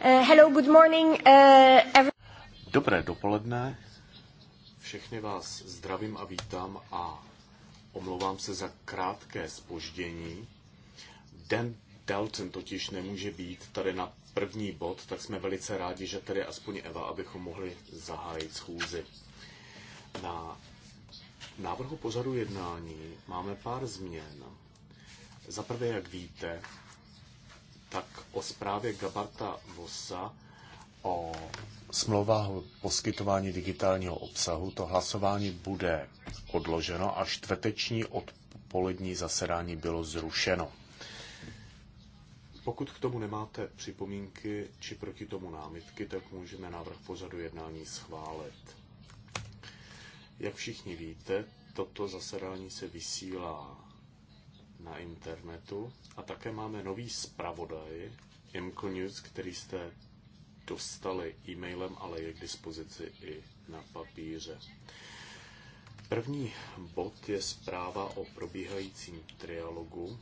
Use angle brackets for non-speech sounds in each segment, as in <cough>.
Eh, hello, good morning. Eh, every... Dobré dopoledne. Všechny vás zdravím a vítám a omlouvám se za krátké spoždění. Den Dalton totiž nemůže být tady na první bod, tak jsme velice rádi, že tady aspoň Eva, abychom mohli zahájit schůzi. Na návrhu pořadu jednání máme pár změn. Za prvé, jak víte, tak o zprávě Gabarta Vosa o smlouvách o poskytování digitálního obsahu. To hlasování bude odloženo a čtvrteční odpolední zasedání bylo zrušeno. Pokud k tomu nemáte připomínky či proti tomu námitky, tak můžeme návrh pořadu jednání schválit. Jak všichni víte, toto zasedání se vysílá na internetu a také máme nový zpravodaj Imco News, který jste dostali e-mailem, ale je k dispozici i na papíře. První bod je zpráva o probíhajícím trialogu,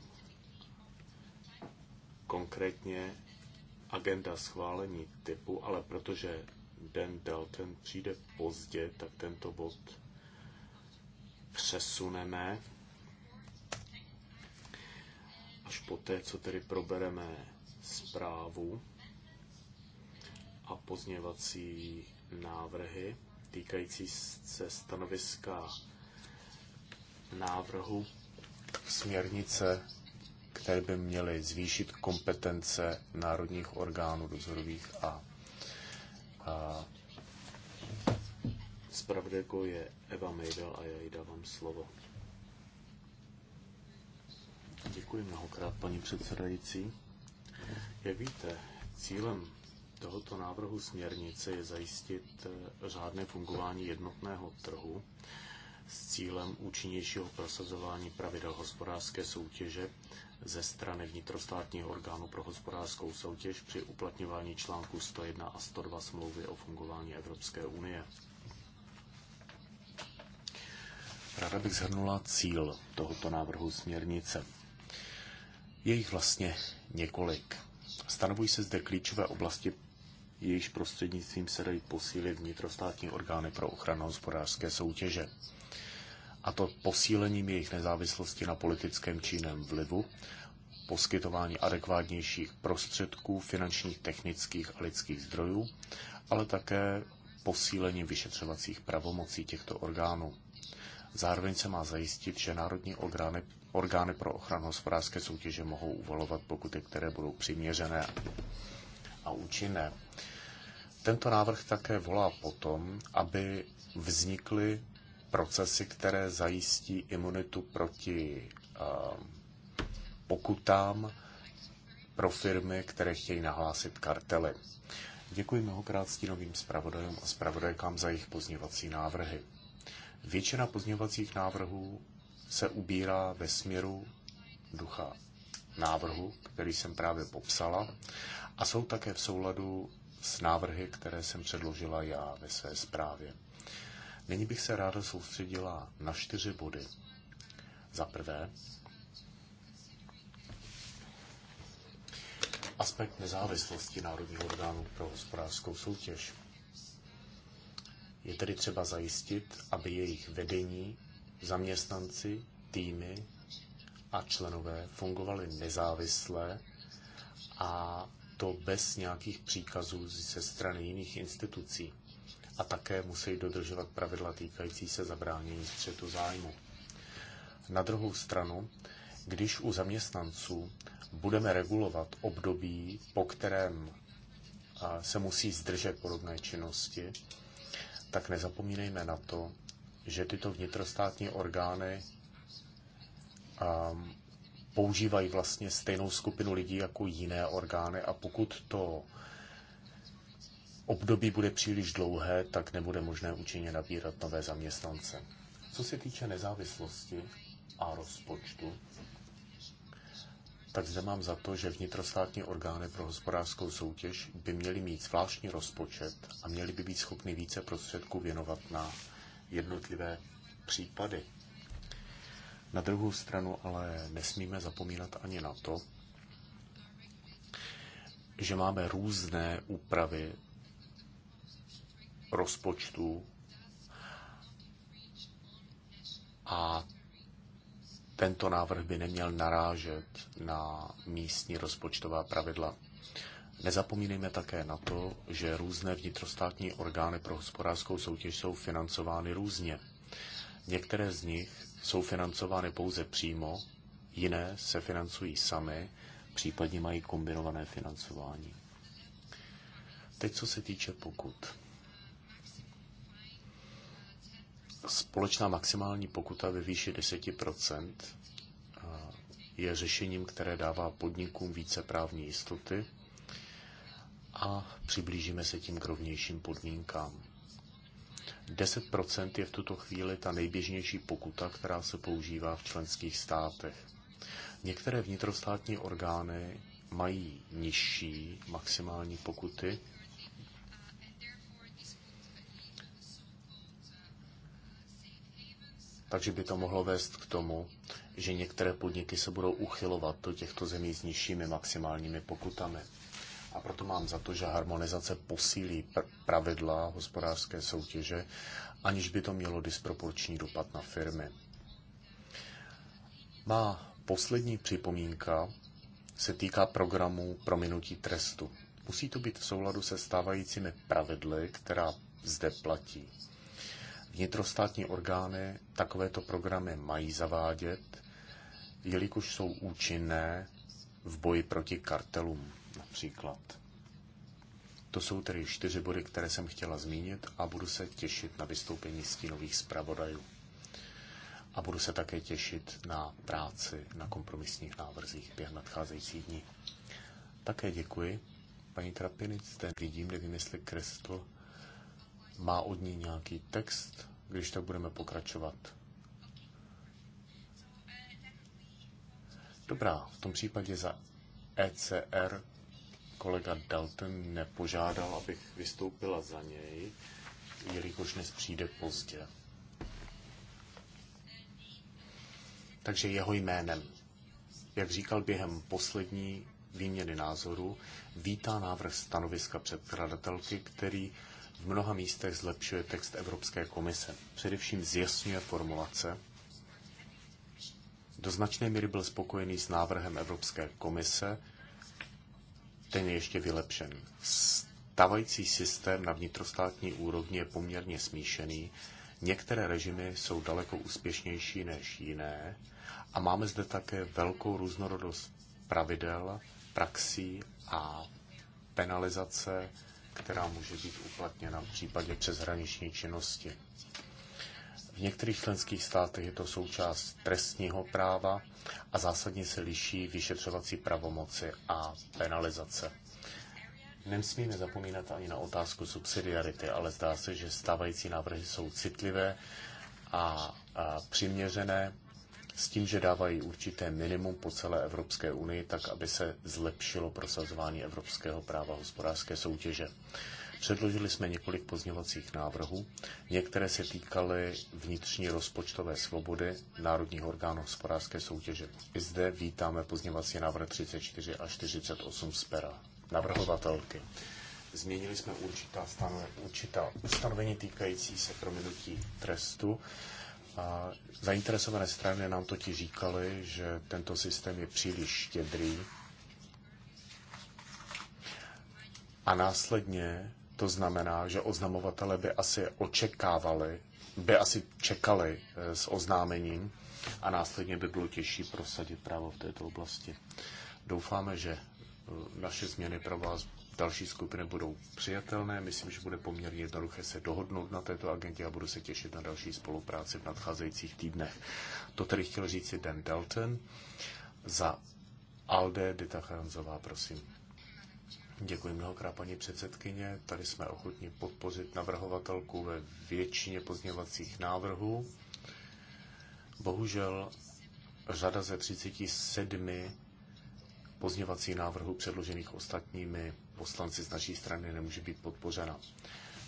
konkrétně agenda schválení typu, ale protože Dan Dalton přijde pozdě, tak tento bod přesuneme až té, co tedy probereme zprávu a pozněvací návrhy týkající se stanoviska návrhu směrnice, které by měly zvýšit kompetence národních orgánů dozorových a, a Spravodajkou je Eva Mejdel a já jí dávám slovo. Děkuji mnohokrát, paní předsedající. Jak víte, cílem tohoto návrhu směrnice je zajistit eh, řádné fungování jednotného trhu s cílem účinnějšího prosazování pravidel hospodářské soutěže ze strany vnitrostátního orgánu pro hospodářskou soutěž při uplatňování článku 101 a 102 smlouvy o fungování Evropské unie. Ráda bych zhrnula cíl tohoto návrhu směrnice. Je jich vlastně několik. Stanovují se zde klíčové oblasti, jejichž prostřednictvím se dají posílit vnitrostátní orgány pro ochranu hospodářské soutěže. A to posílením jejich nezávislosti na politickém či vlivu, poskytování adekvátnějších prostředků, finančních, technických a lidských zdrojů, ale také posílením vyšetřovacích pravomocí těchto orgánů. Zároveň se má zajistit, že národní orgány orgány pro ochranu hospodářské soutěže mohou uvolovat pokuty, které budou přiměřené a účinné. Tento návrh také volá potom, aby vznikly procesy, které zajistí imunitu proti eh, pokutám pro firmy, které chtějí nahlásit kartely. Děkuji mnohokrát stínovým zpravodajům a zpravodajkám za jejich pozněvací návrhy. Většina pozněvacích návrhů se ubírá ve směru ducha návrhu, který jsem právě popsala, a jsou také v souladu s návrhy, které jsem předložila já ve své zprávě. Nyní bych se ráda soustředila na čtyři body. Za prvé, aspekt nezávislosti Národního orgánu pro hospodářskou soutěž. Je tedy třeba zajistit, aby jejich vedení zaměstnanci, týmy a členové fungovali nezávisle a to bez nějakých příkazů ze strany jiných institucí. A také musí dodržovat pravidla týkající se zabránění střetu zájmu. Na druhou stranu, když u zaměstnanců budeme regulovat období, po kterém se musí zdržet podobné činnosti, tak nezapomínejme na to, že tyto vnitrostátní orgány um, používají vlastně stejnou skupinu lidí jako jiné orgány a pokud to období bude příliš dlouhé, tak nebude možné účinně nabírat nové zaměstnance. Co se týče nezávislosti a rozpočtu, tak zde mám za to, že vnitrostátní orgány pro hospodářskou soutěž by měly mít zvláštní rozpočet a měly by být schopny více prostředků věnovat na jednotlivé případy. Na druhou stranu ale nesmíme zapomínat ani na to, že máme různé úpravy rozpočtů a tento návrh by neměl narážet na místní rozpočtová pravidla Nezapomínejme také na to, že různé vnitrostátní orgány pro hospodářskou soutěž jsou financovány různě. Některé z nich jsou financovány pouze přímo, jiné se financují samy, případně mají kombinované financování. Teď co se týče pokut. Společná maximální pokuta ve výši 10 eh, je řešením, které dává podnikům více právní jistoty a přiblížíme se tím k rovnějším podmínkám. 10% je v tuto chvíli ta nejběžnější pokuta, která se používá v členských státech. Některé vnitrostátní orgány mají nižší maximální pokuty, takže by to mohlo vést k tomu, že některé podniky se budou uchylovat do těchto zemí s nižšími maximálními pokutami a proto mám za to, že harmonizace posílí pravidla hospodářské soutěže, aniž by to mělo disproporční dopad na firmy. Má poslední připomínka se týká programu prominutí trestu. Musí to být v souladu se stávajícími pravidly, která zde platí. Vnitrostátní orgány takovéto programy mají zavádět, jelikož jsou účinné v boji proti kartelům příklad. To jsou tedy čtyři body, které jsem chtěla zmínit a budu se těšit na vystoupení stínových zpravodajů. A budu se také těšit na práci na kompromisních návrzích během nadcházejících dní. Také děkuji. Paní Trapiny, zde vidím, nevím, jestli Kristl má od ní nějaký text, když tak budeme pokračovat. Dobrá, v tom případě za ECR kolega Dalton nepožádal, abych vystoupila za něj, jelikož dnes přijde pozdě. Takže jeho jménem, jak říkal během poslední výměny názoru, vítá návrh stanoviska předkladatelky, který v mnoha místech zlepšuje text Evropské komise. Především zjasňuje formulace. Do značné míry byl spokojený s návrhem Evropské komise, ten je ještě vylepšen. Stavající systém na vnitrostátní úrovni je poměrně smíšený. Některé režimy jsou daleko úspěšnější než jiné a máme zde také velkou různorodost pravidel, praxí a penalizace, která může být uplatněna v případě přeshraniční činnosti. V některých členských státech je to součást trestního práva a zásadně se liší vyšetřovací pravomoci a penalizace. Nemusíme zapomínat ani na otázku subsidiarity, ale zdá se, že stávající návrhy jsou citlivé a, a přiměřené s tím, že dávají určité minimum po celé Evropské unii, tak aby se zlepšilo prosazování evropského práva hospodářské soutěže. Předložili jsme několik pozněvacích návrhů. Některé se týkaly vnitřní rozpočtové svobody Národních orgánů hospodářské soutěže. I zde vítáme pozněvací návrh 34 a 48 z pera navrhovatelky. Změnili jsme určitá, stanov, určitá ustanovení týkající se prominutí trestu. A zainteresované strany nám totiž říkali, že tento systém je příliš štědrý a následně to znamená, že oznamovatele by asi očekávali, by asi čekali eh, s oznámením a následně by bylo těžší prosadit právo v této oblasti. Doufáme, že eh, naše změny pro vás další skupiny budou přijatelné. Myslím, že bude poměrně jednoduché se dohodnout na této agentě a budu se těšit na další spolupráci v nadcházejících týdnech. To tedy chtěl říct si Dan Dalton. Za Alde Dita Charanzová, prosím. Děkuji mnohokrát, paní předsedkyně. Tady jsme ochotni podpořit navrhovatelku ve většině pozměňovacích návrhů. Bohužel řada ze 37 pozměňovacích návrhů předložených ostatními poslanci z naší strany nemůže být podpořena.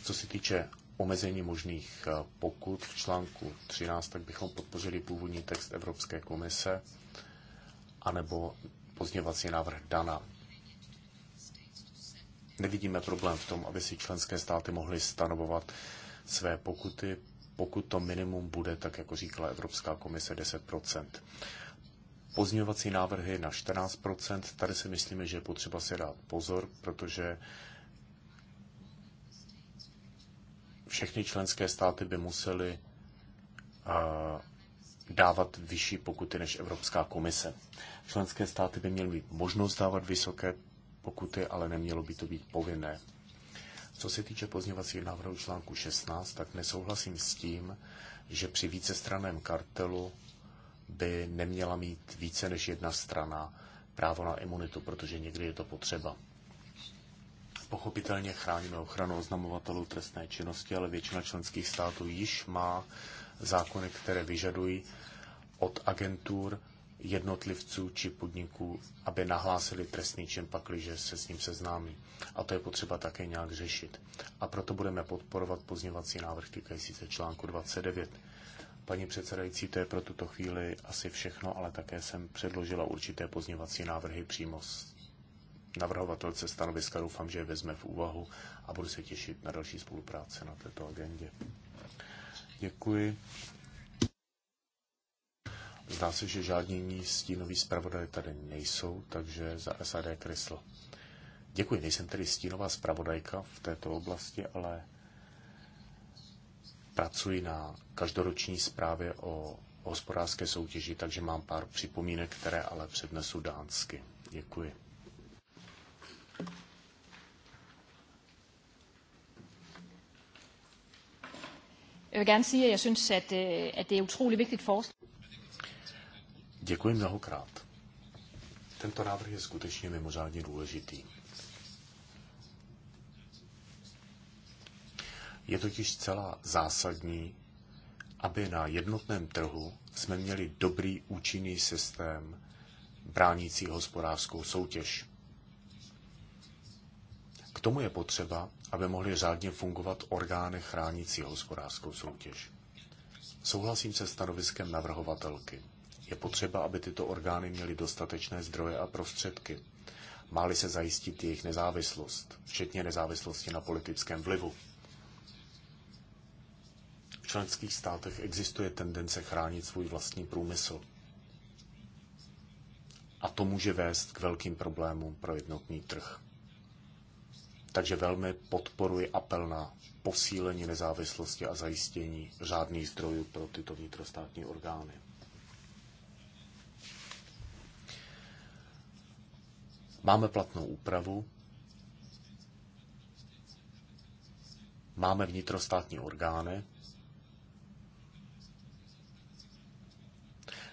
Co se týče omezení možných eh, pokut v článku 13, tak bychom podpořili původní text Evropské komise anebo pozměňovací návrh Dana nevidíme problém v tom, aby si členské státy mohly stanovovat své pokuty, pokud to minimum bude, tak jako říkala Evropská komise, 10 Pozměňovací návrhy na 14 tady si myslíme, že je potřeba si dát pozor, protože všechny členské státy by musely dávat vyšší pokuty než Evropská komise. Členské státy by měly mít možnost dávat vysoké pokuty, ale nemělo by to být povinné. Co se týče pozněvacího návrhu článku 16, tak nesouhlasím s tím, že při vícestranném kartelu by neměla mít více než jedna strana právo na imunitu, protože někdy je to potřeba. Pochopitelně chráníme ochranu oznamovatelů trestné činnosti, ale většina členských států již má zákony, které vyžadují od agentur jednotlivců či podniků, aby nahlásili trestný čin, pakliže se s ním seznámí. A to je potřeba také nějak řešit. A proto budeme podporovat pozněvací návrh týkající se článku 29. Paní předsedající, to je pro tuto chvíli asi všechno, ale také jsem předložila určité pozněvací návrhy přímo s navrhovatelce stanoviska. Doufám, že je vezme v úvahu a budu se těšit na další spolupráce na této agendě. Děkuji. Zdá se, že žádní jiní stínoví zpravodaje tady nejsou, takže za SAD Krysl. Děkuji, nejsem tedy stínová zpravodajka v této oblasti, ale pracuji na každoroční zprávě o hospodářské soutěži, takže mám pár připomínek, které ale přednesu dánsky. Děkuji. Jeg vil gerne sige, at jeg synes, at, øh, at det er utrolig vigtigt forslag. Děkuji mnohokrát. Tento návrh je skutečně mimořádně důležitý. Je totiž celá zásadní, aby na jednotném trhu jsme měli dobrý účinný systém bránící hospodářskou soutěž. K tomu je potřeba, aby mohly řádně fungovat orgány chránící hospodářskou soutěž. Souhlasím se stanoviskem navrhovatelky. Je potřeba, aby tyto orgány měly dostatečné zdroje a prostředky. Máli se zajistit jejich nezávislost, včetně nezávislosti na politickém vlivu. V členských státech existuje tendence chránit svůj vlastní průmysl. A to může vést k velkým problémům pro jednotný trh. Takže velmi podporuji apel na posílení nezávislosti a zajistění řádných zdrojů pro tyto vnitrostátní orgány. Máme platnou úpravu, máme vnitrostátní orgány.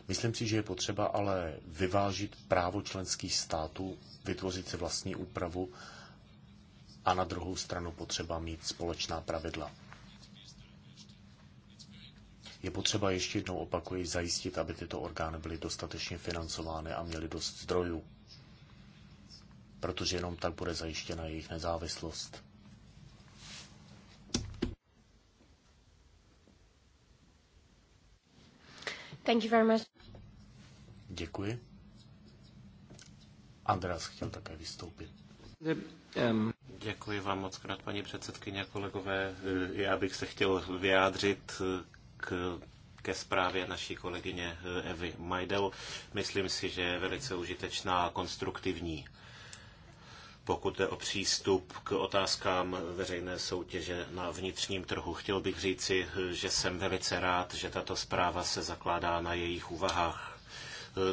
Myslím si, že je potřeba ale vyvážit právo členských států, vytvořit si vlastní úpravu a na druhou stranu potřeba mít společná pravidla. Je potřeba ještě jednou opakuji zajistit, aby tyto orgány byly dostatečně financovány a měly dost zdrojů protože jenom tak bude zajištěna jejich nezávislost. Thank you very much. Děkuji. Andreas chtěl také vystoupit. Děkuji vám moc krát, paní předsedkyně a kolegové. Já bych se chtěl vyjádřit k ke zprávě naší kolegyně Evy Majdel. Myslím si, že je velice užitečná a konstruktivní pokud je o přístup k otázkám veřejné soutěže na vnitřním trhu. Chtěl bych říci, že jsem velice rád, že tato zpráva se zakládá na jejich úvahách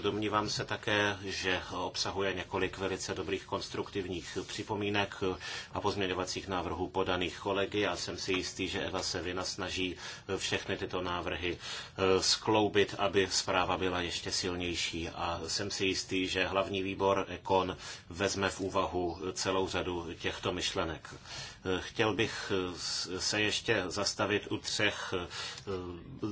Domnívám se také, že obsahuje několik velice dobrých konstruktivních připomínek a pozměňovacích návrhů podaných kolegy. Já jsem si jistý, že Eva se vynasnaží všechny tyto návrhy eh, skloubit, aby zpráva byla ještě silnější. A jsem si jistý, že hlavní výbor Ekon vezme v úvahu celou řadu těchto myšlenek. Chtěl bych se ještě zastavit u třech eh,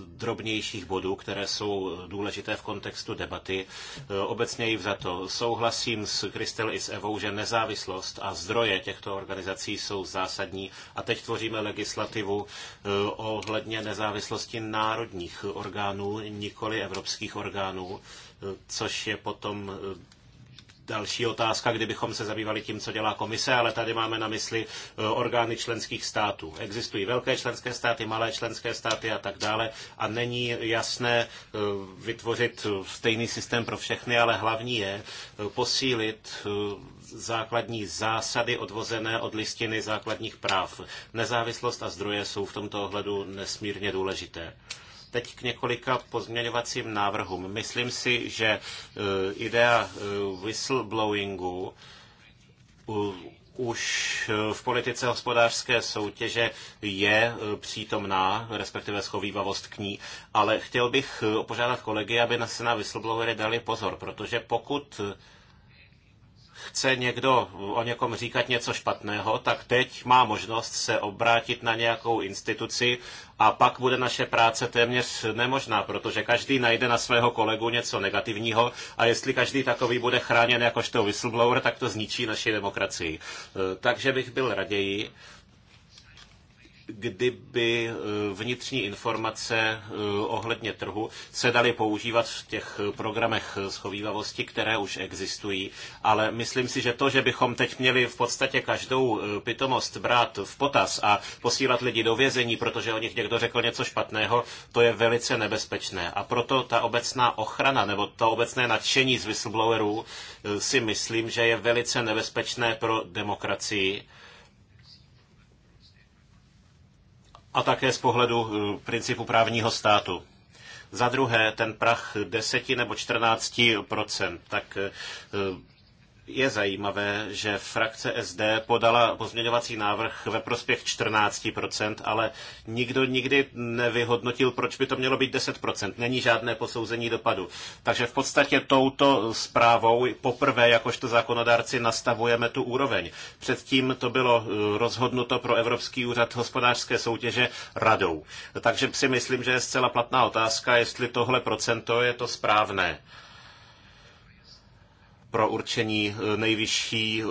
drobnějších bodů, které jsou důležité v kontextu debaty. Eh, obecně i to souhlasím s Kristel i s Evou, že nezávislost a zdroje těchto organizací jsou zásadní a teď tvoříme legislativu eh, ohledně nezávislosti národních orgánů, nikoli evropských orgánů což je potom další otázka, kdybychom se zabývali tím, co dělá komise, ale tady máme na mysli eh, orgány členských států. Existují velké členské státy, malé členské státy a tak dále a není jasné eh, vytvořit eh, stejný systém pro všechny, ale hlavní je posílit základní zásady odvozené od listiny základních práv. Nezávislost a zdroje jsou v tomto ohledu nesmírně důležité. Teď k několika pozměňovacím návrhům. Myslím si, že e, idea e, whistleblowingu už v politice hospodářské soutěže je e, přítomná, respektive schovývavost k ní, ale chtěl bych požádat kolegy, aby se na whistleblowery dali pozor, protože pokud chce někdo o někom říkat něco špatného, tak teď má možnost se obrátit na nějakou instituci a pak bude naše práce téměř nemožná, protože každý najde na svého kolegu něco negativního a jestli každý takový bude chráněn jakožto whistleblower, tak to zničí naši demokracii. E, takže bych byl raději, kdyby eh, vnitřní informace eh, ohledně trhu se daly používat v těch programech eh, schovývavosti, které už existují. Ale myslím si, že to, že bychom teď měli v podstatě každou pitomost brát v potaz a posílat lidi do vězení, protože o nich někdo řekl něco špatného, to je velice nebezpečné. A proto ta obecná ochrana nebo to obecné nadšení z whistleblowerů si myslím, že je velice nebezpečné pro demokracii a také z pohledu eh, principu právního státu. Za druhé, ten prach 10 nebo 14 tak eh, je zajímavé, že frakce SD podala pozměňovací návrh ve prospěch 14%, ale nikdo nikdy nevyhodnotil, proč by to mělo být 10%. Není žádné posouzení dopadu. Takže v podstatě touto zprávou poprvé jakožto zákonodárci nastavujeme tu úroveň. Předtím to bylo eh, rozhodnuto pro Evropský úřad hospodářské soutěže radou. Takže si myslím, že je zcela platná otázka, jestli tohle procento je to správné pro určení eh, nejvyšší eh,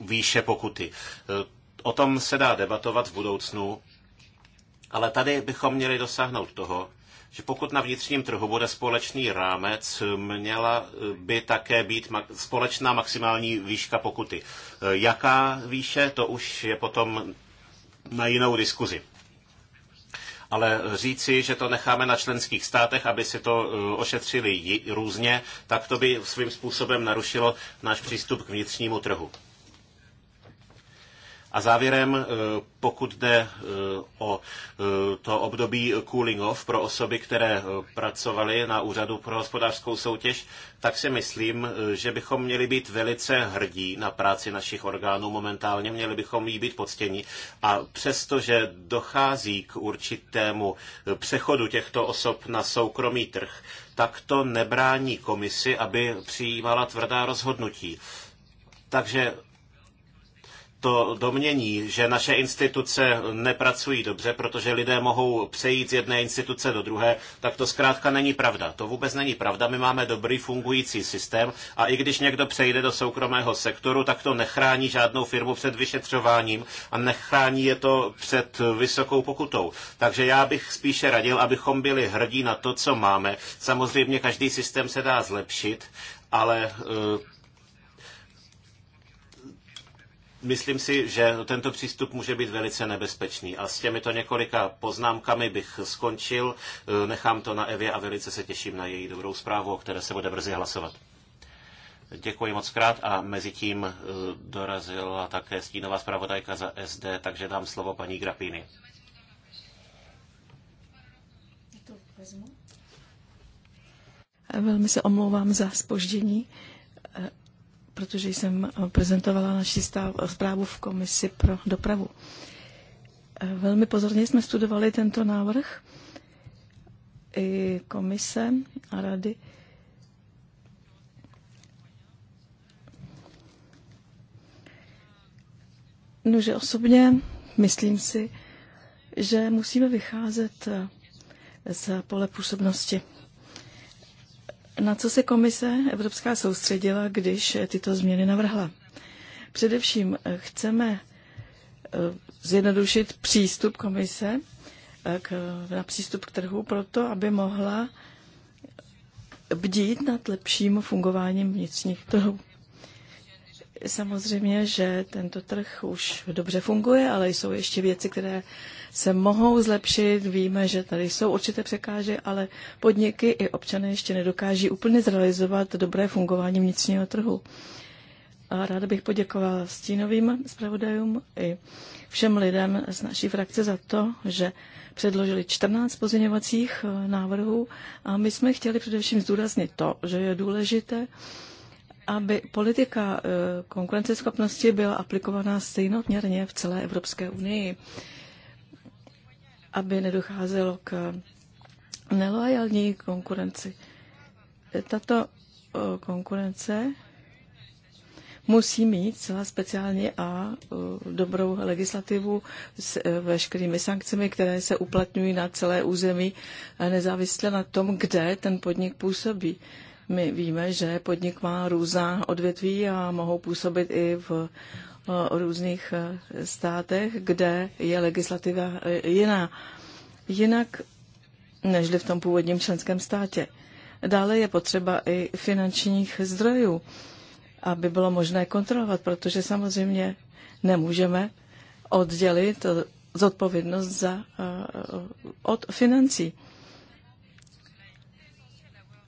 výše pokuty. Eh, o tom se dá debatovat v budoucnu, ale tady bychom měli dosáhnout toho, že pokud na vnitřním trhu bude společný rámec, měla by také být společná maximální výška pokuty. Jaká výše, to už je potom na jinou diskuzi ale říci, že to necháme na členských státech, aby si to eh, ošetřili různě, tak to by svým způsobem narušilo náš přístup k vnitřnímu trhu. A závěrem, eh, pokud jde eh, o eh, to období cooling off pro osoby, které pracovaly na úřadu pro hospodářskou soutěž, tak si myslím, že bychom měli být velice hrdí na práci našich orgánů momentálně, měli bychom jí být poctění. A přestože dochází k určitému přechodu těchto osob na soukromý trh, tak to nebrání komisi, aby přijímala tvrdá rozhodnutí. Takže to domnění, že naše instituce nepracují dobře, protože lidé mohou přejít z jedné instituce do druhé, tak to zkrátka není pravda. To vůbec není pravda. My máme dobrý fungující systém a i když někdo přejde do soukromého sektoru, tak to nechrání žádnou firmu před vyšetřováním a nechrání je to před vysokou pokutou. Takže já bych spíše radil, abychom byli hrdí na to, co máme. Samozřejmě každý systém se dá zlepšit, ale eh, Myslím si, že tento přístup může být velice nebezpečný a s těmito několika poznámkami bych skončil. Eh, nechám to na Evě a velice se těším na její dobrou zprávu, o které se bude brzy hlasovat. Děkuji moc krát a mezi tím eh, dorazila také stínová zpravodajka za SD, takže dám slovo paní Grapiny. Velmi se omlouvám za spoždění protože jsem eh, prezentovala naši zprávu v komisi pro dopravu. Eh, velmi pozorně jsme studovali tento návrh i komise a rady. že osobně myslím si, že musíme vycházet eh, z pole působnosti na co se komise Evropská soustředila, když tyto změny navrhla? Především eh, chceme eh, zjednodušit přístup komise eh, k, na přístup k trhu proto, aby mohla bdít nad lepším fungováním vnitřních trhů. Samozřejmě, že tento trh už dobře funguje, ale jsou ještě věci, které se mohou zlepšit. Víme, že tady jsou určité překáže, ale podniky i občané ještě nedokáží úplně zrealizovat dobré fungování vnitřního trhu. A ráda bych poděkovala stínovým zpravodajům i všem lidem z naší frakce za to, že předložili 14 pozměňovacích eh, návrhů a my jsme chtěli především zdůraznit to, že je důležité, aby politika eh, konkurenceschopnosti byla aplikovaná stejnoměrně v celé Evropské unii, aby nedocházelo k neloajální konkurenci. Tato eh, konkurence musí mít celá speciálně a eh, dobrou legislativu s veškerými sankcemi, které se uplatňují na celé území, nezávisle na tom, kde ten podnik působí. My víme, že podnik má různá odvětví a mohou působit i v eh, různých eh, státech, kde je legislativa eh, jiná. Jinak nežli v tom původním členském státě. Dále je potřeba i finančních zdrojů, aby bylo možné kontrolovat, protože samozřejmě nemůžeme oddělit zodpovědnost za, od financí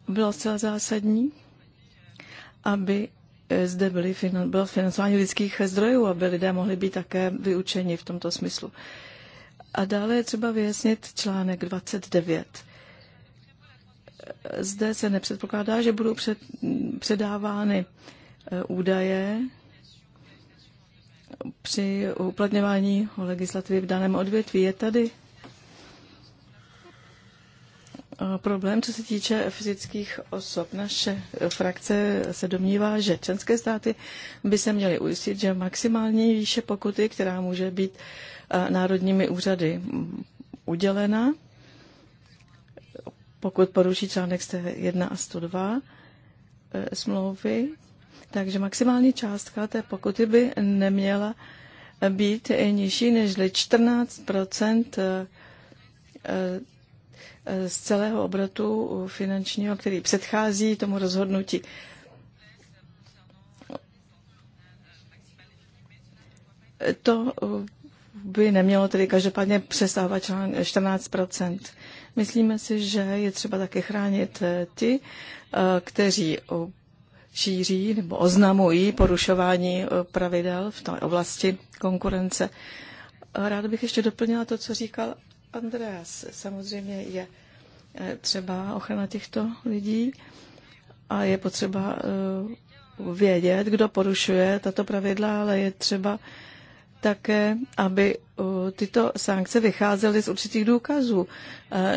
bylo zcela zásadní, aby eh, zde byly, bylo financování lidských zdrojů, aby lidé mohli být také vyučeni v tomto smyslu. A dále je třeba vyjasnit článek 29. Eh, zde se nepředpokládá, že budou před, předávány eh, údaje při uplatňování legislativy v daném odvětví. Je tady Eh, problém, co se týče fyzických osob. Naše frakce se domnívá, že členské státy by se měly ujistit, že maximální výše pokuty, která může být eh, národními úřady udělena, pokud poruší článek 101 a 102 eh, smlouvy, takže maximální částka té pokuty by neměla být nižší než 14 z celého obratu finančního, který předchází tomu rozhodnutí. To by nemělo tedy každopádně přesávat 14 Myslíme si, že je třeba také chránit ty, kteří šíří nebo oznamují porušování pravidel v té oblasti konkurence. Ráda bych ještě doplnila to, co říkal Andreas, samozřejmě je eh, třeba ochrana těchto lidí a je potřeba eh, vědět, kdo porušuje tato pravidla, ale je třeba také, aby eh, tyto sankce vycházely z určitých důkazů.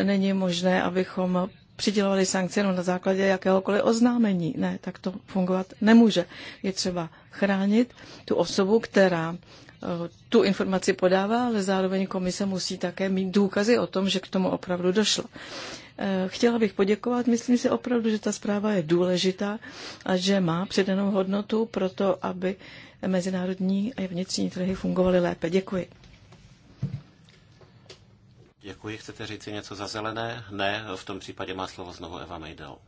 Není možné, abychom Přidělovali sankce jenom na základě jakéhokoliv oznámení. Ne, tak to fungovat nemůže. Je třeba chránit tu osobu, která eh, tu informaci podává, ale zároveň komise musí také mít důkazy o tom, že k tomu opravdu došlo. Eh, chtěla bych poděkovat, myslím si opravdu, že ta zpráva je důležitá a že má předanou hodnotu pro to, aby mezinárodní a vnitřní trhy fungovaly lépe. Děkuji. Děkuji. Chcete říct něco za zelené? Ne, v tom případě má slovo znovu Eva Mejdel.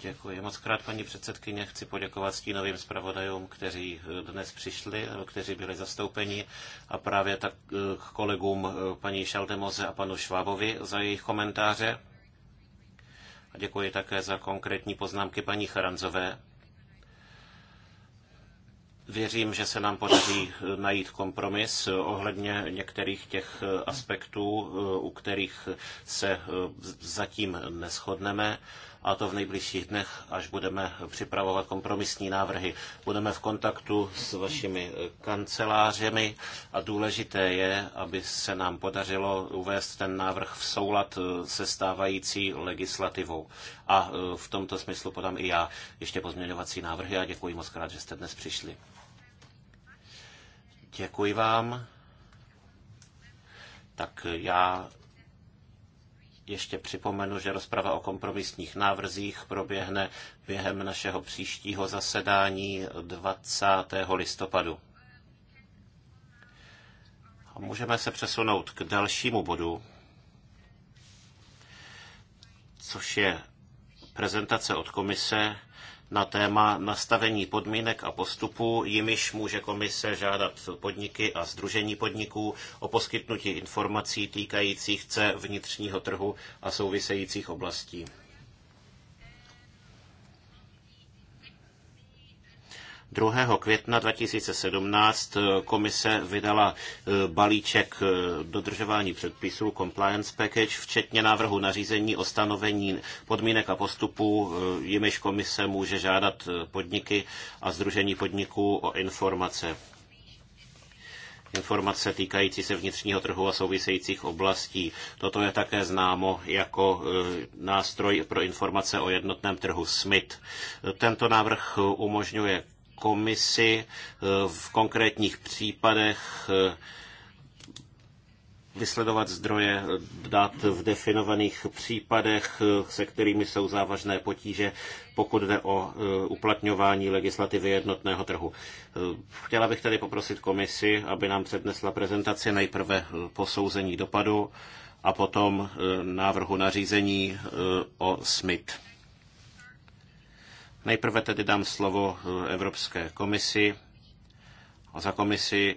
Děkuji moc krát, paní předsedkyně. Chci poděkovat stínovým zpravodajům, kteří eh, dnes přišli, eh, kteří byli zastoupeni a právě tak eh, kolegům paní Šaldemoze a panu Švábovi za jejich komentáře. A děkuji také za konkrétní poznámky paní Charanzové Věřím, že se nám podaří eh, najít kompromis eh, ohledně některých těch eh, aspektů, u kterých se zatím neschodneme a to v nejbližších dnech, až budeme připravovat kompromisní návrhy. Budeme v kontaktu s vašimi kancelářemi a důležité je, aby se nám podařilo uvést ten návrh v soulad se stávající legislativou. A v tomto smyslu podám i já ještě pozměňovací návrhy a děkuji moc krát, že jste dnes přišli. Děkuji vám. Tak já ještě připomenu, že rozprava o kompromisních návrzích proběhne během našeho příštího zasedání 20. listopadu. A můžeme se přesunout k dalšímu bodu, což je prezentace od komise na téma nastavení podmínek a postupu, jimiž může komise žádat podniky a združení podniků o poskytnutí informací týkajících se vnitřního trhu a souvisejících oblastí. 2. května 2017 eh, komise vydala eh, balíček eh, dodržování předpisů Compliance Package, včetně návrhu nařízení o stanovení podmínek a postupů, jimiž komise může žádat podniky a združení podniků o informace informace týkající se vnitřního trhu a souvisejících oblastí. Toto je také známo jako nástroj pro informace o jednotném trhu SMIT. Tento návrh umožňuje komisi eh, v konkrétních případech eh, vysledovat zdroje eh, dat v definovaných případech, se kterými jsou závažné potíže, pokud jde o uplatňování legislativy jednotného trhu. Chtěla bych tedy poprosit komisi, aby nám přednesla prezentaci nejprve posouzení dopadu a potom návrhu nařízení o SMIT. Nejprve tedy dám slovo eh, Evropské komisi. A za komisi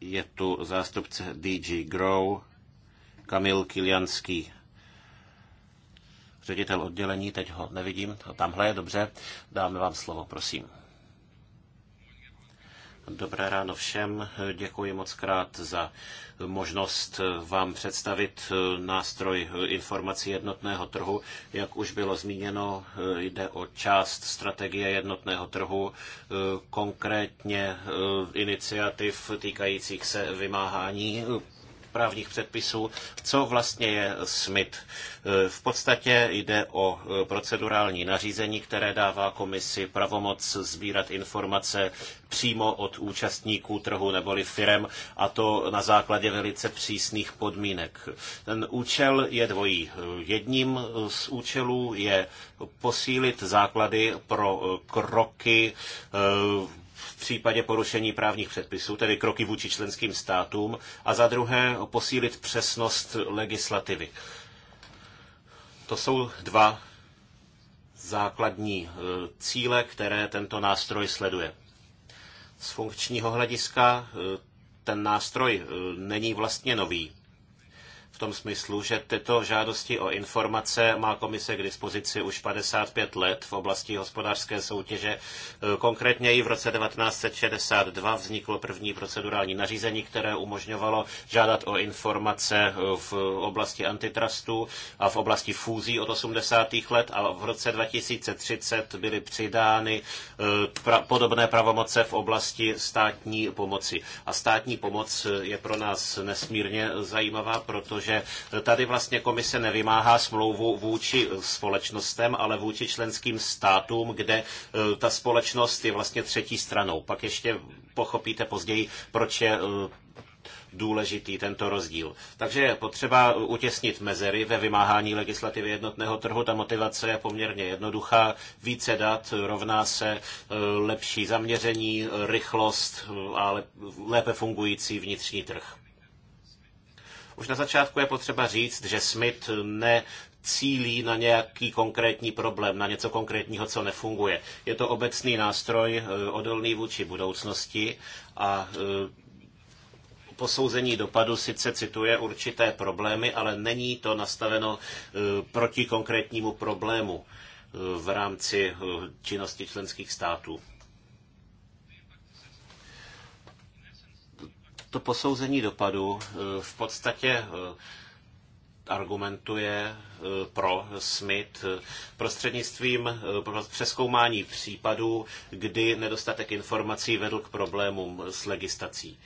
je tu zástupce DG Grow, Kamil Kilianský, ředitel oddělení, teď ho nevidím, tamhle je dobře, dáme vám slovo, prosím. Dobré ráno všem. Děkuji moc krát za možnost vám představit nástroj informací jednotného trhu. Jak už bylo zmíněno, jde o část strategie jednotného trhu, konkrétně eh, iniciativ týkajících se vymáhání právních předpisů, co vlastně je SMIP? E, v podstatě jde o e, procedurální nařízení, které dává komisi pravomoc sbírat informace přímo od účastníků trhu neboli firem a to na základě velice přísných podmínek. Ten účel je dvojí. E, jedním z účelů je posílit základy pro kroky v případě porušení právních předpisů, tedy kroky vůči členským státům, a za druhé posílit přesnost legislativy. To jsou dva základní e, cíle, které tento nástroj sleduje. Z funkčního hlediska e, ten nástroj e, není vlastně nový v tom smyslu, že tyto žádosti o informace má komise k dispozici už 55 let v oblasti hospodářské soutěže. E, konkrétně i v roce 1962 vzniklo první procedurální nařízení, které umožňovalo žádat o informace e, v oblasti antitrustu a v oblasti fúzí od 80. let a v roce 2030 byly přidány e, pra- podobné pravomoce v oblasti státní pomoci. A státní pomoc je pro nás nesmírně zajímavá, protože protože tady vlastně komise nevymáhá smlouvu vůči společnostem, ale vůči členským státům, kde e, ta společnost je vlastně třetí stranou. Pak ještě pochopíte později, proč je e, důležitý tento rozdíl. Takže je potřeba utěsnit mezery ve vymáhání legislativy jednotného trhu. Ta motivace je poměrně jednoduchá. Více dat rovná se e, lepší zaměření, rychlost a lépe fungující vnitřní trh. Už na začátku je potřeba říct, že Smith ne cílí na nějaký konkrétní problém, na něco konkrétního, co nefunguje. Je to obecný nástroj eh, odolný vůči budoucnosti a eh, posouzení dopadu sice cituje určité problémy, ale není to nastaveno eh, proti konkrétnímu problému v rámci činnosti členských států. to posouzení dopadu eh, v podstatě eh, argumentuje eh, pro SMIT prostřednictvím přeskoumání případů, kdy nedostatek informací vedl k problémům s legislací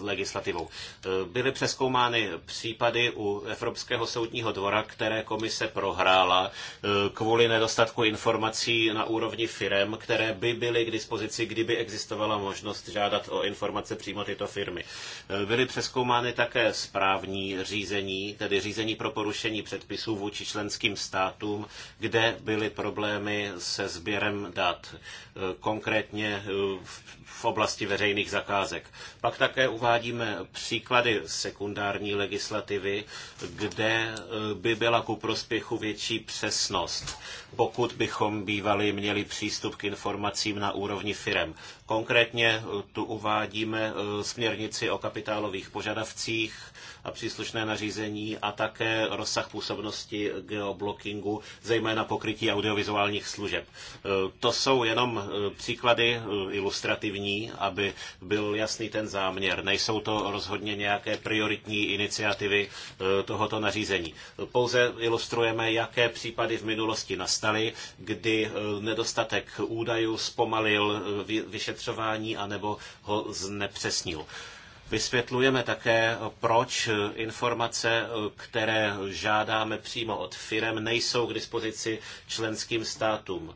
legislativou. Eh, byly přeskoumány případy u Evropského soudního dvora, které komise prohrála eh, kvůli nedostatku informací na úrovni firm, které by byly k dispozici, kdyby existovala možnost žádat o informace přímo tyto firmy. Eh, byly přeskoumány také správní řízení, tedy řízení pro porušení předpisů vůči členským státům, kde byly problémy se sběrem dat, konkrétně v oblasti veřejných zakázek. Pak také také uvádíme příklady sekundární legislativy, kde eh, by byla ku prospěchu větší přesnost, pokud bychom bývali měli přístup k informacím na úrovni firem. Konkrétně eh, tu uvádíme eh, směrnici o kapitálových požadavcích a příslušné nařízení a také rozsah působnosti geoblockingu, zejména pokrytí audiovizuálních služeb. Eh, to jsou jenom příklady ilustrativní, aby byl jasný ten záměr. Nejsou to rozhodně nějaké prioritní iniciativy tohoto nařízení. Pouze ilustrujeme, jaké případy v minulosti nastaly, kdy nedostatek údajů zpomalil vyšetřování vyšetřování anebo ho znepřesnil. Vysvětlujeme také, proč informace, které žádáme přímo od firem, nejsou k dispozici členským státům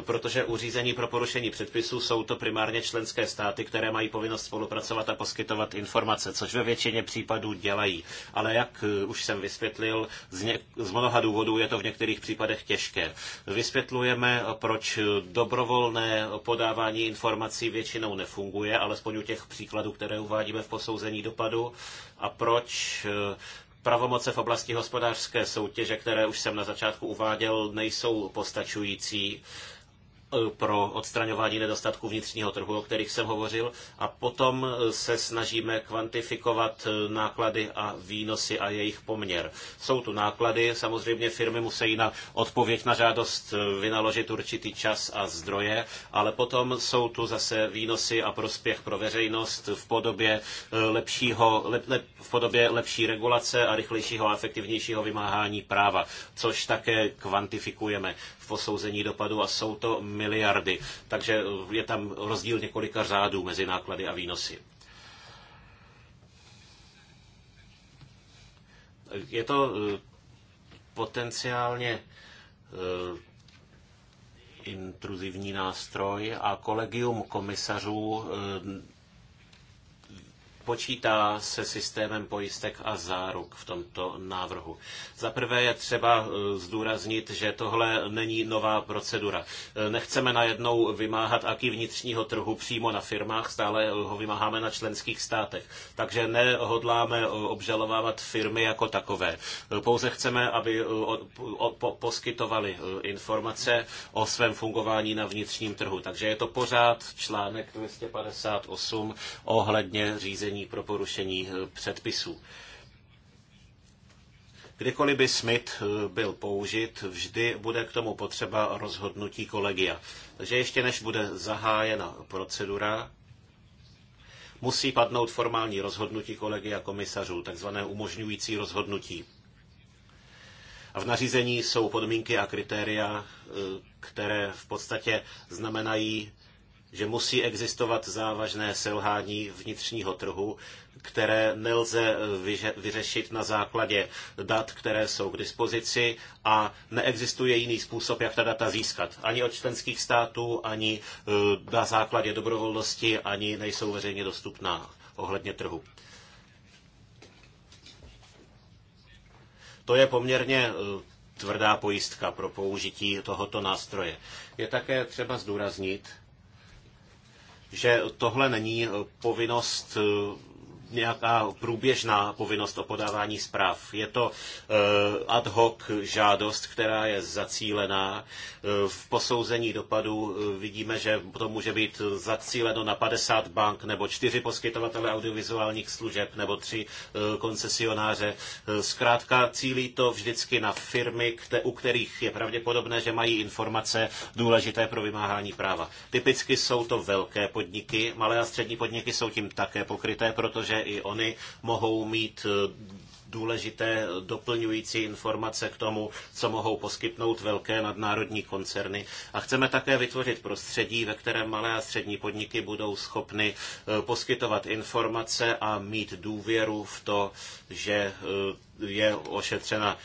protože u řízení pro porušení předpisů jsou to primárně členské státy, které mají povinnost spolupracovat a poskytovat informace, což ve většině případů dělají. Ale jak eh, už jsem vysvětlil, z, ně, z mnoha důvodů je to v některých případech těžké. Vysvětlujeme, proč eh, dobrovolné podávání informací většinou nefunguje, alespoň u těch příkladů, které uvádíme v posouzení dopadu, a proč eh, pravomoce v oblasti hospodářské soutěže, které už jsem na začátku uváděl, nejsou postačující E, pro odstraňování nedostatků vnitřního trhu, o kterých jsem hovořil, a potom e, se snažíme kvantifikovat e, náklady a výnosy a jejich poměr. Jsou tu náklady, samozřejmě firmy musí na odpověď na žádost vynaložit určitý čas a zdroje, ale potom jsou tu zase výnosy a prospěch pro veřejnost v podobě, lepšího, lep, lep, v podobě lepší regulace a rychlejšího a efektivnějšího vymáhání práva, což také kvantifikujeme posouzení dopadu a jsou to miliardy. Takže je tam rozdíl několika řádů mezi náklady a výnosy. Je to eh, potenciálně eh, intruzivní nástroj a kolegium komisařů eh, počítá se systémem pojistek a záruk v tomto návrhu. Za prvé je třeba eh, zdůraznit, že tohle není nová procedura. Eh, nechceme najednou vymáhat aký vnitřního trhu přímo na firmách, stále eh, ho vymáháme na členských státech. Takže nehodláme obžalovávat firmy jako takové. Pouze chceme, aby poskytovali informace o svém fungování na vnitřním trhu. Takže je to pořád článek 258 ohledně řízení řízení pro porušení eh, předpisů. Kdykoliv by SMIT eh, byl použit, vždy bude k tomu potřeba rozhodnutí kolegia. Takže ještě než bude zahájena procedura, musí padnout formální rozhodnutí kolegia komisařů, takzvané umožňující rozhodnutí. A v nařízení jsou podmínky a kritéria, eh, které v podstatě znamenají že musí existovat závažné selhání vnitřního trhu, které nelze vyřešit na základě dat, které jsou k dispozici a neexistuje jiný způsob, jak ta data získat. Ani od členských států, ani e, na základě dobrovolnosti, ani nejsou veřejně dostupná ohledně trhu. To je poměrně e, tvrdá pojistka pro použití tohoto nástroje. Je také třeba zdůraznit, že tohle není eh, povinnost eh, nějaká průběžná povinnost o podávání zpráv. Je to eh, ad hoc žádost, která je zacílená. Eh, v posouzení dopadu eh, vidíme, že to může být zacíleno na 50 bank nebo čtyři poskytovatele audiovizuálních služeb nebo tři koncesionáře. Zkrátka cílí to vždycky na firmy, u kterých je pravděpodobné, že mají informace důležité pro vymáhání práva. Typicky jsou to velké podniky, malé a střední podniky jsou tím také pokryté, protože i oni mohou mít eh, důležité doplňující informace k tomu, co mohou poskytnout velké nadnárodní koncerny. A chceme také vytvořit prostředí, ve kterém malé a střední podniky budou schopny eh, poskytovat informace a mít důvěru v to, že eh, je ošetřena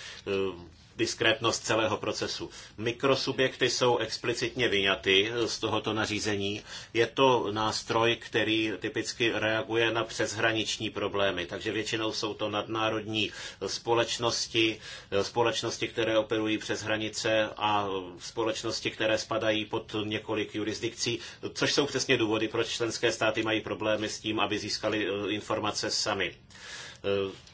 diskrétnost celého procesu. Mikrosubjekty jsou explicitně vyňaty z tohoto nařízení. Je to nástroj, který typicky reaguje na přeshraniční problémy, takže většinou jsou to nadnárodní společnosti, společnosti, které operují přes hranice a společnosti, které spadají pod několik jurisdikcí, což jsou přesně důvody, proč členské státy mají problémy s tím, aby získali eh, informace sami. Eh,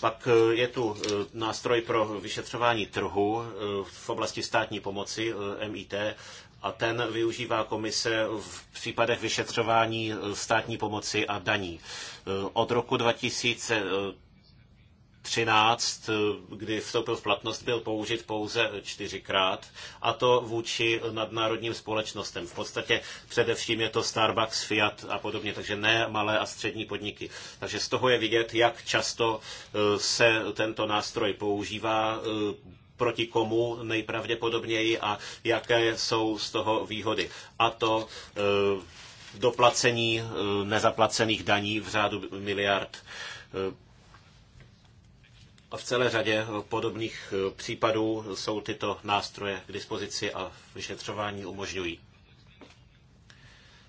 pak eh, je tu eh, nástroj pro vyšetřování trhu eh, v oblasti státní pomoci, MIT, a ten využívá komise v případech vyšetřování státní pomoci a daní. Od roku 2000 13, kdy vstoupil v platnost, byl použit pouze čtyřikrát, a to vůči nadnárodním společnostem. V podstatě především je to Starbucks, Fiat a podobně, takže ne malé a střední podniky. Takže z toho je vidět, jak často eh, se tento nástroj používá, eh, proti komu nejpravděpodobněji a jaké jsou z toho výhody. A to eh, doplacení nezaplacených daní v řádu miliard a v celé řadě eh, podobných eh, případů jsou tyto nástroje k dispozici a vyšetřování umožňují.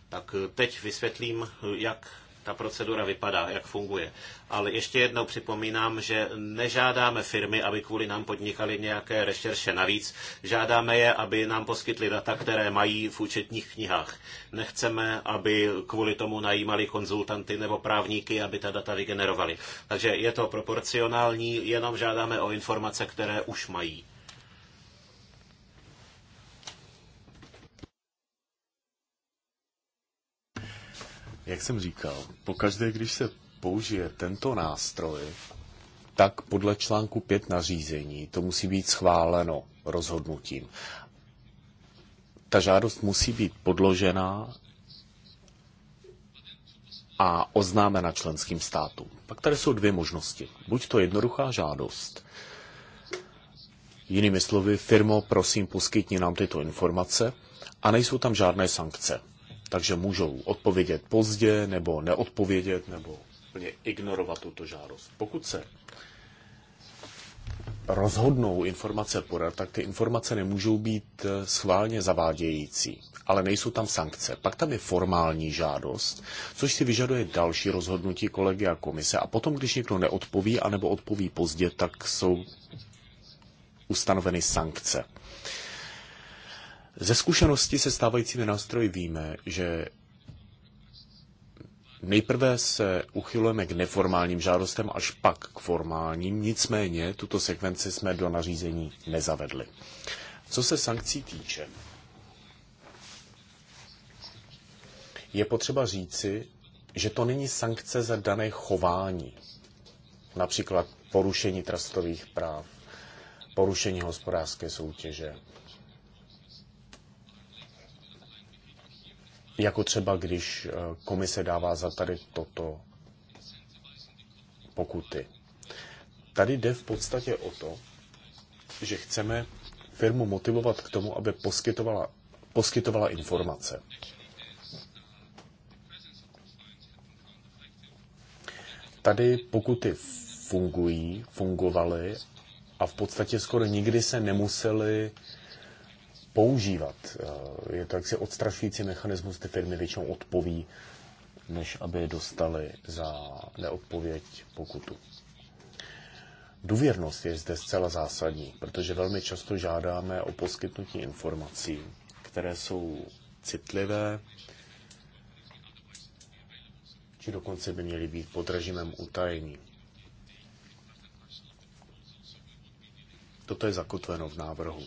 Tak eh, teď vysvětlím, jak ta procedura vypadá, jak funguje. Ale ještě jednou připomínám, že nežádáme firmy, aby kvůli nám podnikali nějaké rešerše navíc. Žádáme je, aby nám poskytli data, které mají v účetních knihách. Nechceme, aby kvůli tomu najímali konzultanty nebo právníky, aby ta data vygenerovali. Takže je to proporcionální, jenom žádáme o informace, které už mají. Jak jsem říkal, pokaždé, když se použije tento nástroj, tak podle článku 5 nařízení to musí být schváleno rozhodnutím. Ta žádost musí být podložená a oznámena členským státům. Pak tady jsou dvě možnosti. Buď to jednoduchá žádost. Jinými slovy, firmo, prosím, poskytni nám tyto informace a nejsou tam žádné sankce takže můžou odpovědět pozdě nebo neodpovědět nebo plně ignorovat tuto žádost. Pokud se rozhodnou informace podat, tak ty informace nemůžou být eh, schválně zavádějící, ale nejsou tam sankce. Pak tam je formální žádost, což si vyžaduje další rozhodnutí kolegy a komise. A potom, když někdo neodpoví anebo odpoví pozdě, tak jsou ustanoveny sankce. Ze zkušenosti se stávajícími nástroji víme, že Nejprve se uchylujeme k neformálním žádostem, až pak k formálním, nicméně tuto sekvenci jsme do nařízení nezavedli. Co se sankcí týče, je potřeba říci, že to není sankce za dané chování, například porušení trastových práv, porušení hospodářské soutěže Jako třeba, když eh, komise dává za tady toto pokuty. Tady jde v podstatě o to, že chceme firmu motivovat k tomu, aby poskytovala, poskytovala informace. Tady pokuty fungují, fungovaly a v podstatě skoro nikdy se nemuseli používat. Eh, je to jaksi odstrašující mechanismus, ty firmy většinou odpoví, než aby je dostali za neodpověď pokutu. Důvěrnost je zde zcela zásadní, protože velmi často žádáme o poskytnutí informací, které jsou citlivé, či dokonce by měly být pod režimem utajení. Toto je zakotveno v návrhu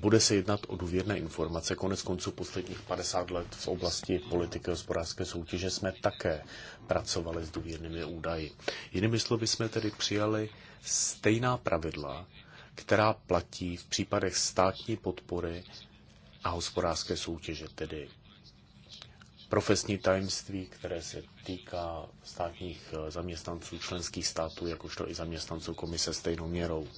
bude se jednat o důvěrné informace. Konec konců posledních 50 let v oblasti politiky a hospodářské soutěže jsme také pracovali s důvěrnými údaji. Jinými slovy jsme tedy přijali stejná pravidla, která platí v případech státní podpory a hospodářské soutěže, tedy profesní tajemství, které se týká státních eh, zaměstnanců členských států, jakožto i zaměstnanců komise stejnou měrou.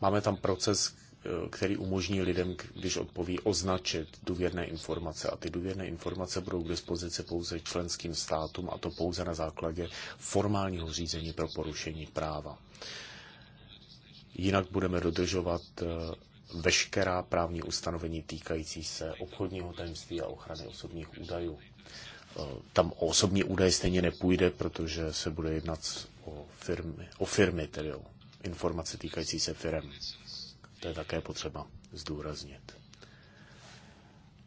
Máme tam proces, Eh, který umožní lidem, když odpoví, označit důvěrné informace. A ty důvěrné informace budou k dispozici pouze členským státům, a to pouze na základě formálního řízení pro porušení práva. Jinak budeme dodržovat eh, veškerá právní ustanovení týkající se obchodního tajemství a ochrany osobních údajů. Eh, tam o osobní údaje stejně nepůjde, protože se bude jednat o firmy, o firmy tedy o informace týkající se firm. To je také potřeba zdůraznit.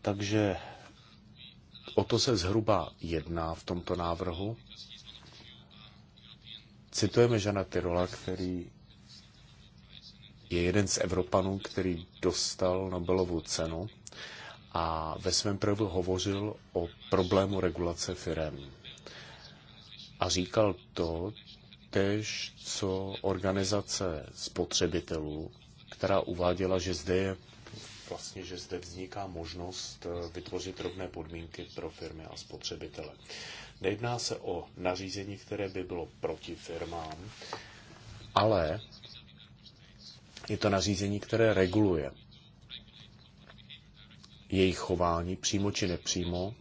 Takže o to se zhruba jedná v tomto návrhu. Citujeme Žana Tyrola, který je jeden z Evropanů, který dostal Nobelovu cenu a ve svém projevu hovořil o problému regulace firem. A říkal to tež, co organizace spotřebitelů která uváděla, že zde je vlastně, že zde vzniká možnost eh, vytvořit rovné podmínky pro firmy a spotřebitele. Nejedná se o nařízení, které by bylo proti firmám, ale je to nařízení, které reguluje jejich chování přímo či nepřímo,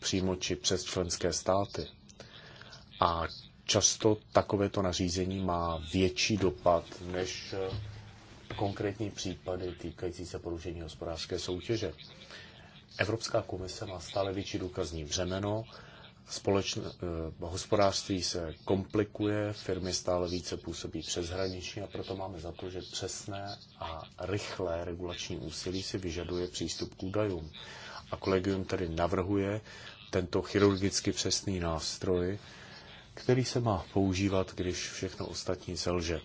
přímo či přes členské státy. A často takovéto nařízení má větší dopad než eh, konkrétní případy týkající se porušení hospodářské soutěže. Evropská komise má stále větší důkazní břemeno, společn... Eh, hospodářství se komplikuje, firmy stále více působí přeshraničně a proto máme za to, že přesné a rychlé regulační úsilí si vyžaduje přístup k údajům. A kolegium tedy navrhuje tento chirurgicky přesný nástroj, který se má používat, když všechno ostatní selže.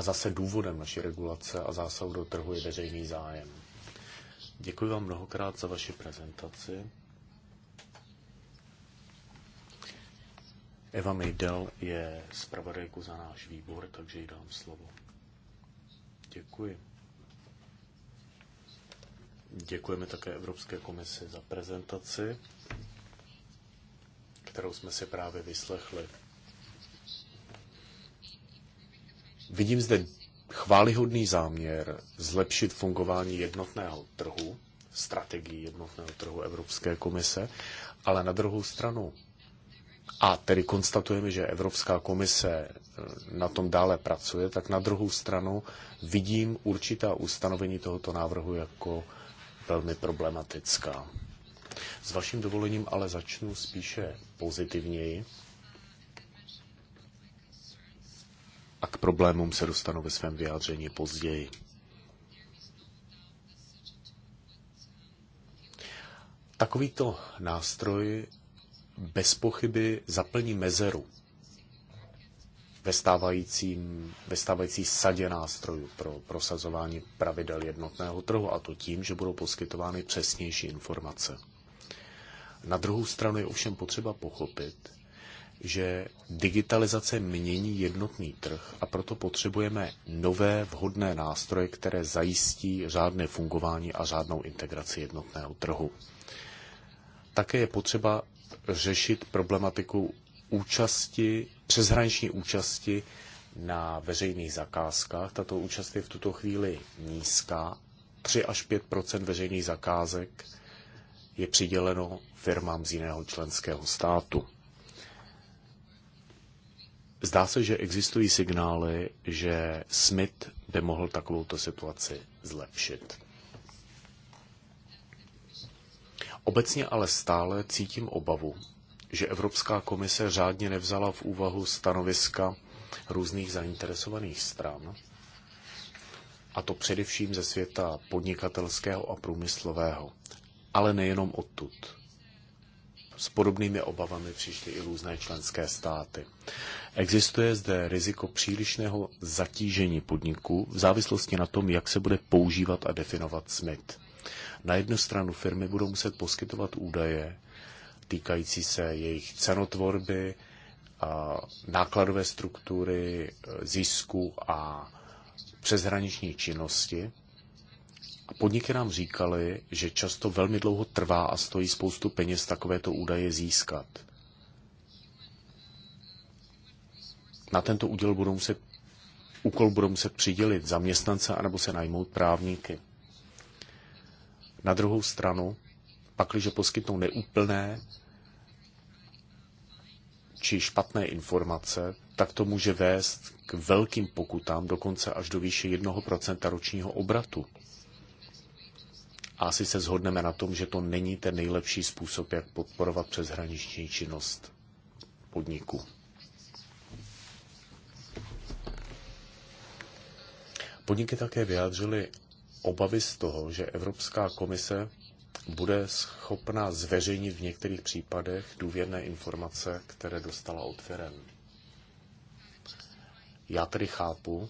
A zase důvodem naší regulace a zásahu do trhu je veřejný zájem. Děkuji vám mnohokrát za vaši prezentaci. Eva Mejdel je zpravodajku za náš výbor, takže jí dám slovo. Děkuji. Děkujeme také Evropské komisi za prezentaci, kterou jsme si právě vyslechli. Vidím zde chválihodný záměr zlepšit fungování jednotného trhu, strategii jednotného trhu Evropské komise, ale na druhou stranu, a tedy konstatujeme, že Evropská komise eh, na tom dále pracuje, tak na druhou stranu vidím určitá ustanovení tohoto návrhu jako velmi problematická. S vaším dovolením ale začnu spíše pozitivněji a k problémům se dostanu ve svém vyjádření později. Takovýto nástroj bez pochyby zaplní mezeru ve, stávajícím, ve stávající sadě nástrojů pro prosazování pravidel jednotného trhu, a to tím, že budou poskytovány přesnější informace. Na druhou stranu je ovšem potřeba pochopit, že digitalizace mění jednotný trh a proto potřebujeme nové vhodné nástroje, které zajistí řádné fungování a řádnou integraci jednotného trhu. Také je potřeba řešit problematiku účasti, přeshraniční účasti na veřejných zakázkách. Tato účast je v tuto chvíli nízká. 3 až 5 veřejných zakázek je přiděleno firmám z jiného členského státu. Zdá se, že existují signály, že Smith by mohl takovouto situaci zlepšit. Obecně ale stále cítím obavu, že Evropská komise řádně nevzala v úvahu stanoviska různých zainteresovaných stran, a to především ze světa podnikatelského a průmyslového, ale nejenom odtud s podobnými obavami přišly i různé členské státy. Existuje zde riziko přílišného zatížení podniků v závislosti na tom, jak se bude používat a definovat SMIT. Na jednu stranu firmy budou muset poskytovat údaje týkající se jejich cenotvorby, nákladové struktury, e, zisku a přeshraniční činnosti, a podniky nám říkali, že často velmi dlouho trvá a stojí spoustu peněz takovéto údaje získat. Na tento úděl budou muset, úkol budou muset přidělit zaměstnance anebo se najmout právníky. Na druhou stranu, pakliže poskytnou neúplné či špatné informace, tak to může vést k velkým pokutám, dokonce až do výše 1% ročního obratu. A asi se zhodneme na tom, že to není ten nejlepší způsob, jak podporovat přeshraniční činnost podniku. Podniky také vyjádřily obavy z toho, že Evropská komise bude schopna zveřejnit v některých případech důvěrné informace, které dostala od firem. Já tedy chápu,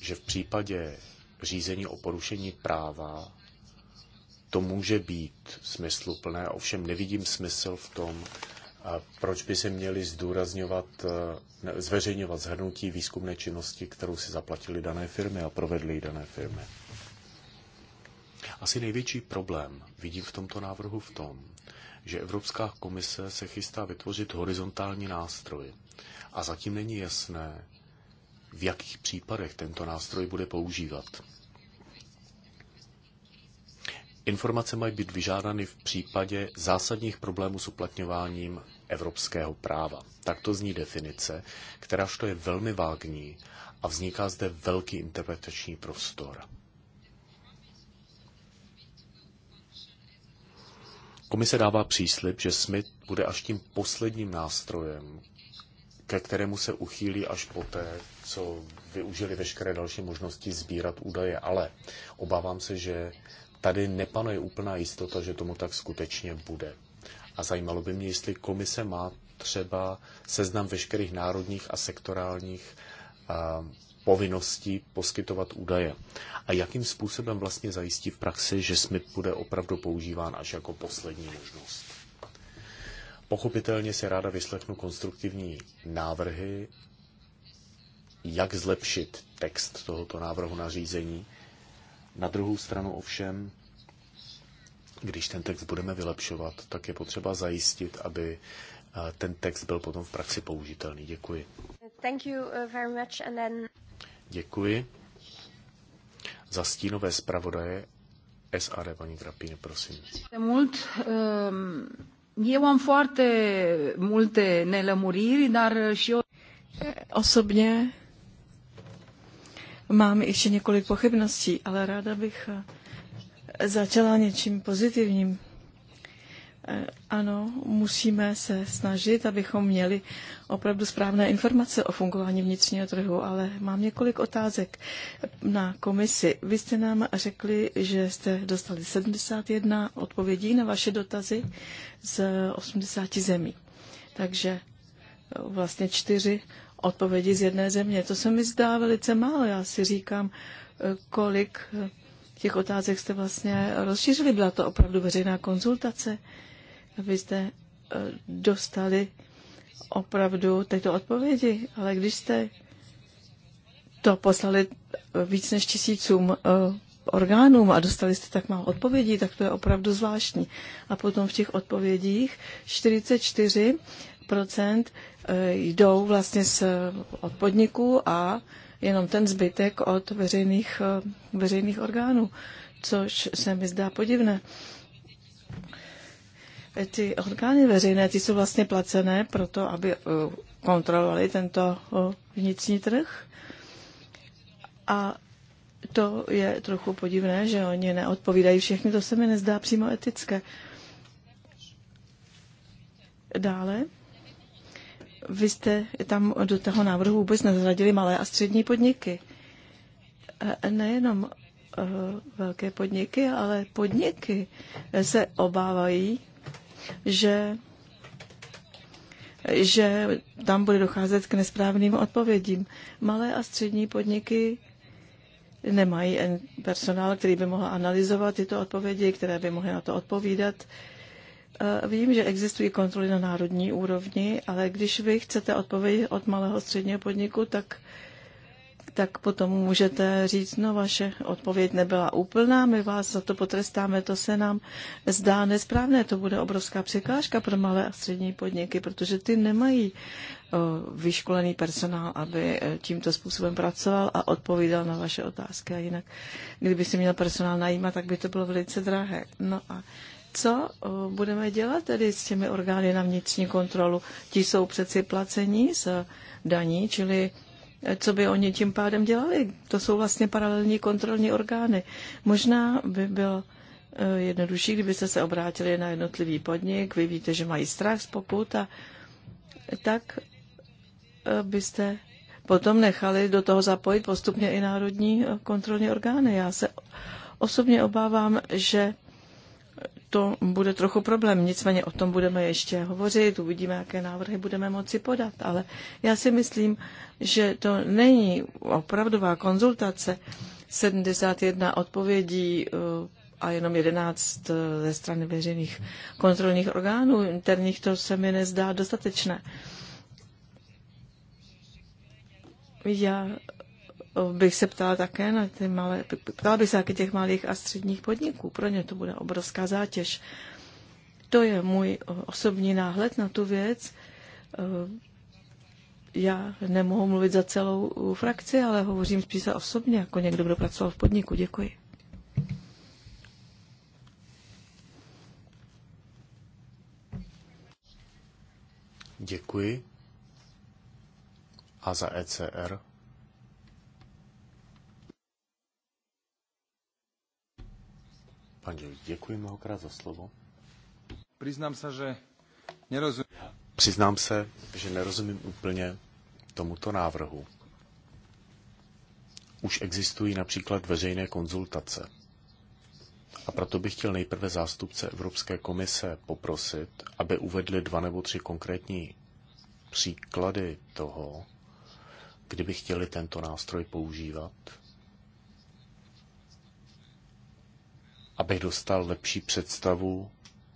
že v případě řízení o porušení práva to může být smysluplné, ovšem nevidím smysl v tom, proč by se měli zdůrazňovat, e, zveřejňovat zhrnutí výzkumné činnosti, kterou si zaplatili dané firmy a provedly ji dané firmy. Asi největší problém vidím v tomto návrhu v tom, že Evropská komise se chystá vytvořit horizontální nástroj a zatím není jasné, v jakých případech tento nástroj bude používat. Informace mají být vyžádány v případě zásadních problémů s uplatňováním evropského práva. Tak to zní definice, kteráž to je velmi vágní a vzniká zde velký interpretační prostor. Komise dává příslip, že SMIT bude až tím posledním nástrojem, ke kterému se uchýlí až poté, co využili veškeré další možnosti sbírat údaje. Ale obávám se, že tady nepanuje úplná jistota, že tomu tak skutečně bude. A zajímalo by mě, jestli komise má třeba seznam veškerých národních a sektorálních a, eh, povinností poskytovat údaje. A jakým způsobem vlastně zajistí v praxi, že SMIP bude opravdu používán až jako poslední možnost. Pochopitelně se ráda vyslechnu konstruktivní návrhy, jak zlepšit text tohoto návrhu na řízení, na druhou stranu ovšem, když ten text budeme vylepšovat, tak je potřeba zajistit, aby eh, ten text byl potom v praxi použitelný. Děkuji. Thank you eh, very much and then... Děkuji. Za stínové zpravodaje SAD, paní Grapine, prosím. Mult, eu ehm, e am foarte multe nelămuriri, dar și eu... Osobně mám ještě několik pochybností, ale ráda bych eh, začala něčím pozitivním. Eh, ano, musíme se snažit, abychom měli opravdu správné informace o fungování vnitřního trhu, ale mám několik otázek na komisi. Vy jste nám řekli, že jste dostali 71 odpovědí na vaše dotazy z 80 zemí. Takže eh, vlastně čtyři odpovědi z jedné země. To se mi zdá velice málo. Já si říkám, eh, kolik eh, těch otázek jste vlastně rozšířili. Byla to opravdu veřejná konzultace. Vy jste eh, dostali opravdu tyto odpovědi, ale když jste to poslali víc než tisícům orgánům a dostali jste tak málo odpovědí, tak to je opravdu zvláštní. A potom v těch odpovědích 44 Eh, jdou vlastně z, od podniků a jenom ten zbytek od veřejných, eh, veřejných orgánů, což se mi zdá podivné. Eh, ty orgány veřejné, ty jsou vlastně placené proto, aby kontrolovali tento vnitřní trh. A to je trochu podivné, že oni neodpovídají všichni, to se mi nezdá přímo etické. Dále vy jste tam do toho návrhu vůbec nezradili malé a střední podniky. E, nejenom e, velké podniky, ale podniky se obávají, že, že tam bude docházet k nesprávným odpovědím. Malé a střední podniky nemají personál, který by mohl analyzovat tyto odpovědi, které by mohly na to odpovídat. Vím, že existují kontroly na národní úrovni, ale když vy chcete odpovědět od malého středního podniku, tak, tak potom můžete říct, no vaše odpověď nebyla úplná, my vás za to potrestáme, to se nám zdá nesprávné, to bude obrovská překážka pro malé a střední podniky, protože ty nemají vyškolený personál, aby e, tímto způsobem pracoval a odpovídal na vaše otázky. A jinak, kdyby si měl personál najímat, tak by to bylo velice drahé. No a co eh, budeme dělat tedy s těmi orgány na vnitřní kontrolu? Ti jsou přeci placení z daní, čili eh, co by oni tím pádem dělali? To jsou vlastně paralelní kontrolní orgány. Možná by byl eh, jednodušší, kdybyste se obrátili na jednotlivý podnik, vy víte, že mají strach z pokut a tak byste potom nechali do toho zapojit postupně i národní kontrolní orgány. Já se osobně obávám, že to bude trochu problém. Nicméně o tom budeme ještě hovořit, uvidíme, jaké návrhy budeme moci podat. Ale já si myslím, že to není opravdová konzultace. 71 odpovědí eh, a jenom 11 eh, ze strany veřejných kontrolních orgánů interních, to se mi nezdá dostatečné. Já bych se ptala také na ty malé, ptala bych se taky těch malých a středních podniků. Pro ně to bude obrovská zátěž. To je můj osobní náhled na tu věc. Eh, já nemohu mluvit za celou frakci, ale hovořím spíš za osobně, jako někdo, kdo pracoval v podniku. Děkuji. Děkuji. A za ECR Paní, děkuji mnohokrát za slovo. Přiznám se, že nerozumím. Přiznám se, že nerozumím úplně tomuto návrhu. Už existují například veřejné konzultace. A proto bych chtěl nejprve zástupce Evropské komise poprosit, aby uvedli dva nebo tři konkrétní příklady toho, kdyby chtěli tento nástroj používat abych dostal lepší představu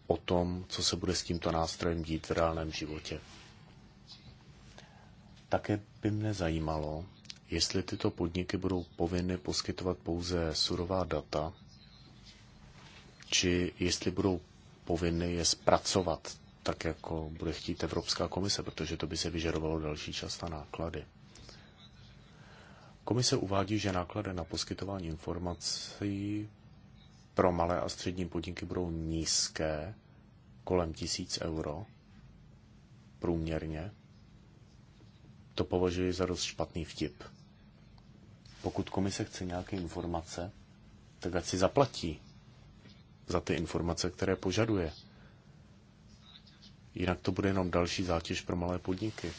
o tom, co se bude s tímto nástrojem dít v reálném životě. Také by mě zajímalo, jestli tyto podniky budou povinny poskytovat pouze surová data, či jestli budou povinny je zpracovat tak, jako bude chtít Evropská komise, protože to by se vyžadovalo další čas na náklady. Komise uvádí, že náklady na poskytování informací pro malé a střední podniky budou nízké, kolem 1000 euro průměrně, to považuji za dost špatný vtip. Pokud komise chce nějaké informace, tak ať si zaplatí za ty informace, které požaduje. Jinak to bude jenom další zátěž pro malé podniky.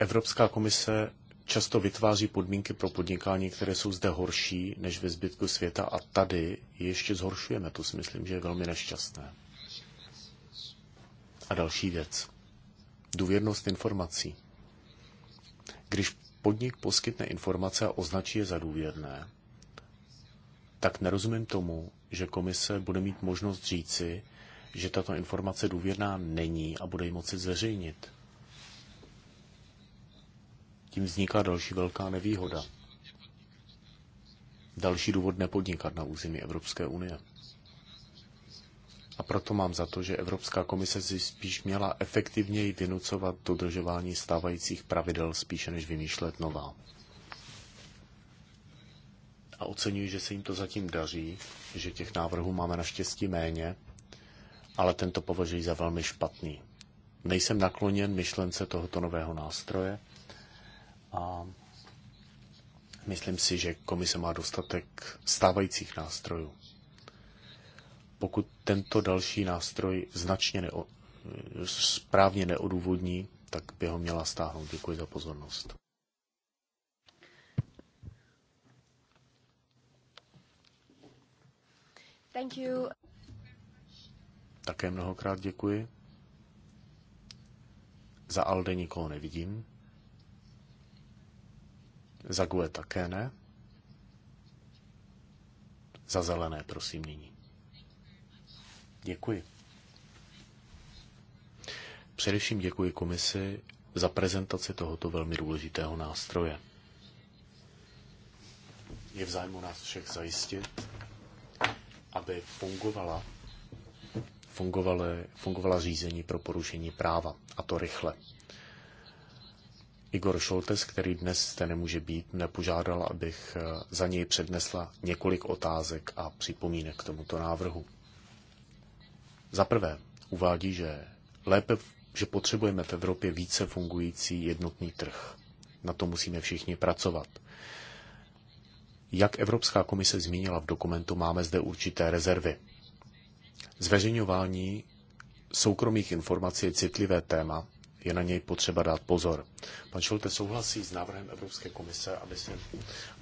Evropská komise často vytváří podmínky pro podnikání, které jsou zde horší než ve zbytku světa a tady ještě zhoršujeme. To si myslím, že je velmi nešťastné. A další věc. Důvěrnost informací. Když podnik poskytne informace a označí je za důvěrné, tak nerozumím tomu, že komise bude mít možnost říci, že tato informace důvěrná není a bude ji moci zveřejnit tím vzniká další velká nevýhoda. Další důvod nepodnikat na území Evropské unie. A proto mám za to, že Evropská komise si spíš měla efektivněji vynucovat dodržování stávajících pravidel spíše než vymýšlet nová. A oceňuji, že se jim to zatím daří, že těch návrhů máme naštěstí méně, ale tento považuji za velmi špatný. Nejsem nakloněn myšlence tohoto nového nástroje a myslím si, že komise má dostatek stávajících nástrojů. Pokud tento další nástroj značně neo, správně neodůvodní, tak by ho měla stáhnout. Děkuji za pozornost. Thank you. Také mnohokrát děkuji. Za Alde nikoho nevidím. Zague také ne. Za zelené, prosím, nyní. Děkuji. Především děkuji komisi za prezentaci tohoto velmi důležitého nástroje. Je v zájmu nás všech zajistit, aby fungovala, fungovala, fungovala řízení pro porušení práva, a to rychle. Igor Šoltes, který dnes zde nemůže být, nepožádal, abych eh, za něj přednesla několik otázek a připomínek k tomuto návrhu. Za prvé, uvádí, že lépe, že potřebujeme v Evropě více fungující jednotný trh. Na to musíme všichni pracovat. Jak Evropská komise zmínila v dokumentu, máme zde určité rezervy. Zveřejňování soukromých informací je citlivé téma, je na něj potřeba dát pozor. Pan Šolte souhlasí s návrhem Evropské komise, aby se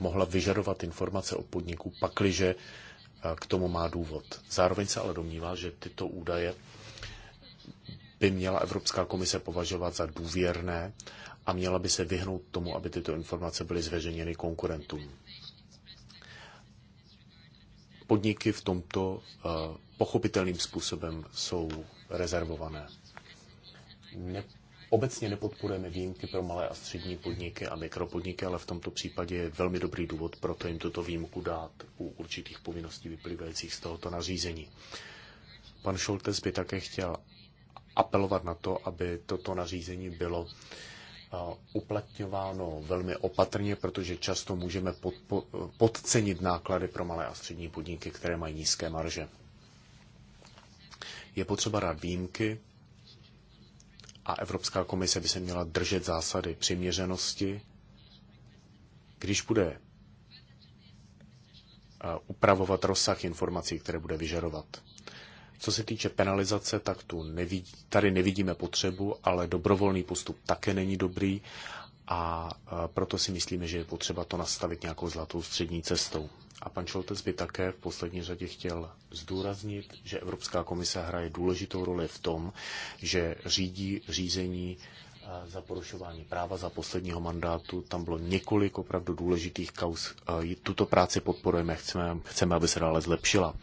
mohla vyžadovat informace o podniku, pakliže eh, k tomu má důvod. Zároveň se ale domnívá, že tyto údaje by měla Evropská komise považovat za důvěrné a měla by se vyhnout tomu, aby tyto informace byly zveřejněny konkurentům. Podniky v tomto eh, pochopitelným způsobem jsou rezervované. Ne, Obecně nepodporujeme výjimky pro malé a střední podniky a mikropodniky, ale v tomto případě je velmi dobrý důvod pro to jim tuto výjimku dát u určitých povinností vyplývajících z tohoto nařízení. Pan Šoltes by také chtěl apelovat na to, aby toto nařízení bylo uh, uplatňováno velmi opatrně, protože často můžeme podcenit náklady pro malé a střední podniky, které mají nízké marže. Je potřeba dát výjimky a Evropská komise by se měla držet zásady přiměřenosti. Když bude eh, upravovat rozsah informací, které bude vyžadovat. Co se týče penalizace, tak tu nevidí, tady nevidíme potřebu, ale dobrovolný postup také není dobrý a eh, proto si myslíme, že je potřeba to nastavit nějakou zlatou střední cestou. A pan Šoltes by také v poslední řadě chtěl zdůraznit, že Evropská komise hraje důležitou roli v tom, že řídí řízení eh, za porušování práva za posledního mandátu. Tam bylo několik opravdu důležitých kaus. Eh, tuto práci podporujeme, chceme, chceme aby se dále zlepšila.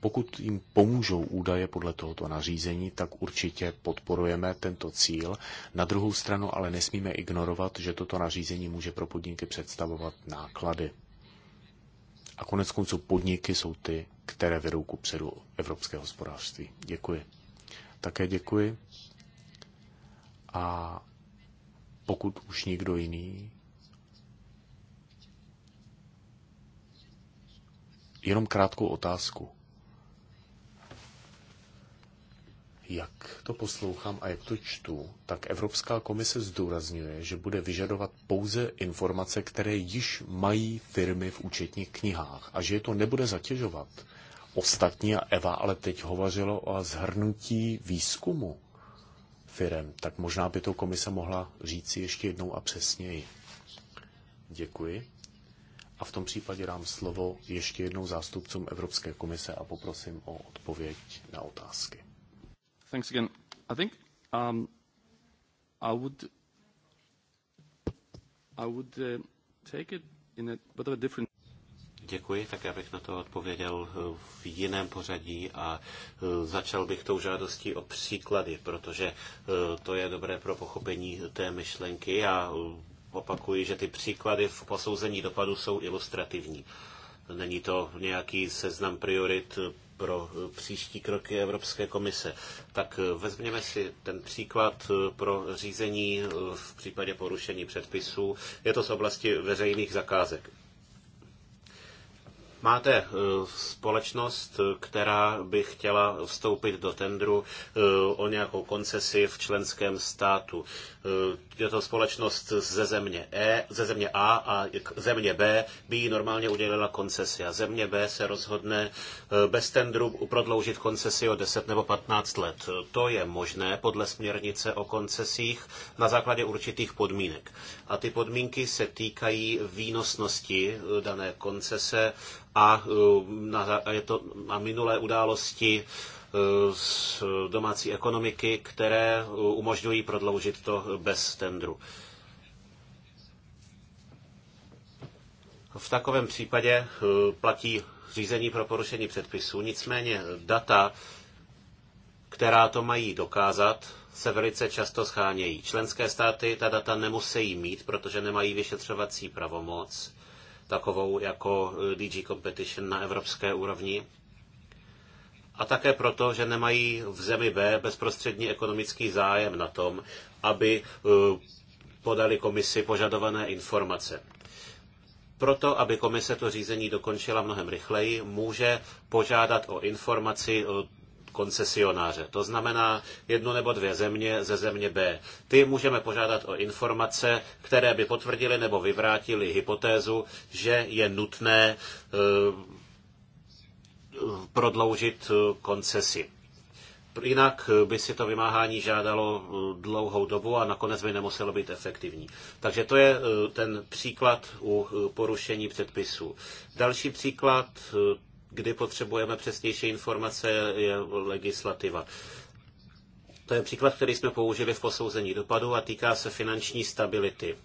Pokud jim pomůžou údaje podle tohoto nařízení, tak určitě podporujeme tento cíl. Na druhou stranu ale nesmíme ignorovat, že toto nařízení může pro podniky představovat náklady. A konec konců podniky jsou ty, které vedou ku předu evropské hospodářství. Děkuji. Také děkuji. A pokud už nikdo jiný, jenom krátkou otázku. jak to poslouchám a jak to čtu, tak Evropská komise zdůrazňuje, že bude vyžadovat pouze informace, které již mají firmy v účetních knihách a že je to nebude zatěžovat. Ostatní a Eva ale teď hovořilo o zhrnutí výzkumu firm, tak možná by to komise mohla říct ještě jednou a přesněji. Děkuji. A v tom případě dám slovo ještě jednou zástupcům Evropské komise a poprosím o odpověď na otázky. Thanks again. I think um, I would I would uh, take it in a bit of a different Děkuji, tak já bych na to odpověděl uh, v jiném pořadí a uh, začal bych tou žádostí o příklady, protože uh, to je dobré pro pochopení té myšlenky a opakuji, že ty příklady v posouzení dopadu jsou ilustrativní. Není to nějaký seznam priorit pro eh, příští kroky Evropské komise. Tak eh, vezměme si ten příklad eh, pro řízení v případě porušení předpisů. Je to z oblasti veřejných zakázek. Máte eh, společnost, která by chtěla vstoupit do tendru eh, o nějakou koncesi v členském státu. Eh, je to společnost ze země, e, ze země A a země B by ji normálně udělila koncesi a země B se rozhodne bez tendru prodloužit koncesi o 10 nebo 15 let. To je možné podle směrnice o koncesích na základě určitých podmínek a ty podmínky se týkají výnosnosti eh, dané koncese a, eh, na, a, je to, na minulé události eh, z domácí ekonomiky, které umožňují prodloužit to bez tendru. V takovém případě platí řízení pro porušení předpisů, nicméně data která to mají dokázat, se velice často schánějí. Členské státy ta data nemusí mít, protože nemají vyšetřovací pravomoc, takovou jako eh, DG Competition na evropské úrovni. A také proto, že nemají v zemi B bezprostřední ekonomický zájem na tom, aby eh, podali komisi požadované informace. Proto, aby komise to řízení dokončila mnohem rychleji, může požádat o informaci eh, koncesionáře. To znamená jednu nebo dvě země ze země B. Ty můžeme požádat o informace, které by potvrdily nebo vyvrátily hypotézu, že je nutné eh, prodloužit eh, koncesi. Jinak by si to vymáhání žádalo eh, dlouhou dobu a nakonec by nemuselo být efektivní. Takže to je ten příklad u porušení předpisů. Další příklad kdy potřebujeme přesnější informace, je legislativa. To je příklad, který jsme použili v posouzení dopadu a týká se finanční stability.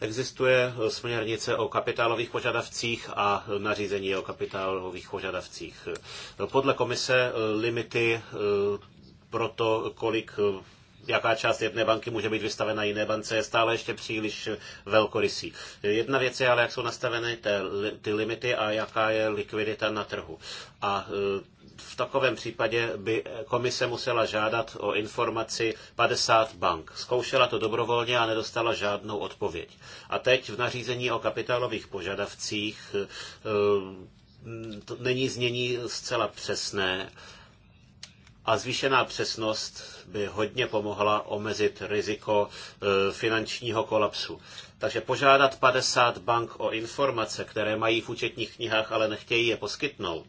Existuje směrnice o kapitálových požadavcích a nařízení o kapitálových požadavcích. Podle komise limity pro to, kolik jaká část jedné banky může být vystavena jiné bance, je stále ještě příliš velkorysí. Jedna věc je ale, jak jsou nastaveny te, ty limity a jaká je likvidita na trhu. A e, v takovém případě by komise musela žádat o informaci 50 bank. Zkoušela to dobrovolně a nedostala žádnou odpověď. A teď v nařízení o kapitálových požadavcích e, e, to není znění zcela přesné a zvýšená přesnost by hodně pomohla omezit riziko e, finančního kolapsu. Takže požádat 50 bank o informace, které mají v účetních knihách, ale nechtějí je poskytnout,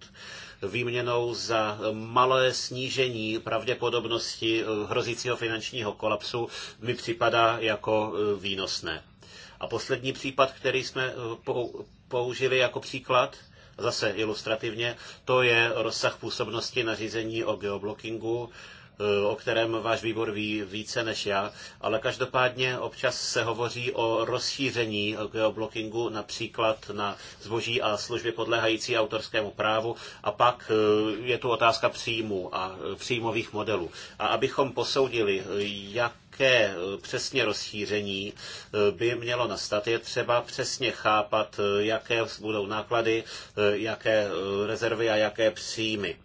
výměnou za malé snížení pravděpodobnosti e, hrozícího finančního kolapsu mi připadá jako e, výnosné. A poslední případ, který jsme použili jako příklad, zase ilustrativně, to je rozsah působnosti nařízení o geoblockingu, eh, o kterém váš výbor ví více než já, ale každopádně občas se hovoří o rozšíření geoblockingu například na zboží a služby podléhající autorskému právu a pak eh, je tu otázka příjmů a eh, příjmových modelů. A abychom posoudili, jak jaké eh, přesně rozšíření eh, by mělo nastat, je třeba přesně chápat, eh, jaké budou náklady, jaké rezervy a jaké příjmy.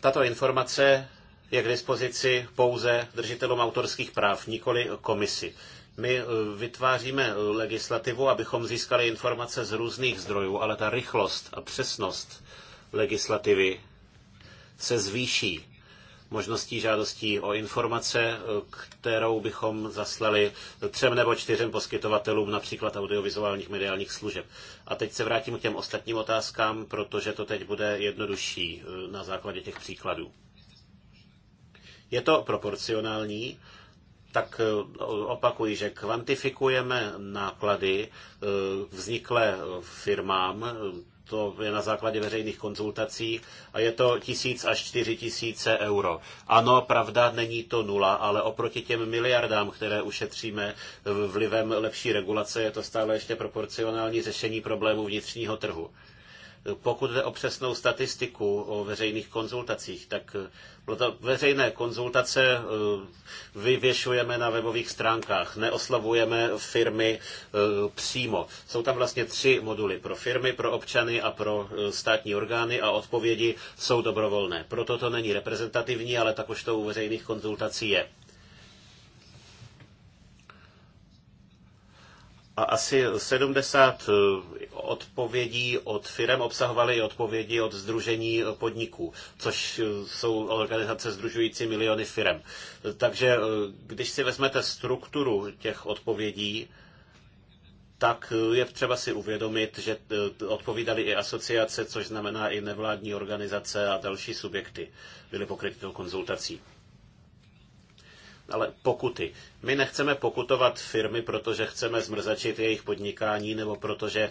Tato informace je k dispozici pouze držitelům autorských práv, nikoli komisi. My vytváříme legislativu, abychom získali informace z různých zdrojů, ale ta rychlost a přesnost legislativy se zvýší možností žádostí o informace, e, kterou bychom zaslali třem nebo čtyřem poskytovatelům například audiovizuálních mediálních služeb. A teď se vrátím k těm ostatním otázkám, protože to teď bude jednodušší e, na základě těch příkladů. Je to proporcionální, tak e, opakuji, že kvantifikujeme náklady vzniklé firmám to je na základě veřejných konzultací a je to tisíc až čtyři tisíce euro. Ano, pravda, není to nula, ale oproti těm miliardám, které ušetříme vlivem lepší regulace, je to stále ještě proporcionální řešení problému vnitřního trhu. Pokud jde o přesnou statistiku o veřejných konzultacích, tak eh, veřejné konzultace eh, vyvěšujeme na webových stránkách, neoslavujeme firmy eh, přímo. Jsou tam vlastně tři moduly pro firmy, pro občany a pro státní orgány a odpovědi jsou dobrovolné. Proto to není reprezentativní, ale tak už to u veřejných konzultací je. A asi 70 eh, odpovědí od firm obsahovaly odpovědi od Združení podniků, což eh, jsou organizace združující miliony firm. Takže eh, když si vezmete strukturu těch odpovědí, tak je třeba si uvědomit, že odpovídali i asociace, což znamená i nevládní organizace a další subjekty byly pokryty tou konzultací ale pokuty. My nechceme pokutovat firmy, protože chceme zmrzačit jejich podnikání nebo protože e,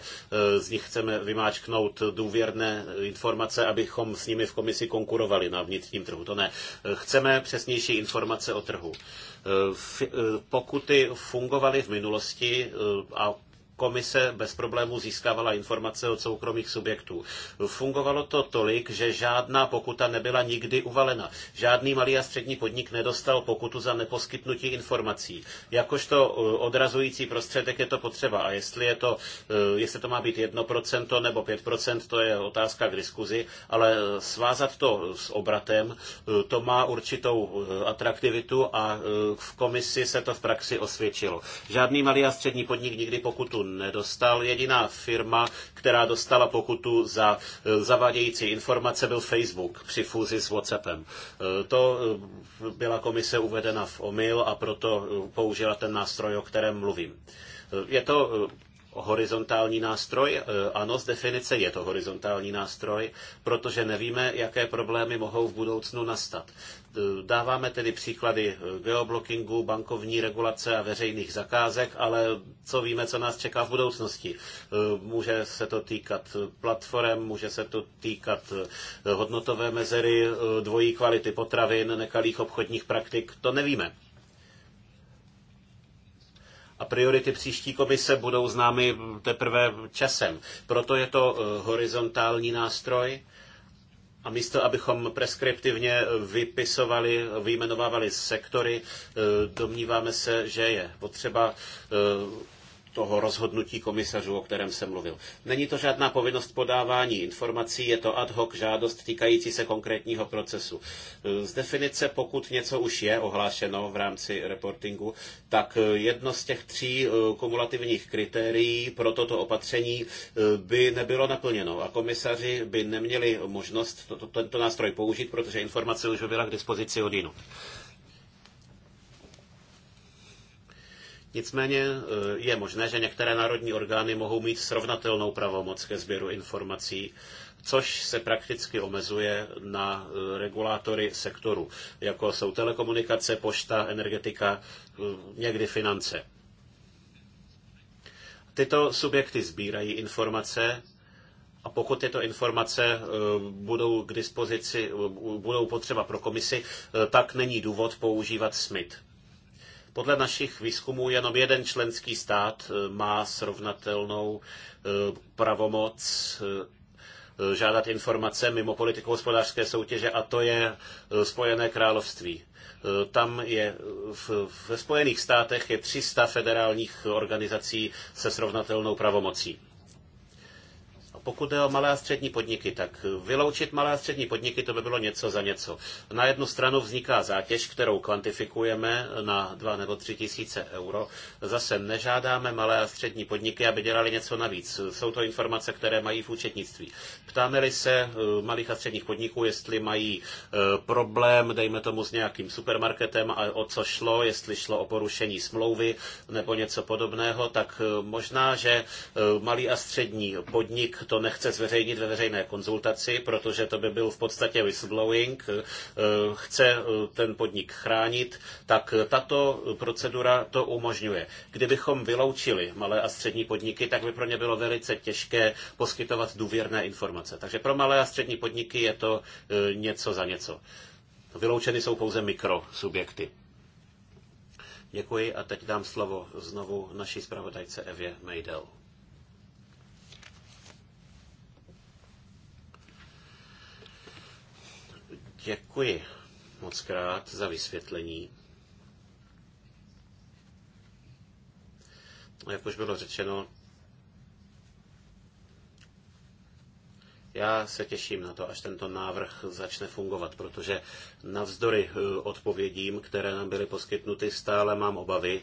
z nich chceme vymáčknout důvěrné informace, abychom s nimi v komisi konkurovali na vnitřním trhu. To ne. E, chceme přesnější informace o trhu. E, pokuty fungovaly v minulosti a komise bez problémů získávala informace od soukromých subjektů. Fungovalo to tolik, že žádná pokuta nebyla nikdy uvalena. Žádný malý a střední podnik nedostal pokutu za neposkytnutí informací. Jakožto eh, odrazující prostředek je to potřeba. A jestli, je to, eh, jestli to má být 1% nebo 5%, to je otázka k diskuzi, ale eh, svázat to s obratem, to má určitou atraktivitu a v komisi se to v praxi osvědčilo. Žádný malý a střední podnik nikdy pokutu nedostal. Jediná firma, která dostala pokutu za eh, zavádějící informace, byl Facebook při fúzi s WhatsAppem. Eh, to eh, byla komise uvedena v omyl a proto použila ten nástroj, o kterém mluvím. Je to horizontální nástroj. Eh, ano, z definice je to horizontální nástroj, protože nevíme, jaké problémy mohou v budoucnu nastat. Eh, dáváme tedy příklady eh, geoblockingu, bankovní regulace a veřejných zakázek, ale co víme, co nás čeká v budoucnosti. Může se to týkat platform, může se to týkat hodnotové mezery, dvojí kvality potravin, nekalých obchodních praktik, to nevíme a priority příští komise budou známy teprve časem. Proto je to eh, horizontální nástroj a místo, abychom preskriptivně vypisovali, vyjmenovávali sektory, eh, domníváme se, že je potřeba eh, toho rozhodnutí komisařů, o kterém jsem mluvil. Není to žádná povinnost podávání informací, je to ad hoc žádost týkající se konkrétního procesu. Z definice, pokud něco už je ohlášeno v rámci reportingu, tak jedno z těch tří eh, kumulativních kritérií pro toto opatření eh, by nebylo naplněno a komisaři by neměli možnost tento nástroj použít, protože informace už by byla k dispozici od jinut. Nicméně eh, je možné, že některé národní orgány mohou mít srovnatelnou pravomoc ke sběru informací, což se prakticky omezuje na eh, regulátory sektoru, jako jsou telekomunikace, pošta, energetika, eh, někdy finance. Tyto subjekty sbírají informace a pokud tyto informace budou k dispozici, budou potřeba pro komisi, tak není důvod používat SMIT. Podle našich výzkumů jenom jeden členský stát eh, má srovnatelnou eh, pravomoc eh, žádat informace mimo politiku hospodářské soutěže a to je Spojené království. Tam je v, ve Spojených státech je 300 federálních organizací se srovnatelnou pravomocí pokud jde o malé a střední podniky, tak vyloučit malé a střední podniky, to by bylo něco za něco. Na jednu stranu vzniká zátěž, kterou kvantifikujeme na 2 nebo 3 tisíce euro. Zase nežádáme malé a střední podniky, aby dělali něco navíc. Jsou to informace, které mají v účetnictví. Ptáme-li se eh, malých a středních podniků, jestli mají eh, problém, dejme tomu, s nějakým supermarketem a o co šlo, jestli šlo o porušení smlouvy nebo něco podobného, tak eh, možná, že malý a střední podnik to nechce zveřejnit ve veřejné konzultaci, protože to by byl v podstatě whistleblowing, eh, chce eh, ten podnik chránit, tak tato procedura to umožňuje. Kdybychom vyloučili malé a střední podniky, tak by pro ně bylo velice těžké poskytovat důvěrné informace. Takže pro malé a střední podniky je to eh, něco za něco. Vyloučeny jsou pouze mikrosubjekty. Děkuji a teď dám slovo znovu naší zpravodajce Evě Mejdel. Děkuji moc krát za vysvětlení. Jak už bylo řečeno, Já se těším na to, až tento návrh začne fungovat, protože navzdory eh, odpovědím, které nám byly poskytnuty, stále mám obavy,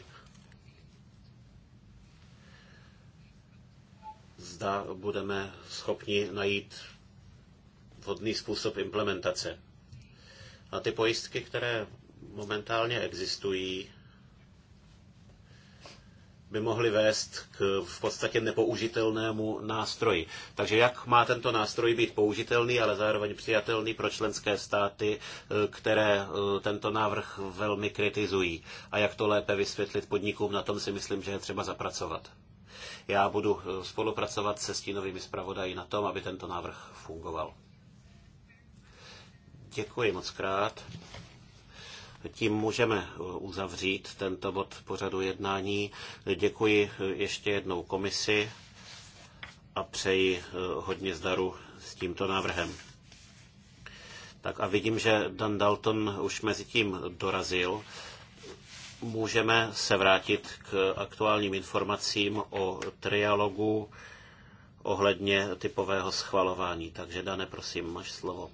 zda budeme schopni najít vhodný způsob implementace. A ty pojistky, které momentálně existují, by mohly vést k v podstatě nepoužitelnému nástroji. Takže jak má tento nástroj být použitelný, ale zároveň přijatelný pro členské státy, eh, které eh, tento návrh velmi kritizují? A jak to lépe vysvětlit podnikům, na tom si myslím, že je třeba zapracovat. Já budu eh, spolupracovat se stínovými zpravodaji na tom, aby tento návrh fungoval. Děkuji moc krát. Tím můžeme eh, uzavřít tento bod pořadu jednání. Děkuji eh, ještě jednou komisi a přeji eh, hodně zdaru s tímto návrhem. Tak a vidím, že Dan Dalton už mezi tím dorazil. Můžeme se vrátit k aktuálním informacím o trialogu ohledně typového schvalování. Takže Dane, prosím, máš slovo.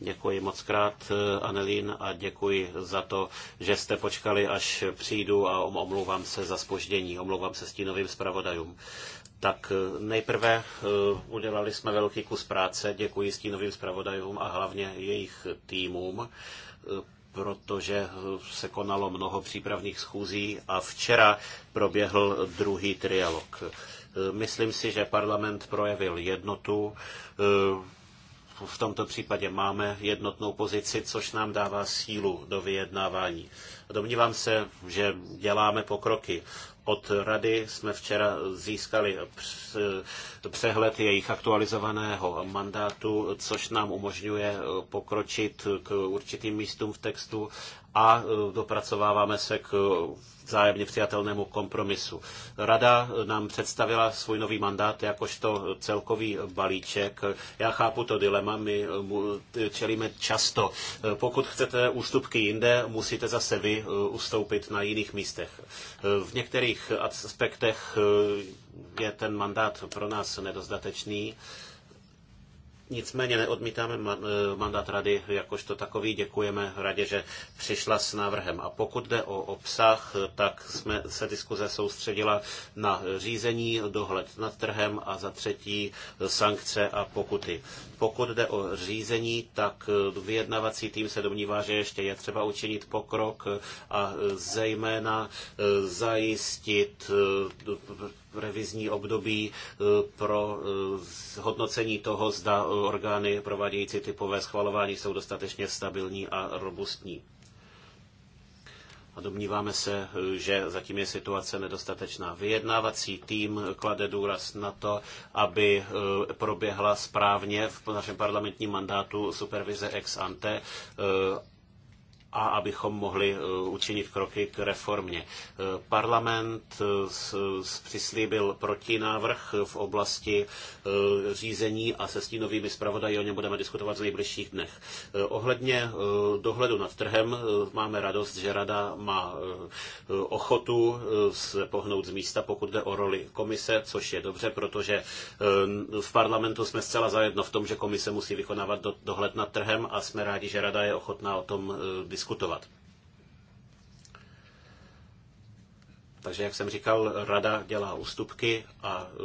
Děkuji moc krát, Anelín, a děkuji za to, že jste počkali, až přijdu a omlouvám se za spoždění, omlouvám se stínovým zpravodajům. Tak eh, nejprve eh, udělali jsme velký kus práce, děkuji stínovým zpravodajům a hlavně jejich týmům, eh, protože se konalo mnoho přípravných schůzí a včera proběhl druhý trialog. Myslím si, že parlament projevil jednotu, v tomto případě máme jednotnou pozici, což nám dává sílu do vyjednávání. Domnívám se, že děláme pokroky. Od rady jsme včera získali přehled jejich aktualizovaného mandátu, což nám umožňuje pokročit k určitým místům v textu a e, dopracováváme se k e, vzájemně přijatelnému kompromisu. Rada e, nám představila svůj nový mandát jakožto celkový balíček. Já chápu to dilema, my čelíme často. Pokud chcete ústupky jinde, musíte zase vy ustoupit na jiných místech. V některých aspektech je ten mandát pro nás nedostatečný. Nicméně neodmítáme eh, mandát rady jakožto takový. Děkujeme radě, že přišla s návrhem. A pokud jde o obsah, tak jsme se diskuze soustředila na řízení, dohled nad trhem a za třetí sankce a pokuty. Pokud jde o řízení, tak eh, vyjednavací tým se domnívá, že ještě je třeba učinit pokrok a eh, zejména zajistit revizní období e, pro e, hodnocení toho, zda orgány provádějící typové schvalování jsou dostatečně stabilní a robustní. A domníváme se, že zatím je situace nedostatečná. Vyjednávací tým klade důraz na to, aby e, proběhla správně v našem parlamentním mandátu supervize ex ante a abychom mohli eh, učinit kroky k reformě. Eh, parlament eh, přislíbil protinávrh v oblasti řízení a se stínovými zpravodaji o něm budeme diskutovat v nejbližších dnech. Ohledně dohledu nad trhem máme radost, že rada má ochotu se pohnout z místa, pokud jde o roli komise, což je dobře, protože v parlamentu jsme zcela zajedno v tom, že komise musí vykonávat dohled nad trhem a jsme rádi, že rada je ochotná o tom diskutovat diskutovat. Takže, jak jsem říkal, rada dělá ústupky a e,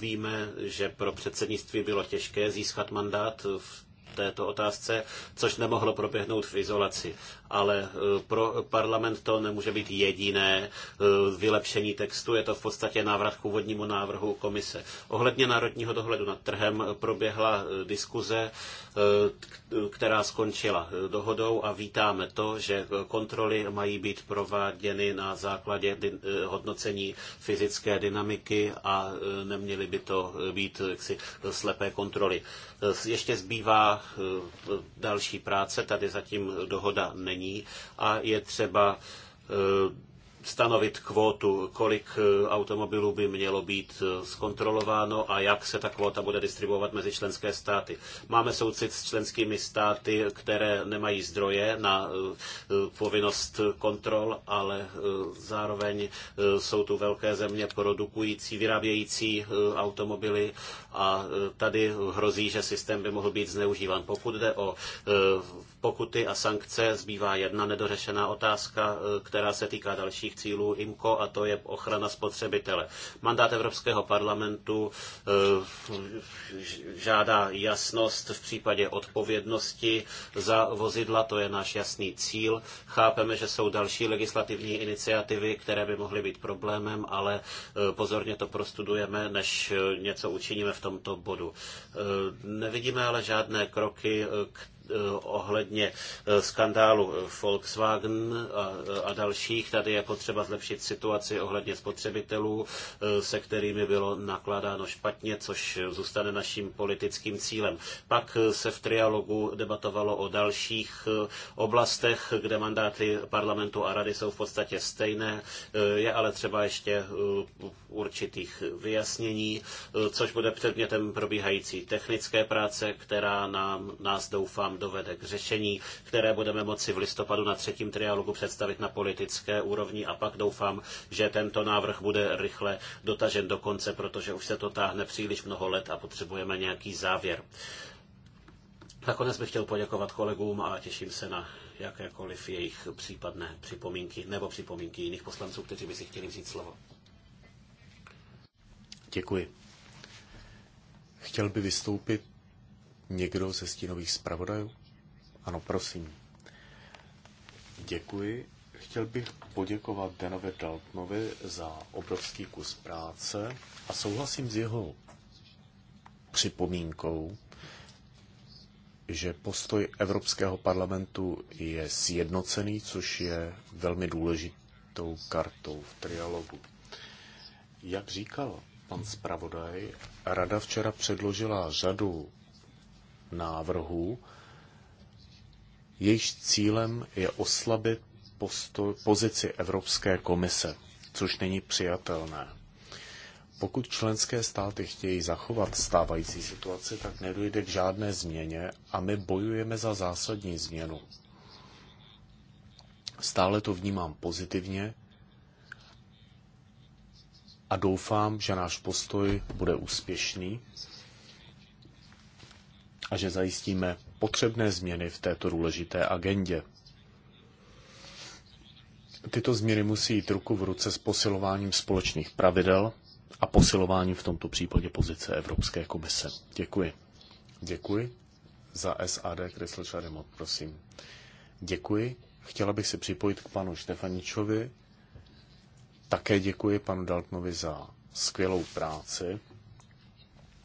víme, že pro předsednictví bylo těžké získat mandát v této otázce, což nemohlo proběhnout v izolaci ale eh, pro parlament to nemůže být jediné eh, vylepšení textu, je to v podstatě návrat k původnímu návrhu komise. Ohledně národního dohledu nad trhem proběhla eh, diskuze, která skončila dohodou a vítáme to, že kontroly mají být prováděny na základě hodnocení fyzické dynamiky a neměly by to být jaksi slepé kontroly. Ještě zbývá další práce, tady zatím dohoda není není a je třeba eh, stanovit kvótu, kolik eh, automobilů by mělo být eh, zkontrolováno a jak se ta kvóta bude distribuovat mezi členské státy. Máme soucit s členskými státy, které nemají zdroje na povinnost kontrol, ale zároveň jsou tu velké země produkující, vyrábějící automobily a tady hrozí, že systém by mohl být zneužíván. Pokud jde o pokuty a sankce zbývá jedna nedořešená otázka, e, která se týká dalších cílů IMCO a to je ochrana spotřebitele. Mandát Evropského parlamentu e, žádá jasnost v případě odpovědnosti za vozidla, to je náš jasný cíl. Chápeme, že jsou další legislativní iniciativy, které by mohly být problémem, ale e, pozorně to prostudujeme, než něco učiníme v tomto bodu. Nevidíme ale žádné kroky, které Eh, ohledně eh, skandálu eh, Volkswagen a dalších. Tady je jako potřeba zlepšit situaci ohledně spotřebitelů, se kterými bylo nakládáno špatně, což zůstane naším politickým cílem. Pak se v trialogu debatovalo o dalších oblastech, kde mandáty parlamentu a rady jsou v podstatě stejné. Je ale třeba ještě určitých vyjasnění, což bude předmětem probíhající technické práce, která nám, nás doufám dovede k řešení, které budeme moci v listopadu na třetím trialogu představit na politické úrovni a pak doufám, že tento návrh bude rychle dotažen do konce, protože už se to táhne příliš mnoho let a potřebujeme nějaký závěr. Nakonec bych chtěl poděkovat kolegům a těším se na jakékoliv jejich případné připomínky nebo připomínky jiných poslanců, kteří by si chtěli vzít slovo. Děkuji. Chtěl by vystoupit někdo ze stínových zpravodajů? Ano, prosím. Děkuji. Chtěl bych poděkovat Danovi Daltnovi za obrovský kus práce a souhlasím s jeho připomínkou, že postoj Evropského parlamentu je sjednocený, což je velmi důležitou kartou v trialogu. Jak říkal pan zpravodaj, Rada včera předložila řadu návrhů, jejíž cílem je oslabit posto- pozici Evropské komise, což není přijatelné. Pokud členské státy chtějí zachovat stávající situaci, tak nedojde k žádné změně a my bojujeme za zásadní změnu. Stále to vnímám pozitivně a doufám, že náš postoj bude úspěšný a že zajistíme potřebné změny v této důležité agendě. Tyto změny musí jít ruku v ruce s posilováním společných pravidel a posilováním v tomto případě pozice Evropské komise. Děkuji. Děkuji. Za SAD Krysl Šarimot, prosím. Děkuji. Chtěla bych se připojit k panu Štefaničovi. Také děkuji panu Daltnovi za skvělou práci.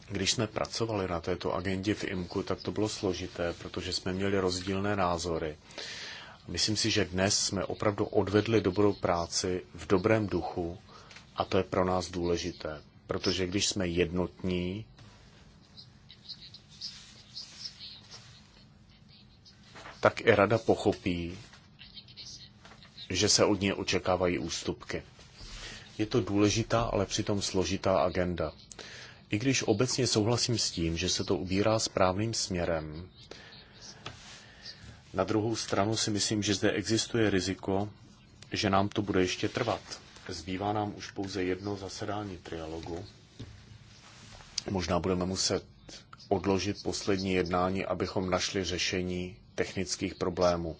Když jsme pracovali na této agendě v IMKU, tak to bylo složité, protože jsme měli rozdílné názory. Myslím si, že dnes jsme opravdu odvedli dobrou práci v dobrém duchu a to je pro nás důležité, protože když jsme jednotní, tak i rada pochopí, že se od něj očekávají ústupky. Je to důležitá, ale přitom složitá agenda. I když obecně souhlasím s tím, že se to ubírá správným směrem, na druhou stranu si myslím, že zde existuje riziko, že nám to bude ještě trvat. Zbývá nám už pouze jedno zasedání trialogu. Možná budeme muset odložit poslední jednání, abychom našli řešení technických problémů.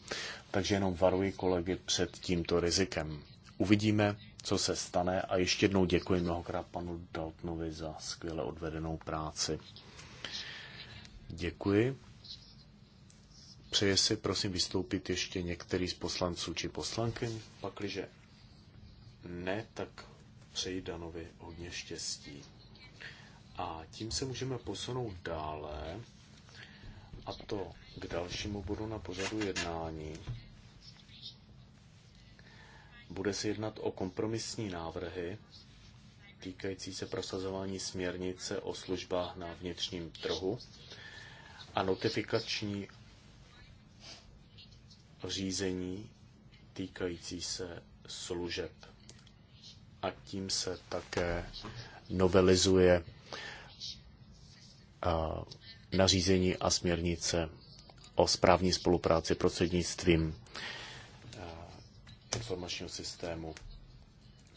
Takže jenom varuji kolegy před tímto rizikem. Uvidíme, co se stane. A ještě jednou děkuji mnohokrát panu Daltnovi za skvěle odvedenou práci. Děkuji. Přeje si prosím vystoupit ještě některý z poslanců či poslankyň? Pakliže ne, tak přeji Danovi hodně štěstí. A tím se můžeme posunout dále, a to k dalšímu bodu na pořadu jednání, bude se jednat o kompromisní návrhy týkající se prosazování směrnice o službách na vnitřním trhu a notifikační řízení týkající se služeb. A tím se také novelizuje nařízení a směrnice o správní spolupráci prostřednictvím informačního systému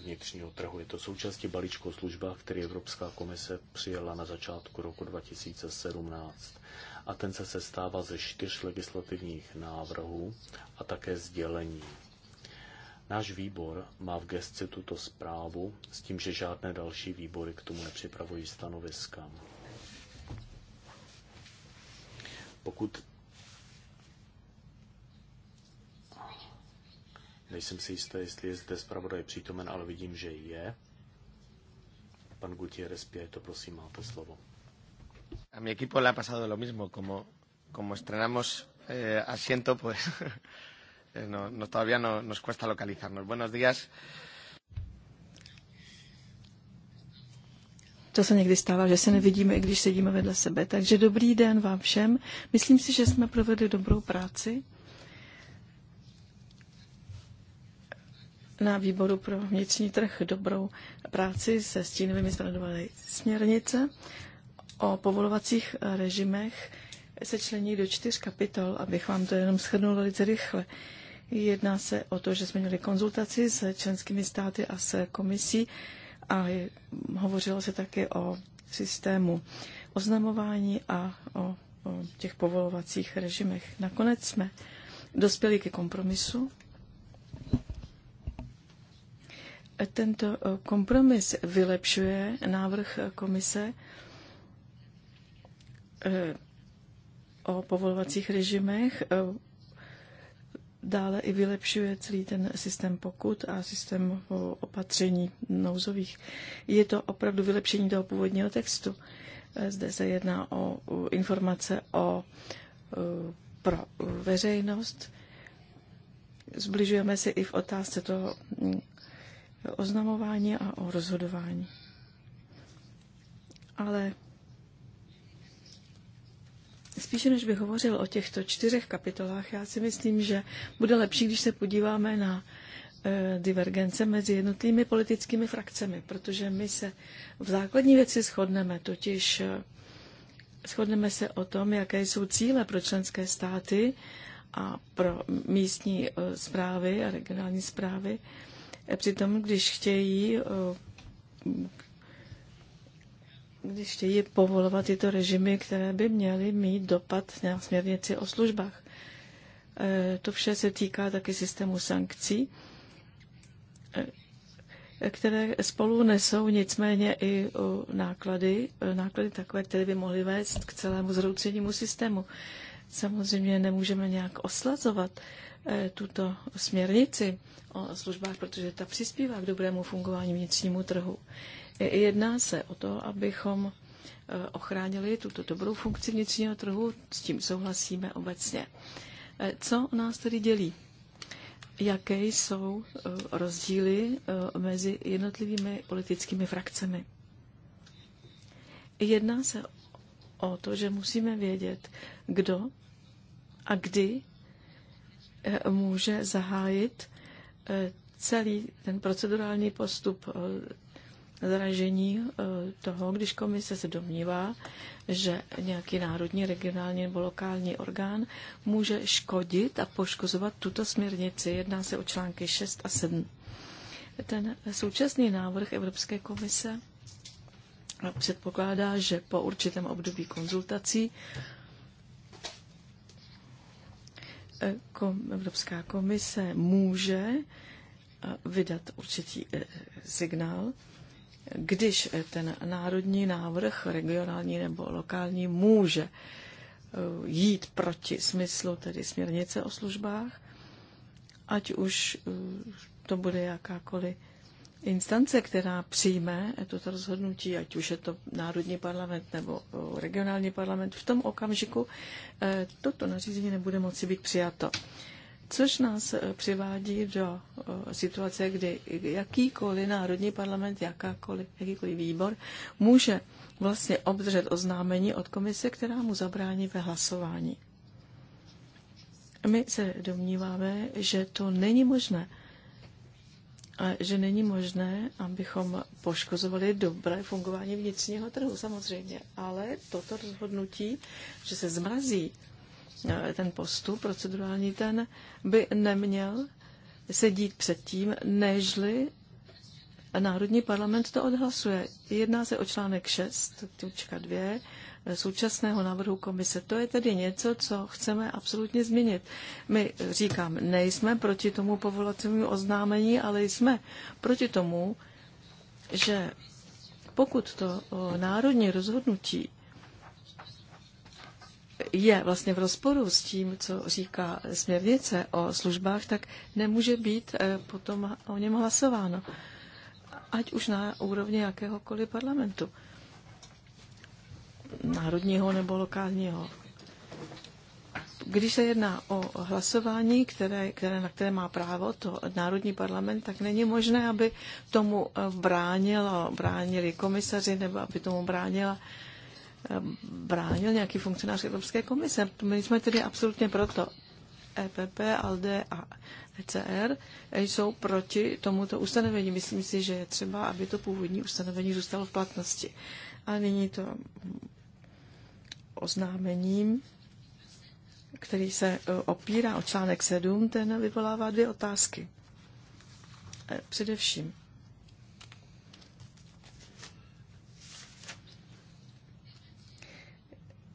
vnitřního trhu. Je to součástí balíčku o službách, který Evropská komise přijela na začátku roku 2017. A ten se sestává ze čtyř legislativních návrhů a také sdělení. Náš výbor má v gesci tuto zprávu s tím, že žádné další výbory k tomu nepřipravují stanoviska. Pokud Nejsem si jistý, jestli je zde zpravodaj přítomen, ale vidím, že je. Pan Gutierrez to prosím, máte slovo. A mi equipo le ha pasado lo mismo, como, como estrenamos eh, asiento, pues <laughs> eh, no, no, todavía no, nos cuesta localizarnos. Buenos días. To se někdy stává, že se nevidíme, i když sedíme vedle sebe. Takže dobrý den vám všem. Myslím si, že jsme provedli dobrou práci. na výboru pro vnitřní trh dobrou práci se stínovými zpravodaji směrnice o povolovacích režimech se člení do čtyř kapitol, abych vám to jenom shrnul velice rychle. Jedná se o to, že jsme měli konzultaci s členskými státy a s komisí a hovořilo se také o systému oznamování a o, o těch povolovacích režimech. Nakonec jsme dospěli ke kompromisu, tento eh, kompromis vylepšuje návrh komise eh, o povolovacích režimech, eh, dále i vylepšuje celý ten systém pokut a systém opatření nouzových. Je to opravdu vylepšení toho původního textu. Zde se jedná o informace o, pro veřejnost. Zbližujeme se i v otázce toho hm, oznamování a o rozhodování. Ale spíše než bych hovořil o těchto čtyřech kapitolách, já si myslím, že bude lepší, když se podíváme na e, divergence mezi jednotlivými politickými frakcemi, protože my se v základní věci shodneme, totiž e, shodneme se o tom, jaké jsou cíle pro členské státy a pro místní e, zprávy a regionální zprávy. Přitom, když chtějí když chtějí povolovat tyto režimy, které by měly mít dopad na směrnici o službách. E, to vše se týká taky systému sankcí, e, které spolu nesou nicméně i náklady, e, náklady takové, které by mohly vést k celému zhroucenímu systému. Samozřejmě nemůžeme nějak oslazovat Eh, tuto směrnici o službách, protože ta přispívá k dobrému fungování vnitřnímu trhu. Eh, jedná se o to, abychom eh, ochránili tuto dobrou funkci vnitřního trhu, s tím souhlasíme obecně. Co nás tedy dělí? Jaké jsou rozdíly mezi jednotlivými politickými frakcemi? Jedná se o to, že musíme vědět, kdo a kdy Eh, může zahájit eh, celý ten procedurální postup eh, zražení toho, když komise se domnívá, že nějaký národní, regionální nebo lokální orgán může škodit a poškozovat tuto směrnici. Jedná se o články 6 a 7. Ten současný návrh Evropské komise předpokládá, že po určitém období konzultací Evropská komise může eh, vydat určitý eh, signál, když eh, ten národní návrh, regionální nebo lokální, může jít proti smyslu, tedy směrnice o službách, ať už to bude jakákoliv Instance, která přijme toto rozhodnutí, ať už je to Národní parlament nebo eh, regionální parlament, v tom okamžiku eh, toto nařízení nebude moci být přijato. Což nás eh, přivádí do situace, kdy jakýkoliv národní parlament, jakákoliv, jakýkoliv výbor může vlastně obdržet oznámení od komise, která mu zabrání ve hlasování. My se domníváme, že to není možné že není možné, abychom poškozovali dobré fungování vnitřního trhu, samozřejmě, ale toto rozhodnutí, že se zmrazí eh, ten postup procedurální, ten by neměl sedít dít předtím, nežli Národní parlament to odhlasuje. Jedná se o článek 6, tučka 2, současného návrhu komise. To je tedy něco, co chceme absolutně změnit. My říkám, nejsme proti tomu povolacímu oznámení, ale jsme proti tomu, že pokud to národní rozhodnutí je vlastně v rozporu s tím, co říká směrnice o službách, tak nemůže být e, potom o něm hlasováno, ať už na úrovni jakéhokoliv parlamentu národního nebo lokálního. Když se jedná o hlasování, které, které, na které má právo to Národní parlament, tak není možné, aby tomu bránila, bránili komisaři nebo aby tomu bránila bránil nějaký funkcionář Evropské komise. My jsme tedy absolutně proto. EPP, ALDE a ECR jsou proti tomuto ustanovení. Myslím si, že je třeba, aby to původní ustanovení zůstalo v platnosti. A nyní to oznámením, který se e, opírá o článek 7, ten vyvolává dvě otázky. E, především,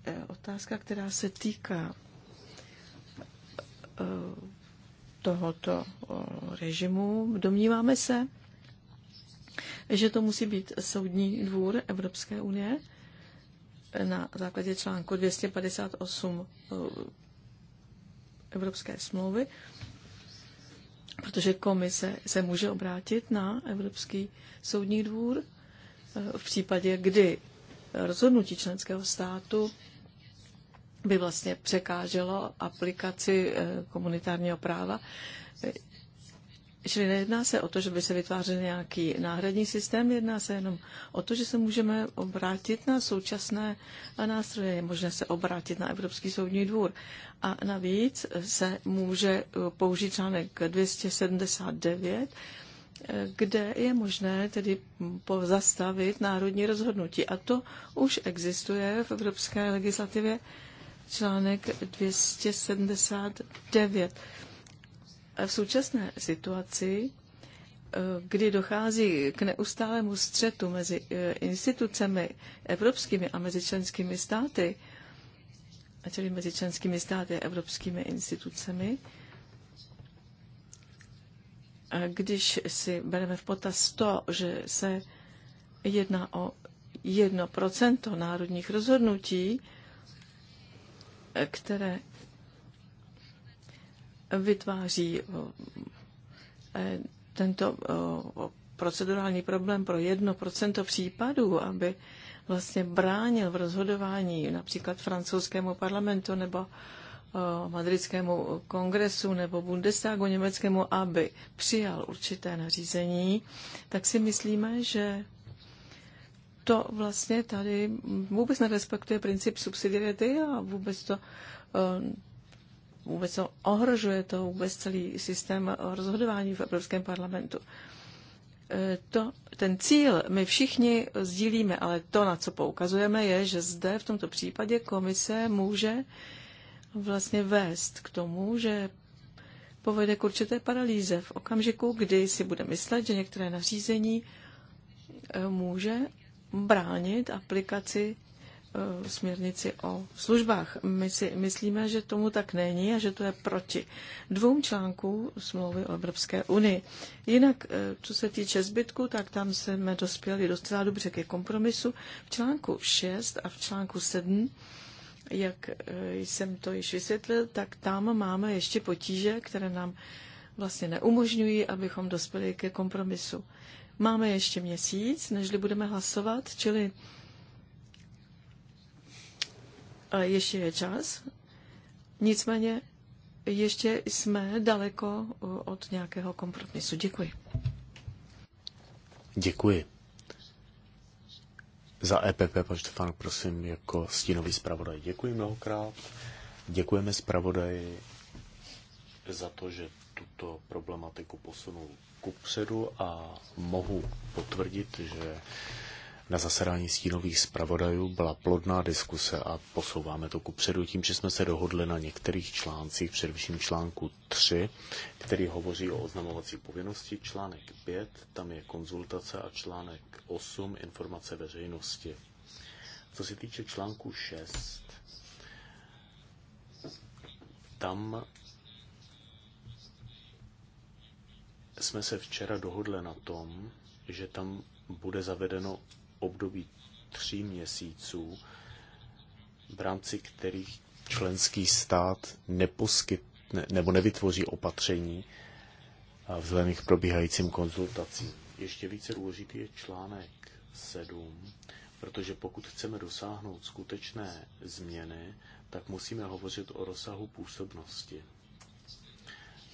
e, otázka, která se týká tohoto režimu. Domníváme se, že to musí být soudní dvůr Evropské unie, na základě článku 258 eh, Evropské smlouvy, protože komise se může obrátit na Evropský soudní dvůr eh, v případě, kdy rozhodnutí členského státu by vlastně překáželo aplikaci eh, komunitárního práva Čili nejedná se o to, že by se vytvářel nějaký náhradní systém, jedná se jenom o to, že se můžeme obrátit na současné nástroje. Je možné se obrátit na Evropský soudní dvůr. A navíc se může použít článek 279, kde je možné tedy pozastavit národní rozhodnutí. A to už existuje v evropské legislativě článek 279 v současné situaci, eh, kdy dochází k neustálému střetu mezi eh, institucemi evropskými a mezi členskými státy, a tedy mezi členskými státy a evropskými institucemi, a když si bereme v potaz to, že se jedná o jedno procento národních rozhodnutí, eh, které vytváří eh, eh, tento eh, procedurální problém pro jedno procento případů, aby vlastně bránil v rozhodování například francouzskému parlamentu nebo madridskému kongresu nebo Bundestagu německému, aby přijal určité nařízení, tak si myslíme, že to vlastně tady vůbec nerespektuje princip subsidiarity a vůbec to vůbec to ohrožuje to vůbec celý systém rozhodování v Evropském parlamentu. E, to, ten cíl my všichni sdílíme, ale to, na co poukazujeme, je, že zde v tomto případě komise může vlastně vést k tomu, že povede k určité paralýze v okamžiku, kdy si bude myslet, že některé nařízení e, může bránit aplikaci Eh, směrnici o službách. My si myslíme, že tomu tak není a že to je proti dvou článků smlouvy o Evropské unii. Jinak, eh, co se týče zbytku, tak tam jsme dospěli docela dobře ke kompromisu. V článku 6 a v článku 7 jak eh, jsem to již vysvětlil, tak tam máme ještě potíže, které nám vlastně neumožňují, abychom dospěli ke kompromisu. Máme ještě měsíc, nežli budeme hlasovat, čili ještě je čas. Nicméně ještě jsme daleko od nějakého kompromisu. Děkuji. Děkuji. Za EPP, Paštefán, prosím, jako stínový zpravodaj. Děkuji mnohokrát. Děkujeme zpravodaji za to, že tuto problematiku posunul kupředu a mohu potvrdit, že na zasedání stínových zpravodajů byla plodná diskuse a posouváme to kupředu tím, že jsme se dohodli na některých článcích, především článku 3, který hovoří o oznamovací povinnosti, článek 5, tam je konzultace a článek 8, informace veřejnosti. Co se týče článku 6, tam jsme se včera dohodli na tom, že tam bude zavedeno období tří měsíců, v rámci kterých členský stát neposkytne nebo nevytvoří opatření vzhledem k probíhajícím konzultacím. Ještě více důležitý je článek 7, protože pokud chceme dosáhnout skutečné změny, tak musíme hovořit o rozsahu působnosti.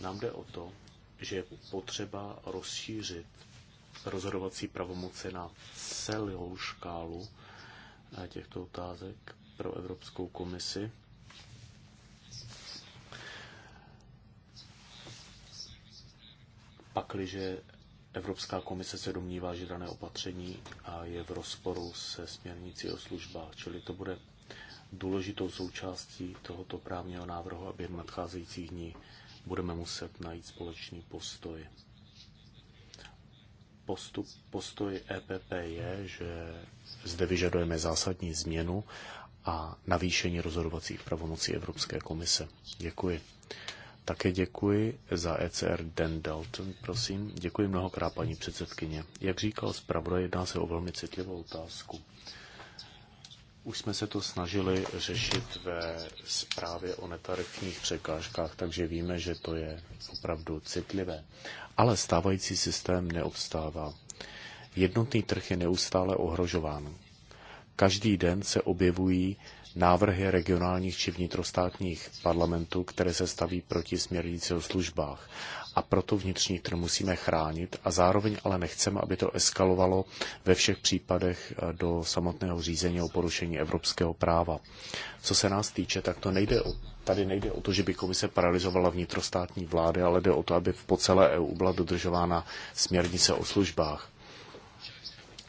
Nám jde o to, že je potřeba rozšířit rozhodovací pravomoci na celou škálu eh, těchto otázek pro Evropskou komisi. Pakliže Evropská komise se domnívá, že dané opatření je v rozporu se směrnicí o službách, čili to bude důležitou součástí tohoto právního návrhu a během nadcházejících dní budeme muset najít společný postoj postup, postoj EPP je, že zde vyžadujeme zásadní změnu a navýšení rozhodovacích pravomocí Evropské komise. Děkuji. Také děkuji za ECR Dan Dalton, prosím. Děkuji mnohokrát, paní předsedkyně. Jak říkal zpravodaj, jedná se o velmi citlivou otázku. Už jsme se to snažili řešit ve zprávě o netarifních překážkách, takže víme, že to je opravdu citlivé ale stávající systém neobstává. Jednotný trh je neustále ohrožován. Každý den se objevují návrhy regionálních či vnitrostátních parlamentů, které se staví proti směrnici o službách a proto vnitřní trh musíme chránit a zároveň ale nechceme, aby to eskalovalo ve všech případech eh, do samotného řízení o porušení evropského práva. Co se nás týče, tak to nejde o Tady nejde o to, že by komise paralizovala vnitrostátní vlády, ale jde o to, aby po celé EU byla dodržována směrnice o službách.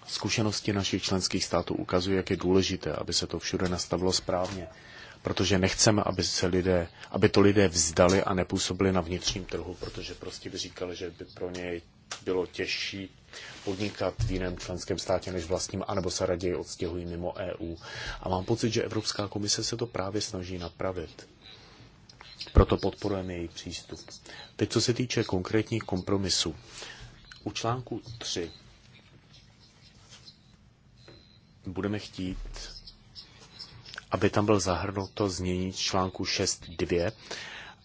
Zkušenosti našich členských států ukazují, jak je důležité, aby se to všude nastavilo správně protože nechceme, aby, se lidé, aby to lidé vzdali a nepůsobili na vnitřním trhu, protože prostě by říkali, že by pro něj bylo těžší podnikat v jiném členském státě než vlastním, anebo se raději odstěhují mimo EU. A mám pocit, že Evropská komise se to právě snaží napravit. Proto podporujeme její přístup. Teď, co se týče konkrétních kompromisů. U článku 3 budeme chtít aby tam byl zahrnuto změní článku 6.2,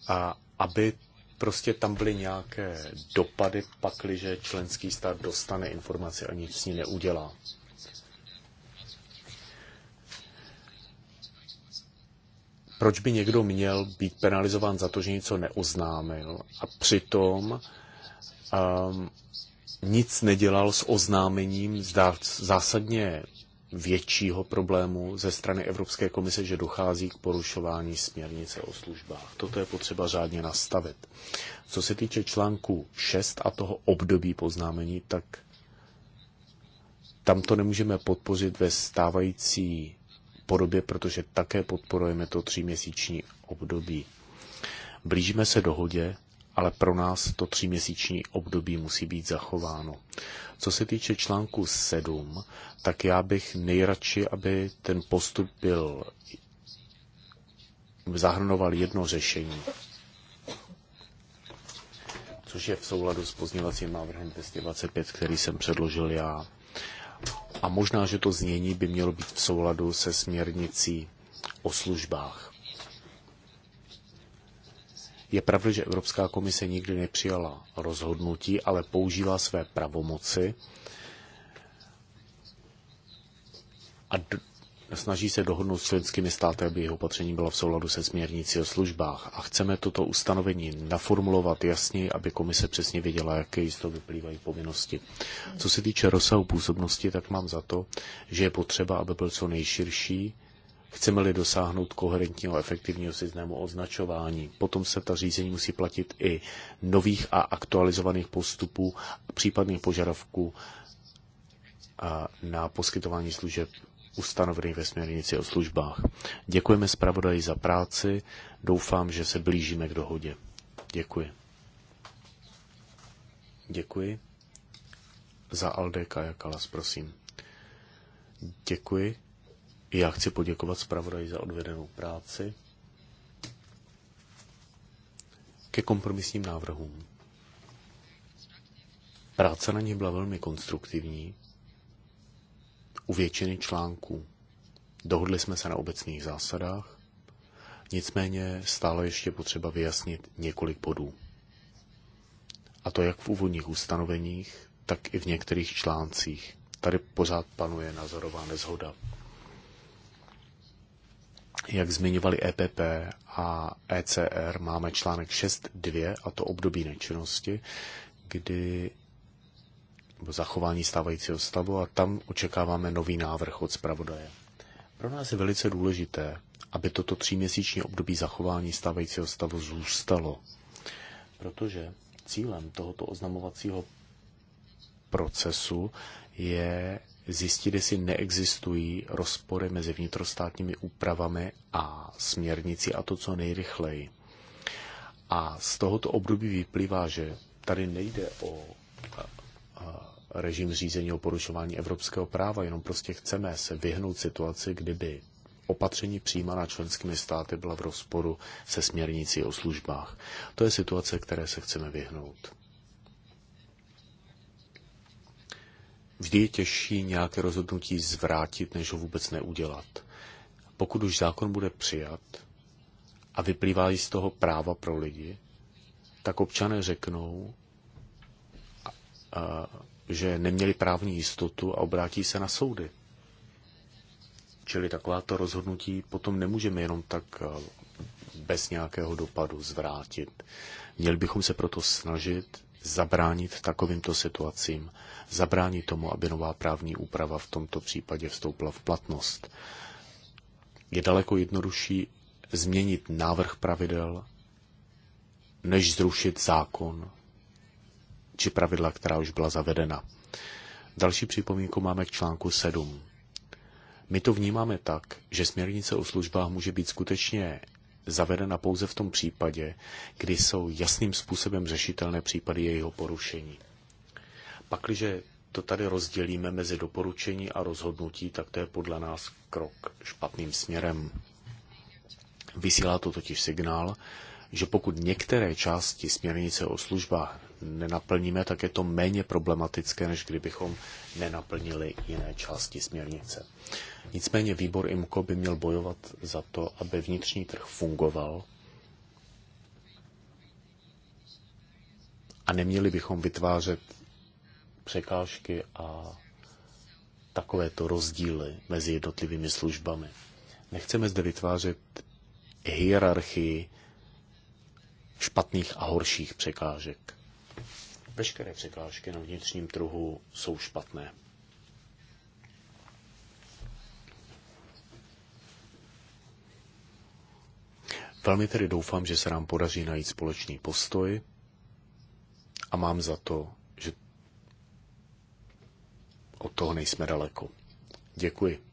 a aby prostě tam byly nějaké dopady, pakliže členský stát dostane informaci a nic s ní neudělá. Proč by někdo měl být penalizován za to, že něco neoznámil a přitom um, nic nedělal s oznámením zásadně většího problému ze strany Evropské komise, že dochází k porušování směrnice o službách. Toto je potřeba řádně nastavit. Co se týče článku 6 a toho období poznámení, tak tam to nemůžeme podpořit ve stávající podobě, protože také podporujeme to tříměsíční období. Blížíme se dohodě ale pro nás to tříměsíční období musí být zachováno. Co se týče článku 7, tak já bych nejradši, aby ten postup byl zahrnoval jedno řešení, což je v souladu s pozněvacím návrhem 225, který jsem předložil já. A možná, že to znění by mělo být v souladu se směrnicí o službách. Je pravda, že Evropská komise nikdy nepřijala rozhodnutí, ale používá své pravomoci a snaží se dohodnout s členskými státy, aby jeho opatření bylo v souladu se směrnicí o službách. A chceme toto ustanovení naformulovat jasně, aby komise přesně věděla, jaké z toho vyplývají povinnosti. Co se týče rozsahu působnosti, tak mám za to, že je potřeba, aby byl co nejširší, Chceme-li dosáhnout koherentního efektivního systému označování, potom se ta řízení musí platit i nových a aktualizovaných postupů, případných požadavků na poskytování služeb ustanovených ve směrnici o službách. Děkujeme zpravodaji za práci, doufám, že se blížíme k dohodě. Děkuji. Děkuji. Za Aldeka Jakalas, prosím. Děkuji. Já chci poděkovat zpravodaji za odvedenou práci ke kompromisním návrhům. Práce na ně byla velmi konstruktivní. U většiny článků dohodli jsme se na obecných zásadách, nicméně stále ještě potřeba vyjasnit několik bodů. A to jak v úvodních ustanoveních, tak i v některých článcích. Tady pořád panuje názorová nezhoda. Jak zmiňovali EPP a ECR, máme článek 6.2 a to období nečinnosti, kdy nebo zachování stávajícího stavu a tam očekáváme nový návrh od zpravodaje. Pro nás je velice důležité, aby toto tříměsíční období zachování stávajícího stavu zůstalo, protože cílem tohoto oznamovacího procesu je zjistit, jestli neexistují rozpory mezi vnitrostátními úpravami a směrnicí a to co nejrychleji. A z tohoto období vyplývá, že tady nejde o režim řízení o porušování evropského práva, jenom prostě chceme se vyhnout situaci, kdyby opatření přijímaná členskými státy byla v rozporu se směrnicí o službách. To je situace, které se chceme vyhnout. Vždy je těžší nějaké rozhodnutí zvrátit, než ho vůbec neudělat. Pokud už zákon bude přijat a vyplývá z toho práva pro lidi, tak občané řeknou, že neměli právní jistotu a obrátí se na soudy. Čili takováto rozhodnutí potom nemůžeme jenom tak bez nějakého dopadu zvrátit. Měli bychom se proto snažit zabránit takovýmto situacím, zabránit tomu, aby nová právní úprava v tomto případě vstoupila v platnost. Je daleko jednodušší změnit návrh pravidel, než zrušit zákon či pravidla, která už byla zavedena. Další připomínku máme k článku 7. My to vnímáme tak, že směrnice o službách může být skutečně zavedena pouze v tom případě, kdy jsou jasným způsobem řešitelné případy jejího porušení. Pakliže to tady rozdělíme mezi doporučení a rozhodnutí, tak to je podle nás krok špatným směrem. Vysílá to totiž signál, že pokud některé části směrnice o službách nenaplníme, tak je to méně problematické, než kdybychom nenaplnili jiné části směrnice. Nicméně výbor IMCO by měl bojovat za to, aby vnitřní trh fungoval a neměli bychom vytvářet překážky a takovéto rozdíly mezi jednotlivými službami. Nechceme zde vytvářet hierarchii špatných a horších překážek. Veškeré překážky na vnitřním trhu jsou špatné. Velmi tedy doufám, že se nám podaří najít společný postoj a mám za to, že od toho nejsme daleko. Děkuji.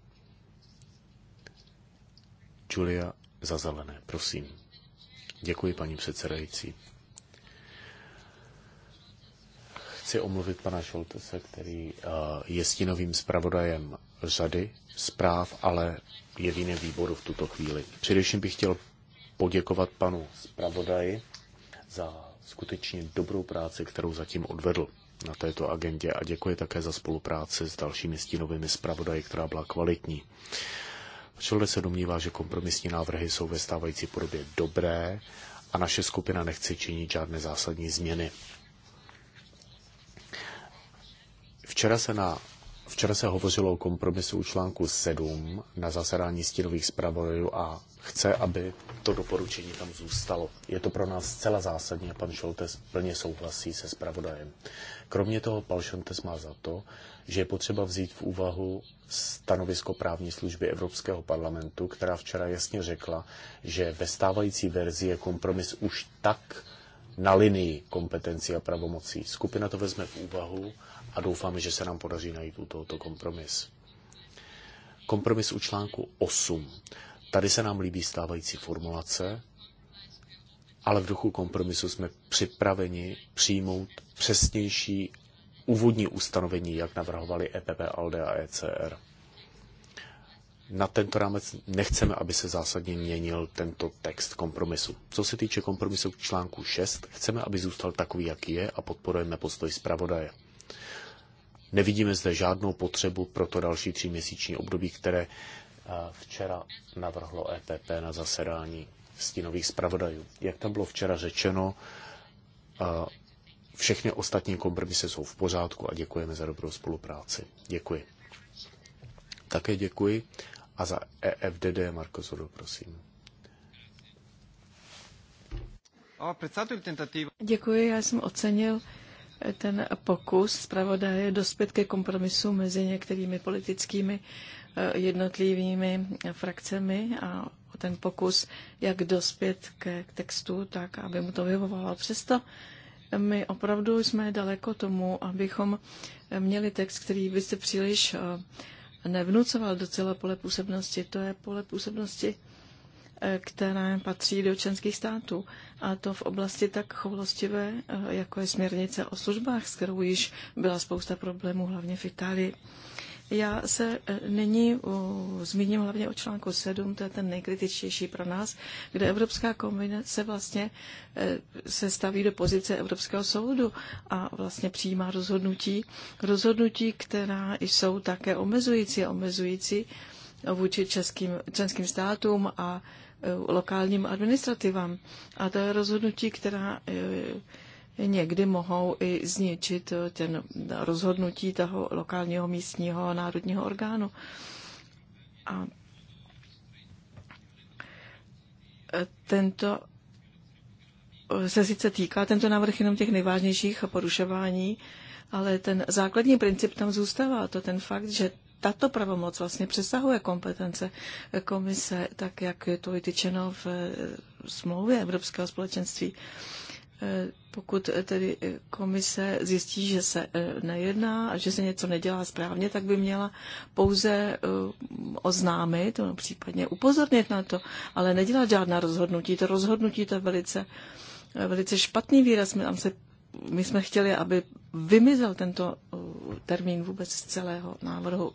Julia za zelené, prosím. Děkuji, paní předsedající. Chci omluvit pana Šoltese, který eh, je stínovým zpravodajem řady zpráv, ale je v jiném výboru v tuto chvíli. Především bych chtěl poděkovat panu zpravodaji za skutečně dobrou práci, kterou zatím odvedl na této agendě a děkuji také za spolupráci s dalšími stínovými zpravodaji, která byla kvalitní. Člověk se domnívá, že kompromisní návrhy jsou ve stávající podobě dobré a naše skupina nechce činit žádné zásadní změny. Včera se na Včera se hovořilo o kompromisu u článku 7 na zasedání stínových zpravodajů a chce, aby to doporučení tam zůstalo. Je to pro nás zcela zásadní a pan Šoltes plně souhlasí se zpravodajem. Kromě toho pan Šoltes má za to, že je potřeba vzít v úvahu stanovisko právní služby Evropského parlamentu, která včera jasně řekla, že ve stávající verzi je kompromis už tak na linii kompetencí a pravomocí. Skupina to vezme v úvahu a doufáme, že se nám podaří najít u tohoto kompromis. Kompromis u článku 8. Tady se nám líbí stávající formulace, ale v duchu kompromisu jsme připraveni přijmout přesnější úvodní ustanovení, jak navrhovali EPP, ALDE a ECR. Na tento rámec nechceme, aby se zásadně měnil tento text kompromisu. Co se týče kompromisu článku 6, chceme, aby zůstal takový, jaký je a podporujeme postoj zpravodaje. Nevidíme zde žádnou potřebu pro to další tříměsíční období, které eh, včera navrhlo EPP na zasedání stínových zpravodajů. Jak tam bylo včera řečeno, eh, všechny ostatní kompromisy jsou v pořádku a děkujeme za dobrou spolupráci. Děkuji. Také děkuji. A za EFDD Marko Zoro, prosím. Děkuji, já jsem ocenil ten pokus zpravodaje dospět ke kompromisu mezi některými politickými eh, jednotlivými frakcemi a ten pokus, jak dospět ke textu, tak aby mu to vyhovovalo. Přesto my opravdu jsme daleko tomu, abychom měli text, který by se příliš eh, nevnucoval do celé pole působnosti. To je pole působnosti E, které patří do členských států. A to v oblasti tak choulostivé, e, jako je směrnice o službách, s kterou již byla spousta problémů, hlavně v Itálii. Já se e, nyní zmíním hlavně o článku 7, to je ten nejkritičtější pro nás, kde Evropská komise vlastně se staví do pozice Evropského soudu a vlastně přijímá rozhodnutí, rozhodnutí, která jsou také omezující a omezující vůči českým, českým státům a lokálním administrativám. A to je rozhodnutí, která eh, někdy mohou i zničit eh, ten rozhodnutí toho lokálního místního národního orgánu. A eh, tento se sice týká tento návrh jenom těch nejvážnějších porušování, ale ten základní princip tam zůstává. To ten fakt, že tato pravomoc vlastně přesahuje kompetence komise, tak jak je to vytyčeno v eh, smlouvě Evropského společenství. Eh, pokud tedy komise zjistí, že se eh, nejedná a že se něco nedělá správně, tak by měla pouze oznámit, případně upozornit na to, ale nedělat žádná rozhodnutí. To rozhodnutí to je velice, velice špatný výraz. My, se, my jsme chtěli, aby vymizel tento termín vůbec z celého návrhu.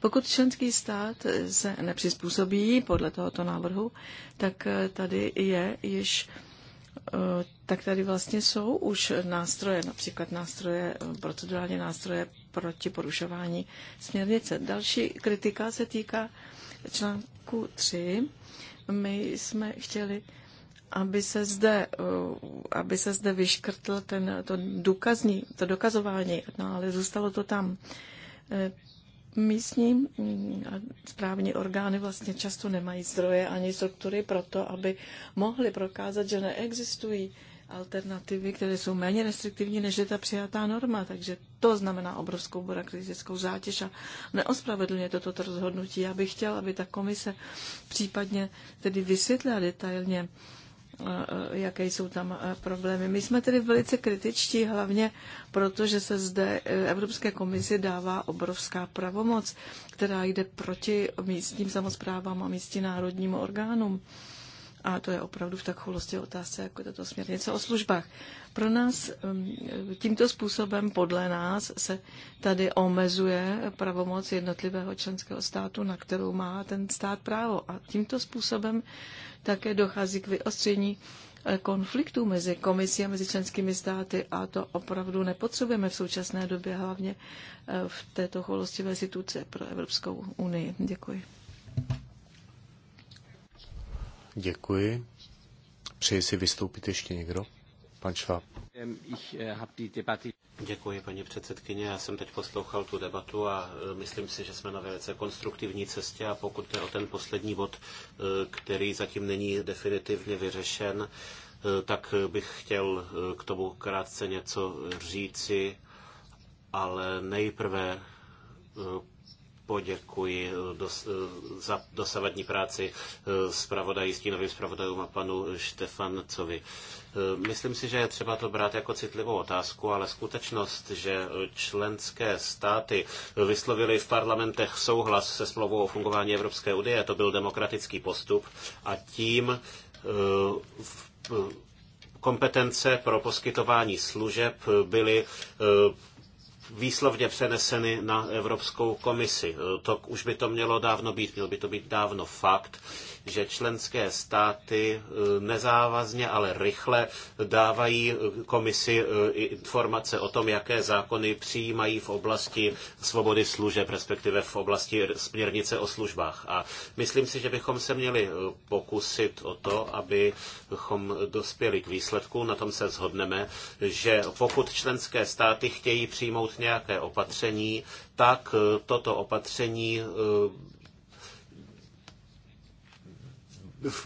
Pokud členský stát se nepřizpůsobí podle tohoto návrhu, tak tady je již eh, tak tady vlastně jsou už nástroje, například nástroje, eh, procedurální nástroje proti porušování směrnice. Další kritika se týká článku 3. My jsme chtěli aby se zde, eh, aby se zde vyškrtl ten, to, důkazní, to dokazování, no, ale zůstalo to tam. Eh, místní mm, a správní orgány vlastně často nemají zdroje ani struktury pro to, aby mohly prokázat, že neexistují alternativy, které jsou méně restriktivní, než je ta přijatá norma. Takže to znamená obrovskou byrokratickou zátěž a neospravedlně to toto rozhodnutí. Já bych chtěl, aby ta komise případně tedy vysvětlila detailně, jaké jsou tam problémy. My jsme tedy velice kritičtí, hlavně proto, že se zde e, Evropské komisi dává obrovská pravomoc, která jde proti místním samozprávám a místní národním orgánům. A to je opravdu v tak chulosti otázce, jako je tato směrnice o službách. Pro nás tímto způsobem, podle nás, se tady omezuje pravomoc jednotlivého členského státu, na kterou má ten stát právo. A tímto způsobem také dochází k vyostření eh, konfliktů mezi komisí a mezi členskými státy a to opravdu nepotřebujeme v současné době, hlavně eh, v této choulostivé situace pro Evropskou unii. Děkuji. Děkuji. Přeji si vystoupit ještě někdo? Pan Šváb. Eh, Děkuji, paní předsedkyně. Já jsem teď poslouchal tu debatu a e, myslím si, že jsme na velice konstruktivní cestě a pokud je o ten poslední bod, e, který zatím není definitivně vyřešen, e, tak bych chtěl k tomu krátce něco říci, ale nejprve poděkuji eh, dos, eh, za dosavadní práci eh, zpravodají, stínovým zpravodajům a panu Štefancovi. Myslím si, že je třeba to brát jako citlivou otázku, ale skutečnost, že členské státy vyslovili v parlamentech souhlas se smlouvou o fungování Evropské unie, to byl demokratický postup a tím kompetence pro poskytování služeb byly výslovně přeneseny na Evropskou komisi. E, to už by to mělo dávno být, měl by to být dávno fakt že členské státy e, nezávazně, ale rychle dávají e, komisi e, informace o tom, jaké zákony přijímají v oblasti svobody služeb, respektive v oblasti směrnice o službách. A myslím si, že bychom se měli pokusit o to, abychom dospěli k výsledku, na tom se shodneme, že pokud členské státy chtějí přijmout nějaké opatření, tak toto opatření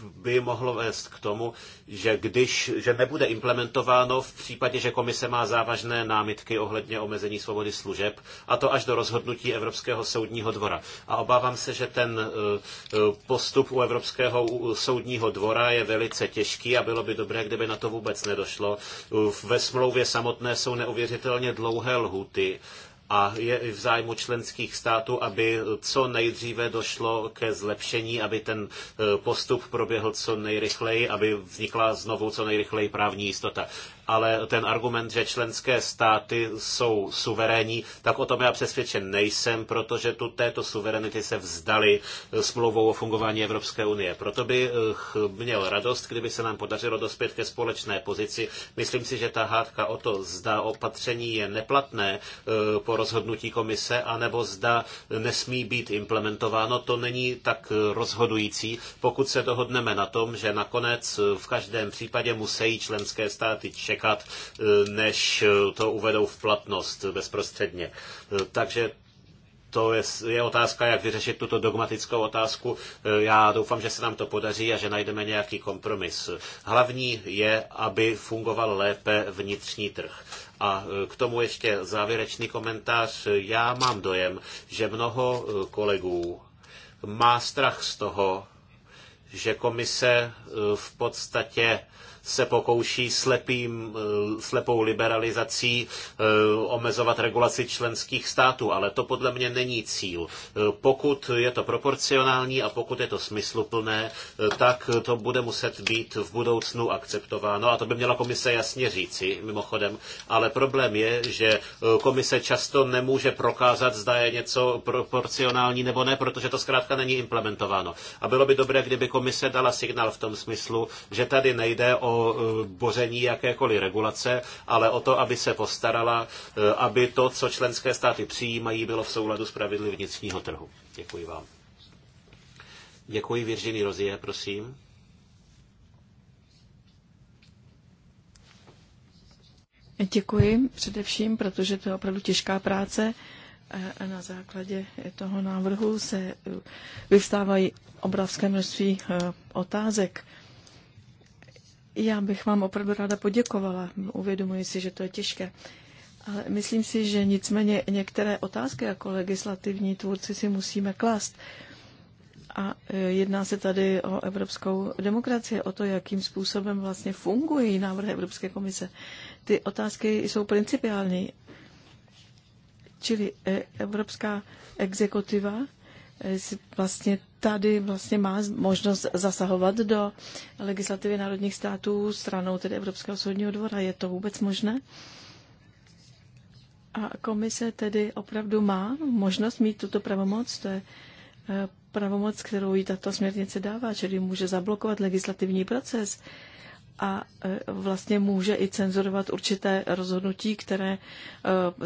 by mohlo vést k tomu, že, když, že nebude implementováno v případě, že komise má závažné námitky ohledně omezení svobody služeb, a to až do rozhodnutí Evropského soudního dvora. A obávám se, že ten eh, postup u Evropského soudního dvora je velice těžký a bylo by dobré, kdyby na to vůbec nedošlo. Ve smlouvě samotné jsou neuvěřitelně dlouhé lhuty a je v zájmu členských států, aby co nejdříve došlo ke zlepšení, aby ten eh, postup proběhl co nejrychleji, aby vznikla znovu co nejrychleji právní jistota ale ten argument, že členské státy jsou suverénní, tak o tom já přesvědčen nejsem, protože tu této suverenity se vzdali smlouvou o fungování Evropské unie. Proto bych eh, měl radost, kdyby se nám podařilo dospět ke společné pozici. Myslím si, že ta hádka o to, zda opatření je neplatné eh, po rozhodnutí komise, anebo zda nesmí být implementováno, to není tak rozhodující, pokud se dohodneme na tom, že nakonec eh, v každém případě musí členské státy čekat čekat, eh, než eh, to uvedou v platnost bezprostředně. Eh, takže to je, je otázka, jak vyřešit tuto dogmatickou otázku. Já doufám, že se nám to podaří a že najdeme nějaký kompromis. Hlavní je, aby fungoval lépe vnitřní trh. A k tomu ještě závěrečný komentář. Já mám dojem, že mnoho kolegů má strach z toho, že komise v podstatě se pokouší slepým, eh, slepou liberalizací eh, omezovat regulaci členských států, ale to podle mě není cíl. Eh, pokud je to proporcionální a pokud je to smysluplné, tak to bude muset být v budoucnu akceptováno a to by měla komise jasně říci, mimochodem, ale problém je, že komise často nemůže prokázat, zda je něco proporcionální nebo ne, protože to zkrátka není implementováno. A bylo by dobré, kdyby komise dala signál v tom smyslu, že tady nejde o Eh, boření jakékoliv regulace, ale o to, aby se postarala, eh, aby to, co členské státy přijímají, bylo v souladu s pravidly vnitřního trhu. Děkuji vám. Děkuji Virginie Rozie, prosím. Děkuji především, protože to je opravdu těžká práce. Eh, a na základě toho návrhu se vyvstávají obrovské množství otázek. Já bych vám opravdu ráda poděkovala. Uvědomuji si, že to je těžké. Ale myslím si, že nicméně některé otázky jako legislativní tvůrci si musíme klást. A e, jedná se tady o evropskou demokracii, o to, jakým způsobem vlastně fungují návrhy Evropské komise. Ty otázky jsou principiální. Čili e, evropská exekutiva vlastně tady vlastně má možnost zasahovat do legislativy národních států stranou tedy Evropského soudního dvora. Je to vůbec možné? A komise tedy opravdu má možnost mít tuto pravomoc? To je eh, pravomoc, kterou jí tato směrnice dává, čili může zablokovat legislativní proces a e, vlastně může i cenzurovat určité rozhodnutí, které e,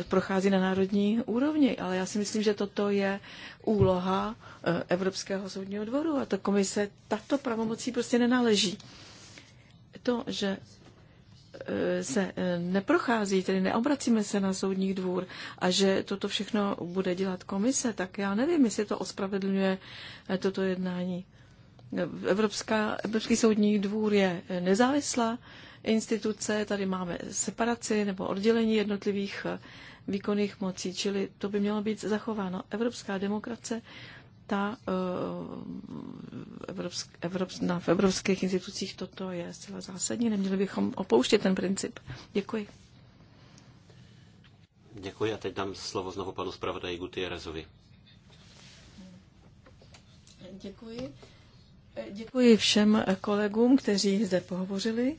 prochází na národní úrovni. Ale já si myslím, že toto je úloha e, Evropského soudního dvoru a ta komise tato pravomocí prostě nenáleží. To, že se neprochází, tedy neobracíme se na soudní dvůr a že toto všechno bude dělat komise, tak já nevím, jestli to ospravedlňuje toto jednání. Evropská, Evropský soudní dvůr je nezávislá instituce, tady máme separaci nebo oddělení jednotlivých výkonných mocí, čili to by mělo být zachováno. Evropská demokracie ta eh, evropsk, evrops, na, v evropských institucích toto je zcela zásadní. Neměli bychom opouštět ten princip. Děkuji. Děkuji a teď dám slovo znovu panu zpravodaji Gutierrezovi. Děkuji. Děkuji všem kolegům, kteří zde pohovořili.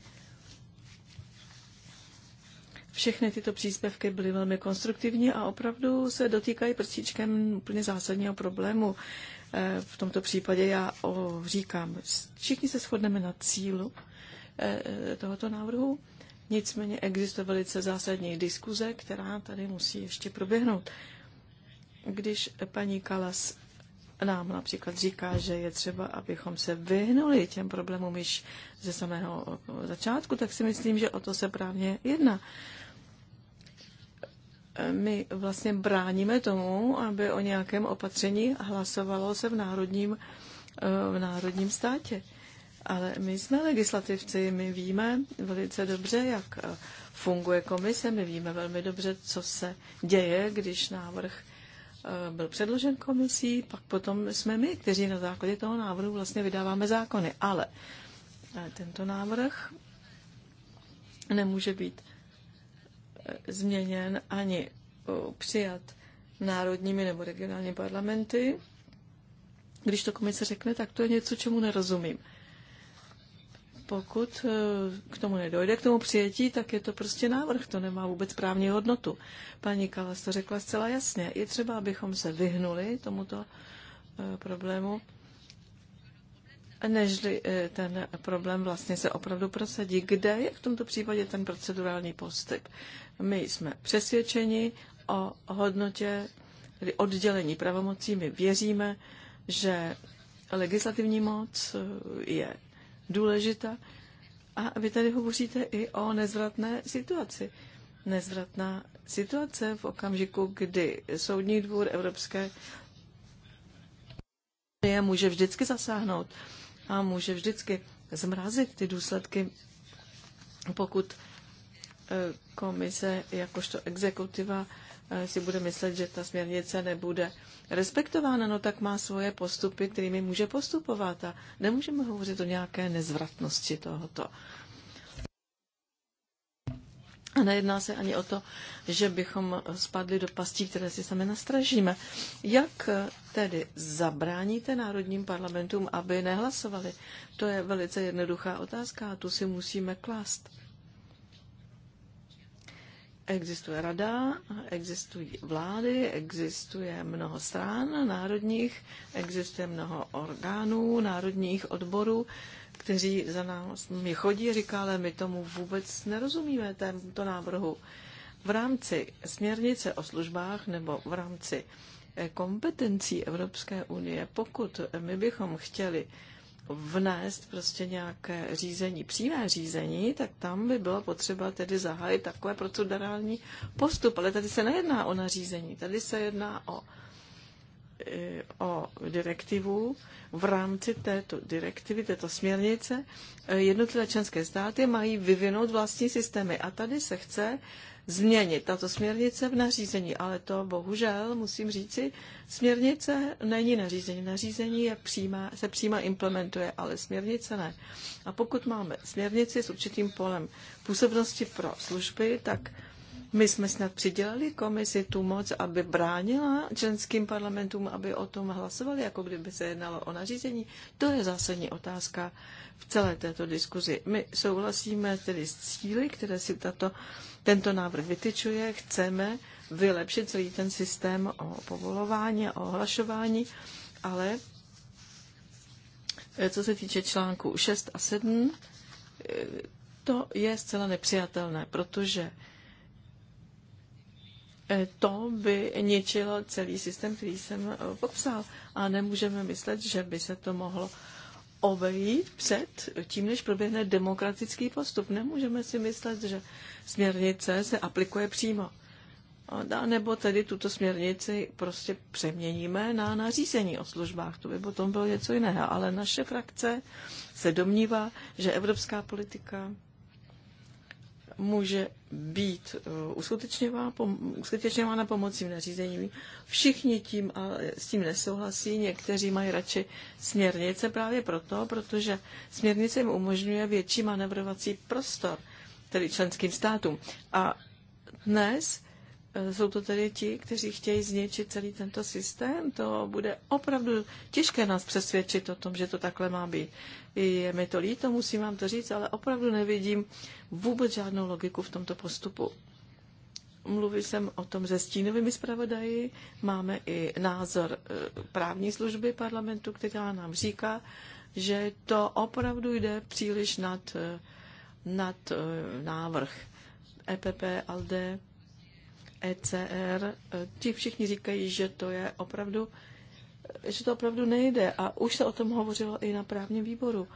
Všechny tyto příspěvky byly velmi konstruktivní a opravdu se dotýkají prstíčkem úplně zásadního problému. Eh, v tomto případě já o, říkám, všichni se shodneme na cílu eh, tohoto návrhu, nicméně existuje velice zásadní diskuze, která tady musí ještě proběhnout. Když paní Kalas nám například říká, že je třeba, abychom se vyhnuli těm problémům již ze samého začátku, tak si myslím, že o to se právě jedná. My vlastně bráníme tomu, aby o nějakém opatření hlasovalo se v národním, v národním státě. Ale my jsme legislativci, my víme velice dobře, jak funguje komise, my víme velmi dobře, co se děje, když návrh Eh, byl předložen komisí, pak potom jsme my, kteří na základě toho návrhu vlastně vydáváme zákony. Ale eh, tento návrh nemůže být eh, změněn ani přijat národními nebo regionálními parlamenty. Když to komise řekne, tak to je něco, čemu nerozumím pokud eh, k tomu nedojde, k tomu přijetí, tak je to prostě návrh, to nemá vůbec právní hodnotu. Paní Kalas to řekla zcela jasně. Je třeba, abychom se vyhnuli tomuto eh, problému, nežli eh, ten problém vlastně se opravdu prosadí. Kde je v tomto případě ten procedurální postup? My jsme přesvědčeni o hodnotě, tedy oddělení pravomocí. My věříme, že legislativní moc je důležitá. A vy tady hovoříte i o nezvratné situaci. Nezvratná situace v okamžiku, kdy Soudní dvůr Evropské unie může vždycky zasáhnout a může vždycky zmrazit ty důsledky, pokud eh, komise jakožto exekutiva si bude myslet, že ta směrnice nebude respektována, no tak má svoje postupy, kterými může postupovat a nemůžeme hovořit o nějaké nezvratnosti tohoto. A nejedná se ani o to, že bychom spadli do pastí, které si sami nastražíme. Jak tedy zabráníte národním parlamentům, aby nehlasovali? To je velice jednoduchá otázka a tu si musíme klást. Existuje rada, existují vlády, existuje mnoho strán národních, existuje mnoho orgánů národních odborů, kteří za nás mi chodí říká, ale my tomu vůbec nerozumíme, tento návrhu. V rámci směrnice o službách nebo v rámci eh, kompetencí Evropské unie, pokud my bychom chtěli vnést prostě nějaké řízení, přímé řízení, tak tam by bylo potřeba tedy zahájit takové procedurální postup. Ale tady se nejedná o nařízení, tady se jedná o, o direktivu. V rámci této direktivy, této směrnice, jednotlivé členské státy mají vyvinout vlastní systémy. A tady se chce změnit tato směrnice v nařízení, ale to bohužel, musím říci, směrnice není nařízení. Nařízení je přímá, se přímá implementuje, ale směrnice ne. A pokud máme směrnici s určitým polem působnosti pro služby, tak my jsme snad přidělali komisi tu moc, aby bránila členským parlamentům, aby o tom hlasovali, jako kdyby se jednalo o nařízení. To je zásadní otázka v celé této diskuzi. My souhlasíme tedy s cíly, které si tato tento návrh vytyčuje. Chceme vylepšit celý ten systém o povolování a ohlašování, ale eh, co se týče článku 6 a 7, eh, to je zcela nepřijatelné, protože eh, to by ničilo celý systém, který jsem popsal. A nemůžeme myslet, že by se to mohlo obejít před tím, než proběhne demokratický postup. Nemůžeme si myslet, že směrnice se aplikuje přímo. A nebo tedy tuto směrnici prostě přeměníme na nařízení o službách. To by potom bylo něco jiného. Ale naše frakce se domnívá, že evropská politika může být eh, uskutečňována pomocí nařízení. Všichni tím a s tím nesouhlasí, někteří mají radši směrnice právě proto, protože směrnice jim umožňuje větší manevrovací prostor, tedy členským státům. A dnes jsou to tedy ti, kteří chtějí zničit celý tento systém. To bude opravdu těžké nás přesvědčit o tom, že to takhle má být. Je mi to líto, musím vám to říct, ale opravdu nevidím vůbec žádnou logiku v tomto postupu. Mluvil jsem o tom že stínovými zpravodaji, máme i názor e, právní služby parlamentu, která nám říká, že to opravdu jde příliš nad, e, nad e, návrh EPP, ALDE, ECR, e, ti všichni říkají, že to je opravdu, že to opravdu nejde. A už se o tom hovořilo i na právním výboru.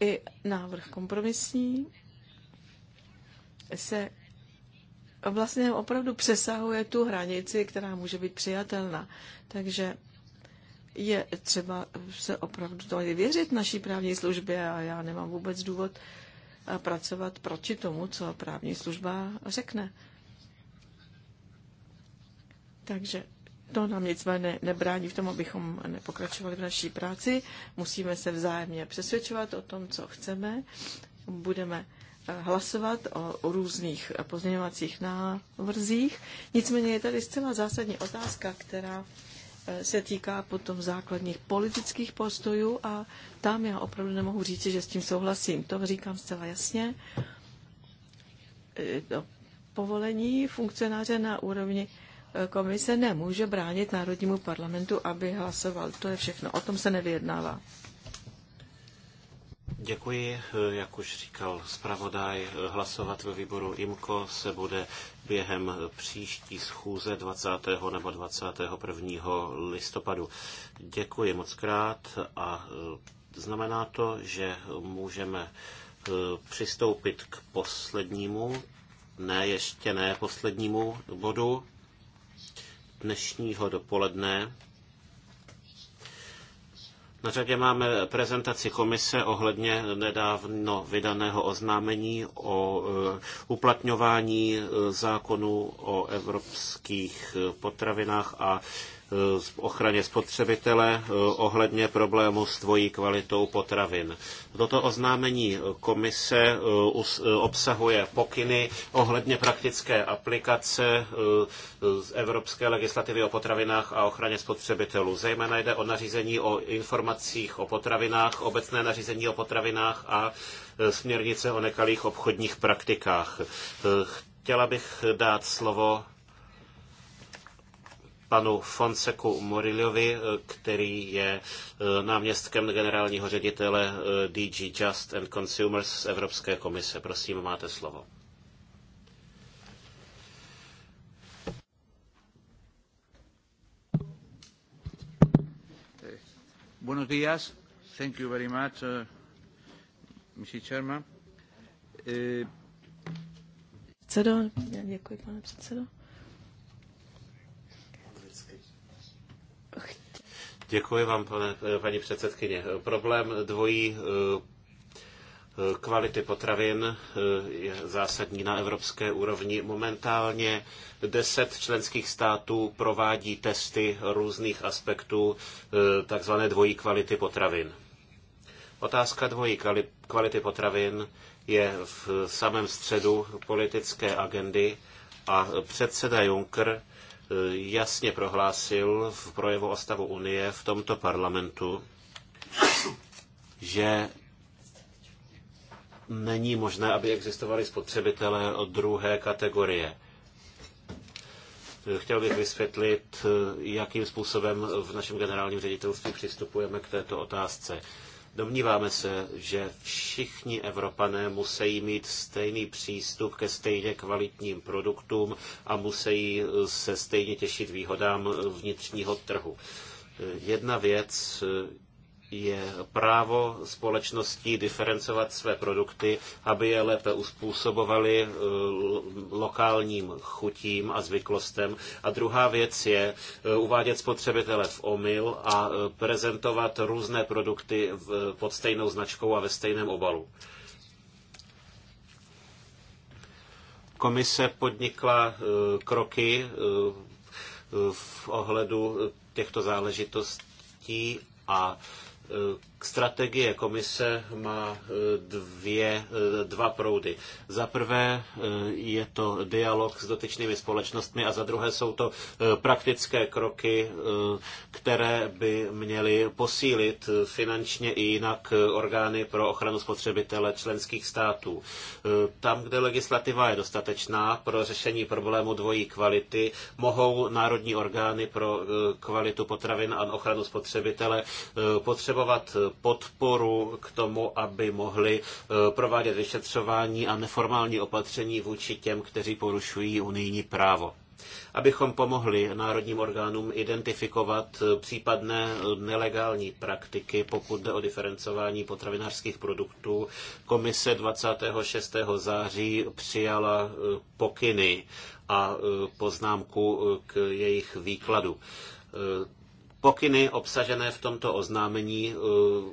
I návrh kompromisní se vlastně opravdu přesahuje tu hranici, která může být přijatelná. Takže je třeba se opravdu to věřit naší právní službě a já nemám vůbec důvod pracovat proti tomu, co právní služba řekne. Takže to nám nic ne, nebrání v tom, abychom nepokračovali v naší práci. Musíme se vzájemně přesvědčovat o tom, co chceme. Budeme eh, hlasovat o různých pozměňovacích návrzích. Nicméně je tady zcela zásadní otázka, která eh, se týká potom základních politických postojů a tam já opravdu nemohu říct, že s tím souhlasím. To říkám zcela jasně. Eh, povolení funkcionáře na úrovni komise nemůže bránit Národnímu parlamentu, aby hlasoval. To je všechno. O tom se nevyjednává. Děkuji. Jak už říkal zpravodaj, hlasovat ve výboru IMKO se bude během příští schůze 20. nebo 21. listopadu. Děkuji moc krát a e, znamená to, že můžeme e, přistoupit k poslednímu, ne ještě ne poslednímu bodu dnešního dopoledne. Na řadě máme prezentaci komise ohledně nedávno vydaného oznámení o eh, uplatňování eh, zákonu o evropských potravinách a Eh, ochraně spotřebitele eh, ohledně problému s dvojí kvalitou potravin. Toto oznámení komise eh, obsahuje pokyny ohledně praktické aplikace z evropské legislativy o potravinách a ochraně spotřebitelů. Zejména jde o nařízení o informacích o potravinách, obecné nařízení o potravinách a směrnice o nekalých obchodních praktikách. Chtěla bych dát slovo panu Fonseku Moriliovi, eh, který je eh, náměstkem generálního ředitele eh, DG Just and Consumers z Evropské komise. Prosím, máte slovo. Buenos días. Thank you very much, uh, Mr. Chairman. Uh... Předsedo, děkuji, pane předsedo. Děkuji vám, pane, eh, paní předsedkyně. Problém dvojí eh, eh, kvality potravin je zásadní na evropské úrovni. Momentálně deset členských států provádí testy různých aspektů takzvané dvojí kvality potravin. Otázka dvojí kvality potravin je v samém středu politické agendy a předseda Juncker jasně prohlásil v projevu o stavu Unie v tomto parlamentu, že není možné, aby existovali spotřebitelé od druhé kategorie. Chtěl bych vysvětlit, jakým způsobem v našem generálním ředitelství přistupujeme k této otázce. Domníváme se, že všichni Evropané musí mít stejný přístup ke stejně kvalitním produktům a musí se stejně těšit výhodám vnitřního trhu. Jedna věc je právo společností diferencovat své produkty, aby je lépe uspůsobovali eh, lokálním chutím a zvyklostem. A druhá věc je eh, uvádět spotřebitele v omyl a eh, prezentovat různé produkty pod stejnou značkou a ve stejném obalu. Komise podnikla kroky v ohledu těchto záležitostí a uh, Strategie komise má e, dvě, e, dva proudy. Za prvé e, je to dialog s dotyčnými společnostmi a za druhé jsou to praktické kroky, které by měly posílit finančně i jinak orgány pro ochranu spotřebitele členských států. Tam, kde legislativa je dostatečná pro řešení problému dvojí kvality, mohou národní orgány pro kvalitu potravin a ochranu spotřebitele potřebovat podporu k tomu, aby mohli eh, provádět vyšetřování a neformální opatření vůči těm, kteří porušují unijní právo abychom pomohli národním orgánům identifikovat eh, případné eh, nelegální praktiky, pokud jde o diferencování potravinářských produktů. Komise 26. září přijala pokyny a poznámku k jejich výkladu. Pokyny obsažené v tomto oznámení eh,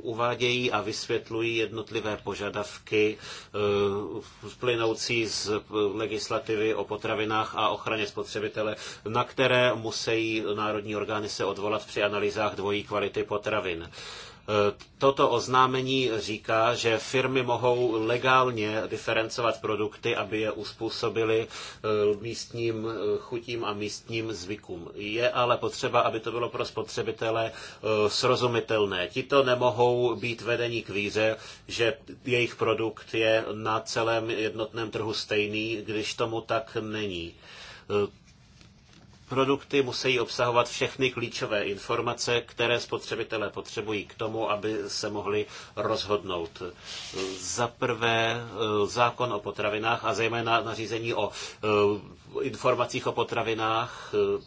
uvádějí a vysvětlují jednotlivé požadavky eh, plynoucí z legislativy o potravinách a ochraně spotřebitele, na které musí národní orgány se odvolat při analýzách dvojí kvality potravin. Toto oznámení říká, že firmy mohou legálně diferencovat produkty, aby je uspůsobili eh, místním eh, chutím a místním zvykům. Je ale potřeba, aby to bylo pro spotřebitele eh, srozumitelné. Tito nemohou být vedení k víře, že jejich produkt je na celém jednotném trhu stejný, když tomu tak není Produkty musí obsahovat všechny klíčové informace, které spotřebitelé potřebují k tomu, aby se mohli rozhodnout. Za prvé eh, zákon o potravinách a zejména nařízení o eh, informacích o potravinách eh,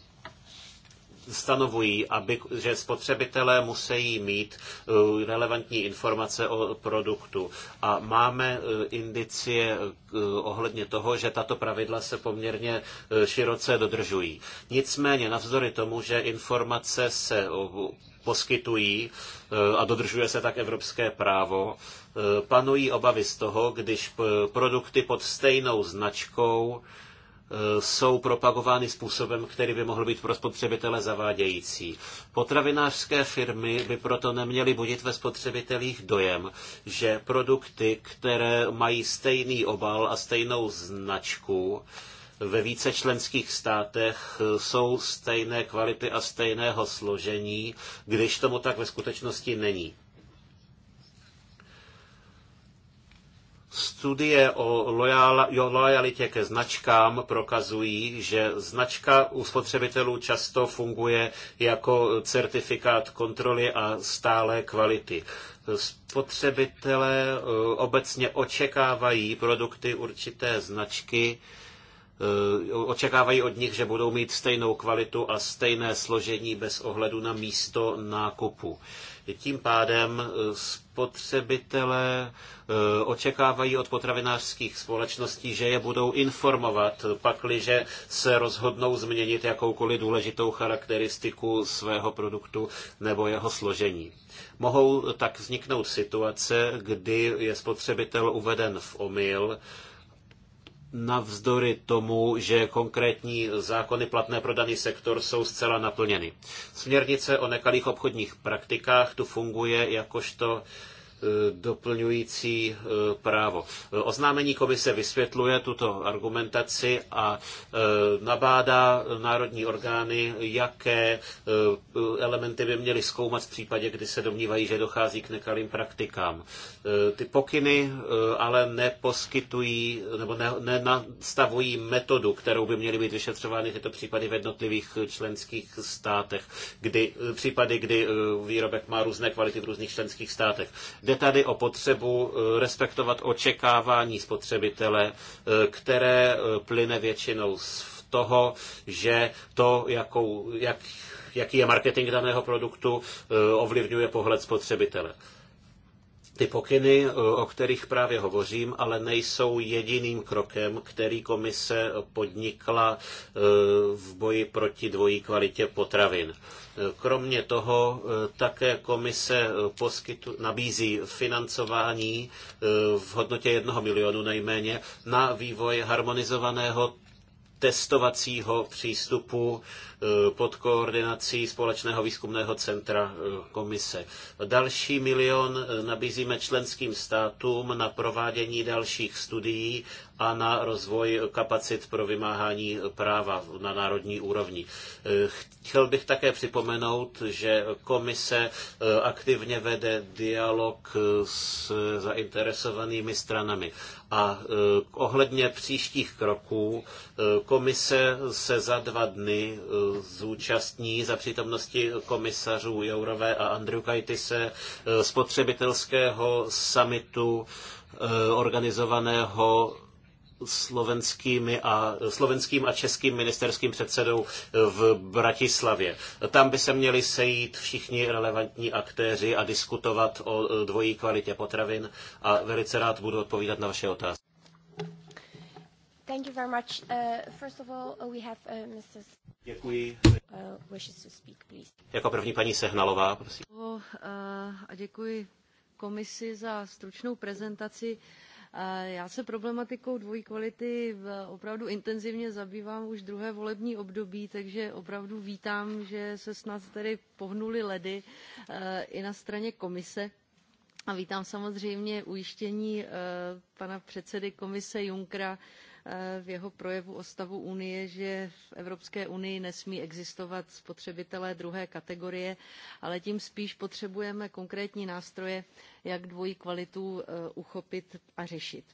stanovují, aby, že spotřebitelé musí mít eh, relevantní informace o produktu. A máme eh, indicie eh, ohledně toho, že tato pravidla se poměrně široce dodržují. Nicméně navzdory tomu, že informace se poskytují a dodržuje se tak evropské právo, panují obavy z toho, když produkty pod stejnou značkou Eh, jsou propagovány způsobem, který by mohl být pro spotřebitele zavádějící. Potravinářské firmy by proto neměly budit ve spotřebitelích dojem, že produkty, které mají stejný obal a stejnou značku, ve více členských státech eh, jsou stejné kvality a stejného složení, když tomu tak ve skutečnosti není. Studie o lojalitě ke značkám prokazují, že značka u spotřebitelů často funguje jako certifikát kontroly a stále kvality. Spotřebitelé eh, obecně očekávají produkty určité značky, eh, očekávají od nich, že budou mít stejnou kvalitu a stejné složení bez ohledu na místo nákupu. Tím pádem eh, spotřebitelé eh, očekávají od potravinářských společností, že je budou informovat, pakliže se rozhodnou změnit jakoukoliv důležitou charakteristiku svého produktu nebo jeho složení. Mohou tak vzniknout situace, kdy je spotřebitel uveden v omyl, navzdory tomu, že konkrétní zákony platné pro daný sektor jsou zcela naplněny. Směrnice o nekalých obchodních praktikách tu funguje jakožto Eh, doplňující eh, právo. Oznámení komise vysvětluje tuto argumentaci a eh, nabádá národní orgány, jaké elementy by měly zkoumat v případě, kdy se domnívají, že dochází k nekalým praktikám. Ty pokyny ale neposkytují nebo nenastavují metodu, kterou by měly být vyšetřovány tyto případy v jednotlivých členských státech, kdy, případy, kdy výrobek má různé kvality v různých členských státech. Jde tady o potřebu eh, respektovat očekávání spotřebitele, eh, které eh, plyne většinou z toho, že to, jakou, jak, jaký je marketing daného produktu, ovlivňuje pohled spotřebitele. Ty pokyny, eh, o kterých právě hovořím, ale nejsou jediným krokem, který komise podnikla eh, v boji proti dvojí kvalitě potravin. Eh, kromě toho také komise poskytu, nabízí financování v hodnotě jednoho milionu nejméně na vývoj harmonizovaného testovacího přístupu eh, pod koordinací Společného výzkumného centra eh, komise. Další milion eh, nabízíme členským státům na provádění dalších studií a na rozvoj kapacit pro vymáhání práva na národní úrovni. Chtěl bych také připomenout, že komise aktivně vede dialog s zainteresovanými stranami. A e, ohledně příštích kroků e, komise se za dva dny e, zúčastní za přítomnosti komisařů Jourové a Andriukaitise spotřebitelského summitu organizovaného slovenskými a, slovenským a českým ministerským předsedou v Bratislavě. Tam by se měli sejít všichni relevantní aktéři a diskutovat o e, dvojí kvalitě potravin a velice rád budu odpovídat na vaše otázky. Thank you very much. Uh, first of all, uh, we have uh, Mrs. Děkuji. Uh, wishes to speak, please. Jako první paní Sehnalová, prosím. Uh, a děkuji komisi za stručnou prezentaci. Uh, já se problematikou dvojí kvality opravdu intenzivně zabývám už druhé volební období, takže opravdu vítám, že se snad tedy pohnuli ledy e, i na straně komise. A vítám samozřejmě ujištění e, pana předsedy komise Junckera, Eh, v jeho projevu o stavu Unie, že v Evropské unii nesmí existovat spotřebitelé druhé kategorie, ale tím spíš potřebujeme konkrétní nástroje, jak dvojí kvalitu eh, uchopit a řešit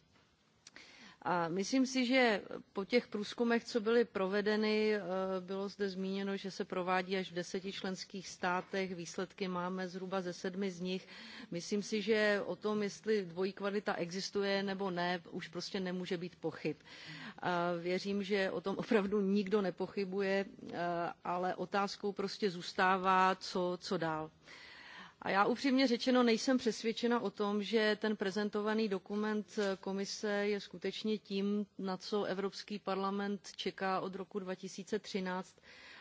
a myslím si, že po těch průzkumech, co byly provedeny, eh, bylo zde zmíněno, že se provádí až v deseti členských státech. Výsledky máme zhruba ze sedmi z nich. Myslím si, že o tom, jestli dvojí kvalita existuje nebo ne, už prostě nemůže být pochyb. A věřím, že o tom opravdu nikdo nepochybuje, eh, ale otázkou prostě zůstává, co, co dál. A já upřímně řečeno nejsem přesvědčena o tom, že ten prezentovaný dokument eh, komise je skutečně tím, na co Evropský parlament čeká od roku 2013,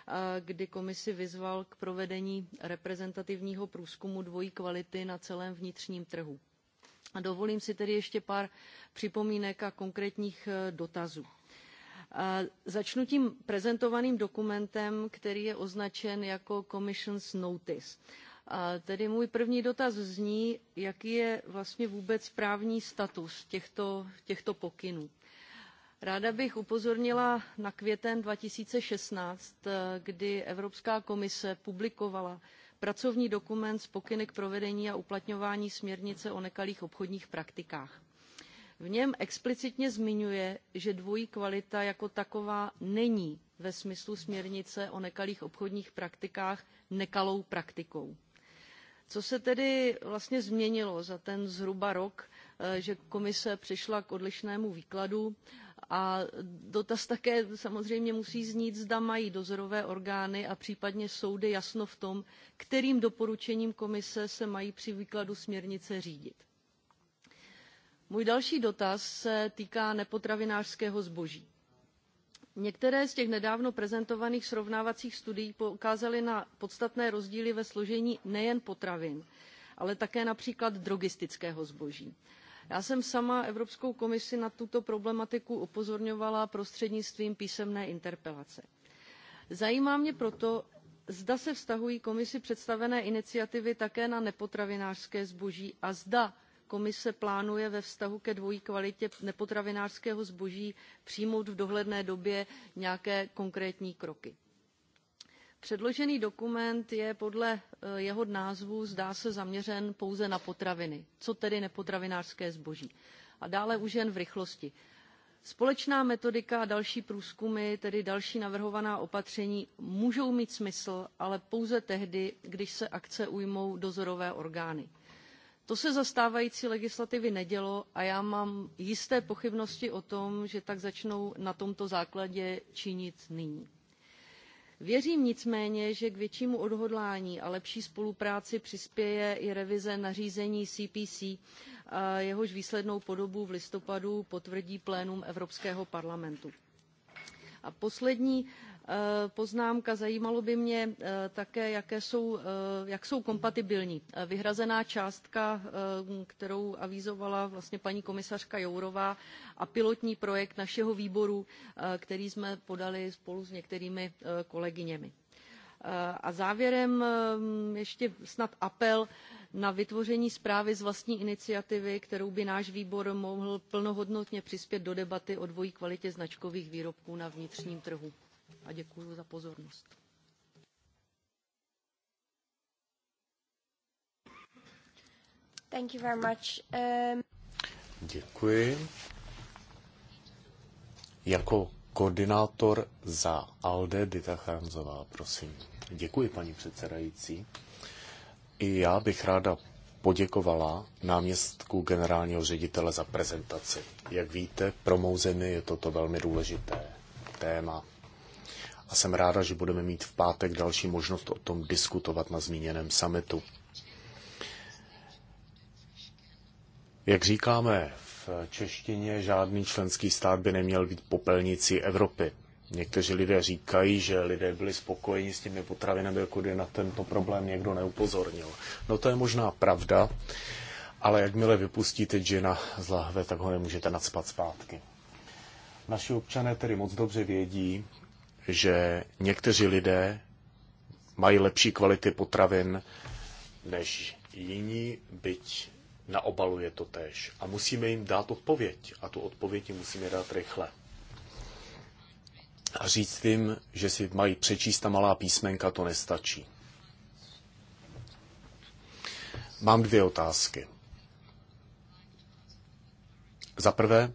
eh, kdy komisi vyzval k provedení reprezentativního průzkumu dvojí kvality na celém vnitřním trhu. A dovolím si tedy ještě pár připomínek a konkrétních eh, dotazů. Začnu tím prezentovaným dokumentem, který je označen jako Commission's Notice tedy můj první dotaz zní, jaký je vlastně vůbec právní status těchto, těchto pokynů. Ráda bych upozornila na květen 2016, kdy Evropská komise publikovala pracovní dokument s pokyny k provedení a uplatňování směrnice o nekalých obchodních praktikách. V něm explicitně zmiňuje, že dvojí kvalita jako taková není ve smyslu směrnice o nekalých obchodních praktikách nekalou praktikou co se tedy vlastně změnilo za ten zhruba rok eh, že komise přišla k odlišnému výkladu a dotaz také samozřejmě musí znít zda mají dozorové orgány a případně soudy jasno v tom kterým doporučením komise se mají při výkladu směrnice řídit. můj další dotaz se týká nepotravinářského zboží Některé z těch nedávno prezentovaných srovnávacích studií poukázaly na podstatné rozdíly ve složení nejen potravin, ale také například drogistického zboží. Já jsem sama Evropskou komisi na tuto problematiku upozorňovala prostřednictvím písemné interpelace. Zajímá mě proto, zda se vztahují komisi představené iniciativy také na nepotravinářské zboží a zda komise plánuje ve vztahu ke dvojí kvalitě nepotravinářského zboží přijmout v dohledné době nějaké konkrétní kroky. Předložený dokument je podle eh, jeho názvu zdá se zaměřen pouze na potraviny, co tedy nepotravinářské zboží. A dále už jen v rychlosti. Společná metodika a další průzkumy, tedy další navrhovaná opatření, můžou mít smysl, ale pouze tehdy, když se akce ujmou dozorové orgány to se za stávající legislativy nedělo a já mám jisté pochybnosti o tom, že tak začnou na tomto základě činit nyní. Věřím nicméně, že k většímu odhodlání a lepší spolupráci přispěje i revize nařízení CPC, jehož výslednou podobu v listopadu potvrdí plénum Evropského parlamentu. A poslední Eh, poznámka. Zajímalo by mě eh, také, jaké jsou, eh, jak jsou kompatibilní. Vyhrazená částka, kterou avizovala vlastně paní komisařka Jourová a pilotní projekt našeho výboru, který jsme podali spolu s některými kolegyněmi. A závěrem ještě snad apel na vytvoření zprávy z vlastní iniciativy, kterou by náš výbor mohl plnohodnotně přispět do debaty o dvojí kvalitě značkových výrobků na vnitřním trhu a děkuji za pozornost. Thank you very much. Um... Děkuji. Jako koordinátor za ALDE Dita Charanzová, prosím. Děkuji, paní předsedající. I já bych ráda poděkovala náměstku generálního ředitele za prezentaci. Jak víte, pro mou zemi je toto velmi důležité téma a jsem ráda, že budeme mít v pátek další možnost o tom diskutovat na zmíněném summitu. Jak říkáme v češtině, žádný členský stát by neměl být popelnicí Evropy. Někteří lidé říkají, že lidé byli spokojeni s těmi potravinami, jako kdy na tento problém někdo neupozornil. No to je možná pravda, ale jakmile vypustíte džina z lahve, tak ho nemůžete nadspat zpátky. Naši občané tedy moc dobře vědí, že někteří lidé mají lepší kvality potravin než jiní, byť na obalu je to tež. A musíme jim dát odpověď. A tu odpověď jim musíme dát rychle. A říct jim, že si mají přečíst ta malá písmenka, to nestačí. Mám dvě otázky. Za prvé,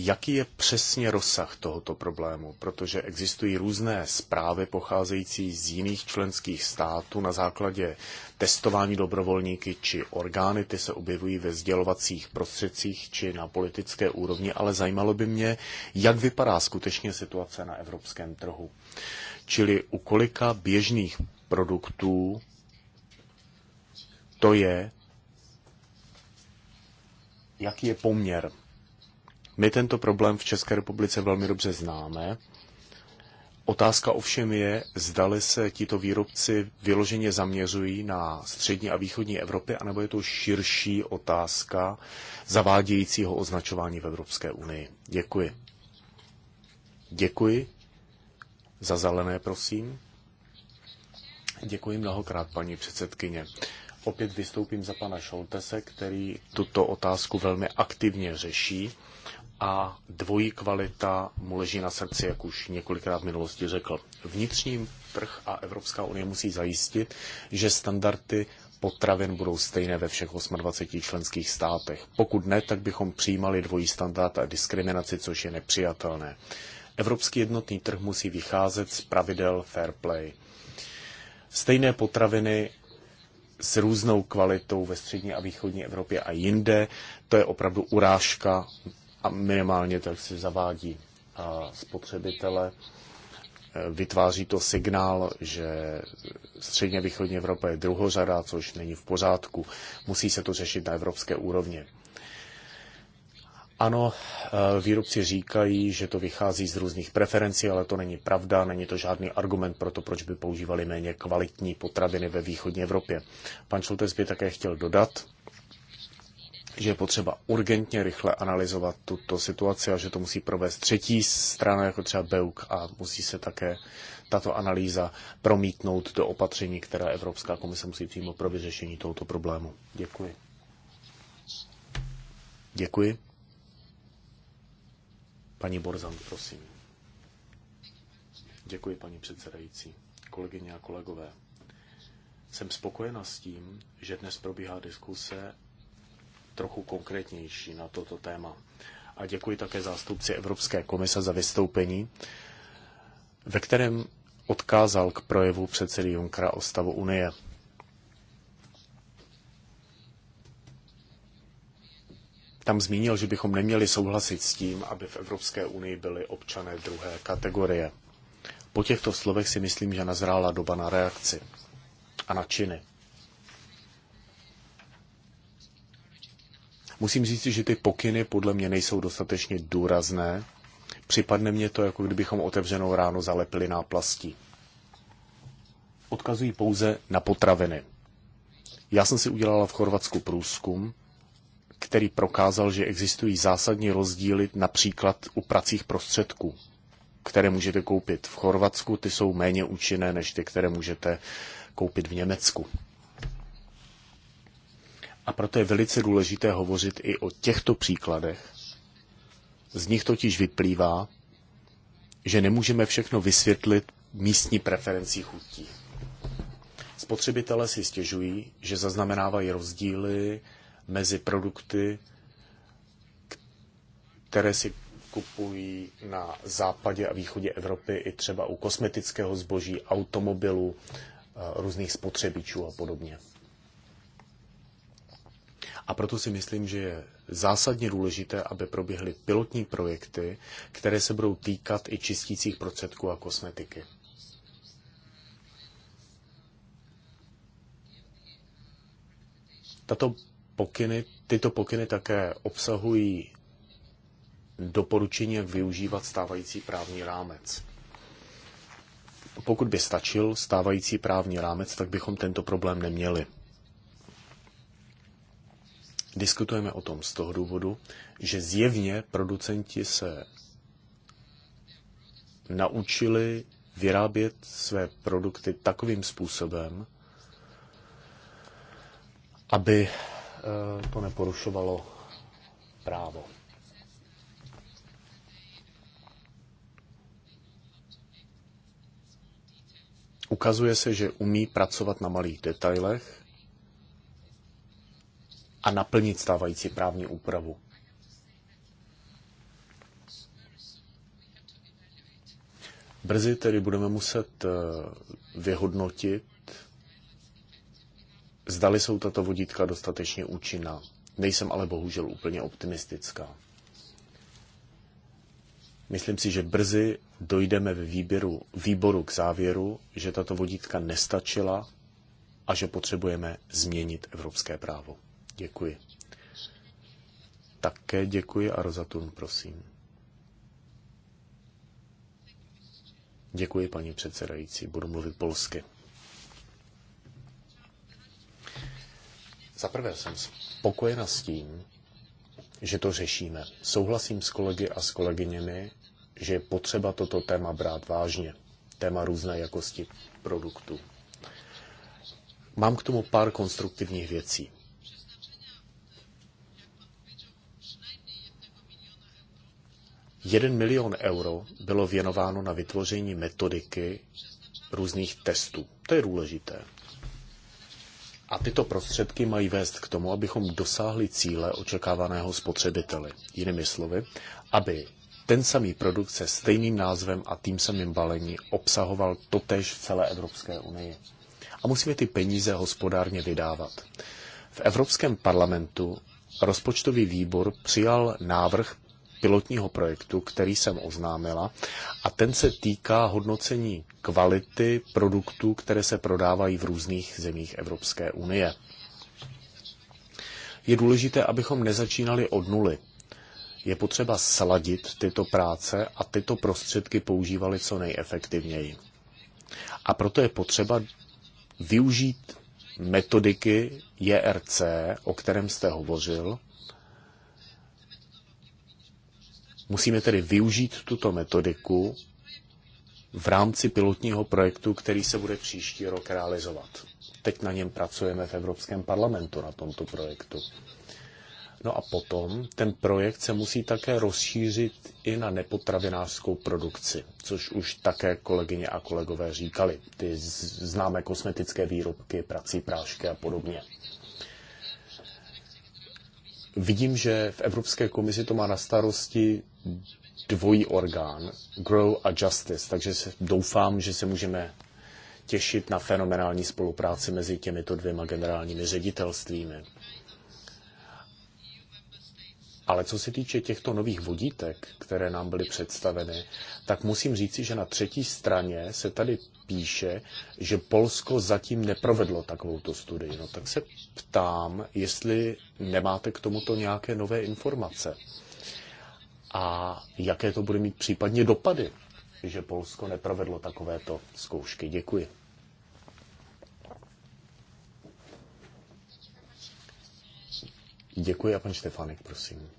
jaký je přesně rozsah tohoto problému, protože existují různé zprávy pocházející z jiných členských států na základě testování dobrovolníky či orgány, ty se objevují ve sdělovacích prostředcích či na politické úrovni, ale zajímalo by mě, jak vypadá skutečně situace na evropském trhu. Čili u kolika běžných produktů to je, jaký je poměr my tento problém v České republice velmi dobře známe. Otázka ovšem je, zdali se tito výrobci vyloženě zaměřují na střední a východní Evropy, anebo je to širší otázka zavádějícího označování v Evropské unii. Děkuji. Děkuji. Za zelené, prosím. Děkuji mnohokrát, paní předsedkyně. Opět vystoupím za pana Šoltese, který tuto otázku velmi aktivně řeší a dvojí kvalita mu leží na srdci, jak už několikrát v minulosti řekl. Vnitřní trh a Evropská unie musí zajistit, že standardy potravin budou stejné ve všech 28 členských státech. Pokud ne, tak bychom přijímali dvojí standard a diskriminaci, což je nepřijatelné. Evropský jednotný trh musí vycházet z pravidel fair play. Stejné potraviny s různou kvalitou ve střední a východní Evropě a jinde, to je opravdu urážka a minimálně tak si zavádí a spotřebitele. E, vytváří to signál, že středně východní Evropa je druhořada, což není v pořádku. Musí se to řešit na evropské úrovni. Ano, e, výrobci říkají, že to vychází z různých preferencí, ale to není pravda, není to žádný argument pro to, proč by používali méně kvalitní potraviny ve východní Evropě. Pan Šultes by také chtěl dodat, že je potřeba urgentně rychle analyzovat tuto situaci a že to musí provést třetí strana, jako třeba BEUK, a musí se také tato analýza promítnout do opatření, která Evropská komise musí přijmout pro vyřešení tohoto problému. Děkuji. Děkuji. Paní Borzan, prosím. Děkuji, paní předsedající, kolegyně a kolegové. Jsem spokojena s tím, že dnes probíhá diskuse trochu konkrétnější na toto téma. A děkuji také zástupci Evropské komise za vystoupení, ve kterém odkázal k projevu předsedy Junckera o stavu Unie. Tam zmínil, že bychom neměli souhlasit s tím, aby v Evropské unii byli občané druhé kategorie. Po těchto slovech si myslím, že nazrála doba na reakci a na činy. Musím říct, že ty pokyny podle mě nejsou dostatečně důrazné. Připadne mě to, jako kdybychom otevřenou ráno zalepili náplastí. Odkazují pouze na potraviny. Já jsem si udělala v Chorvatsku průzkum, který prokázal, že existují zásadní rozdíly například u pracích prostředků, které můžete koupit v Chorvatsku, ty jsou méně účinné než ty, které můžete koupit v Německu. A proto je velice důležité hovořit i o těchto příkladech. Z nich totiž vyplývá, že nemůžeme všechno vysvětlit místní preferencí chutí. Spotřebitelé si stěžují, že zaznamenávají rozdíly mezi produkty, které si kupují na západě a východě Evropy i třeba u kosmetického zboží, automobilů, eh, různých spotřebičů a podobně. A proto si myslím, že je zásadně důležité, aby proběhly pilotní projekty, které se budou týkat i čistících prostředků a kosmetiky. Tato pokyny, tyto pokyny také obsahují doporučení, jak využívat stávající právní rámec. Pokud by stačil stávající právní rámec, tak bychom tento problém neměli. Diskutujeme o tom z toho důvodu, že zjevně producenti se naučili vyrábět své produkty takovým způsobem, aby eh, to neporušovalo právo. Ukazuje se, že umí pracovat na malých detailech a naplnit stávající právní úpravu. Brzy tedy budeme muset eh, vyhodnotit, zdali jsou tato vodítka dostatečně účinná. Nejsem ale bohužel úplně optimistická. Myslím si, že brzy dojdeme ve výběru, výboru k závěru, že tato vodítka nestačila a že potřebujeme změnit evropské právo. Děkuji. Také děkuji a Rozatun, prosím. Děkuji, paní předsedající. Budu mluvit polsky. Zaprvé jsem spokojena s tím, že to řešíme. Souhlasím s kolegy a s kolegyněmi, že je potřeba toto téma brát vážně. Téma různé jakosti produktů. Mám k tomu pár konstruktivních věcí. Jeden milion euro bylo věnováno na vytvoření metodiky různých testů. To je důležité. A tyto prostředky mají vést k tomu, abychom dosáhli cíle očekávaného spotřebitele. Jinými slovy, aby ten samý produkt se stejným názvem a tím samým balení obsahoval totéž v celé Evropské unii. A musíme ty peníze hospodárně vydávat. V Evropském parlamentu rozpočtový výbor přijal návrh pilotního projektu, který jsem oznámila, a ten se týká hodnocení kvality produktů, které se prodávají v různých zemích Evropské unie. Je důležité, abychom nezačínali od nuly. Je potřeba sladit tyto práce a tyto prostředky používali co nejefektivněji. A proto je potřeba využít metodiky JRC, e o kterém jste hovořil, Musíme tedy využít tuto metodiku v rámci pilotního projektu, který se bude příští rok realizovat. Teď na něm pracujeme v Evropském parlamentu, na tomto projektu. No a potom ten projekt se musí také rozšířit i na nepotravinářskou produkci, což už také kolegyně a kolegové říkali. Ty známé kosmetické výrobky, prací prášky a podobně. Vidím, že v Evropské komisi to má na starosti dvojí orgán, Grow a Justice, takže doufám, že se můžeme těšit na fenomenální spolupráci mezi těmito dvěma generálními ředitelstvími. Ale co se týče těchto nových vodítek, které nám byly představeny, tak musím říci, že na třetí straně se tady píše, že Polsko zatím neprovedlo takovouto studii. No tak se ptám, jestli nemáte k tomuto nějaké nové informace a jaké to bude mít případně dopady, že Polsko neprovedlo takovéto zkoušky. Děkuji. Děkuji a pan Štefánek, prosím.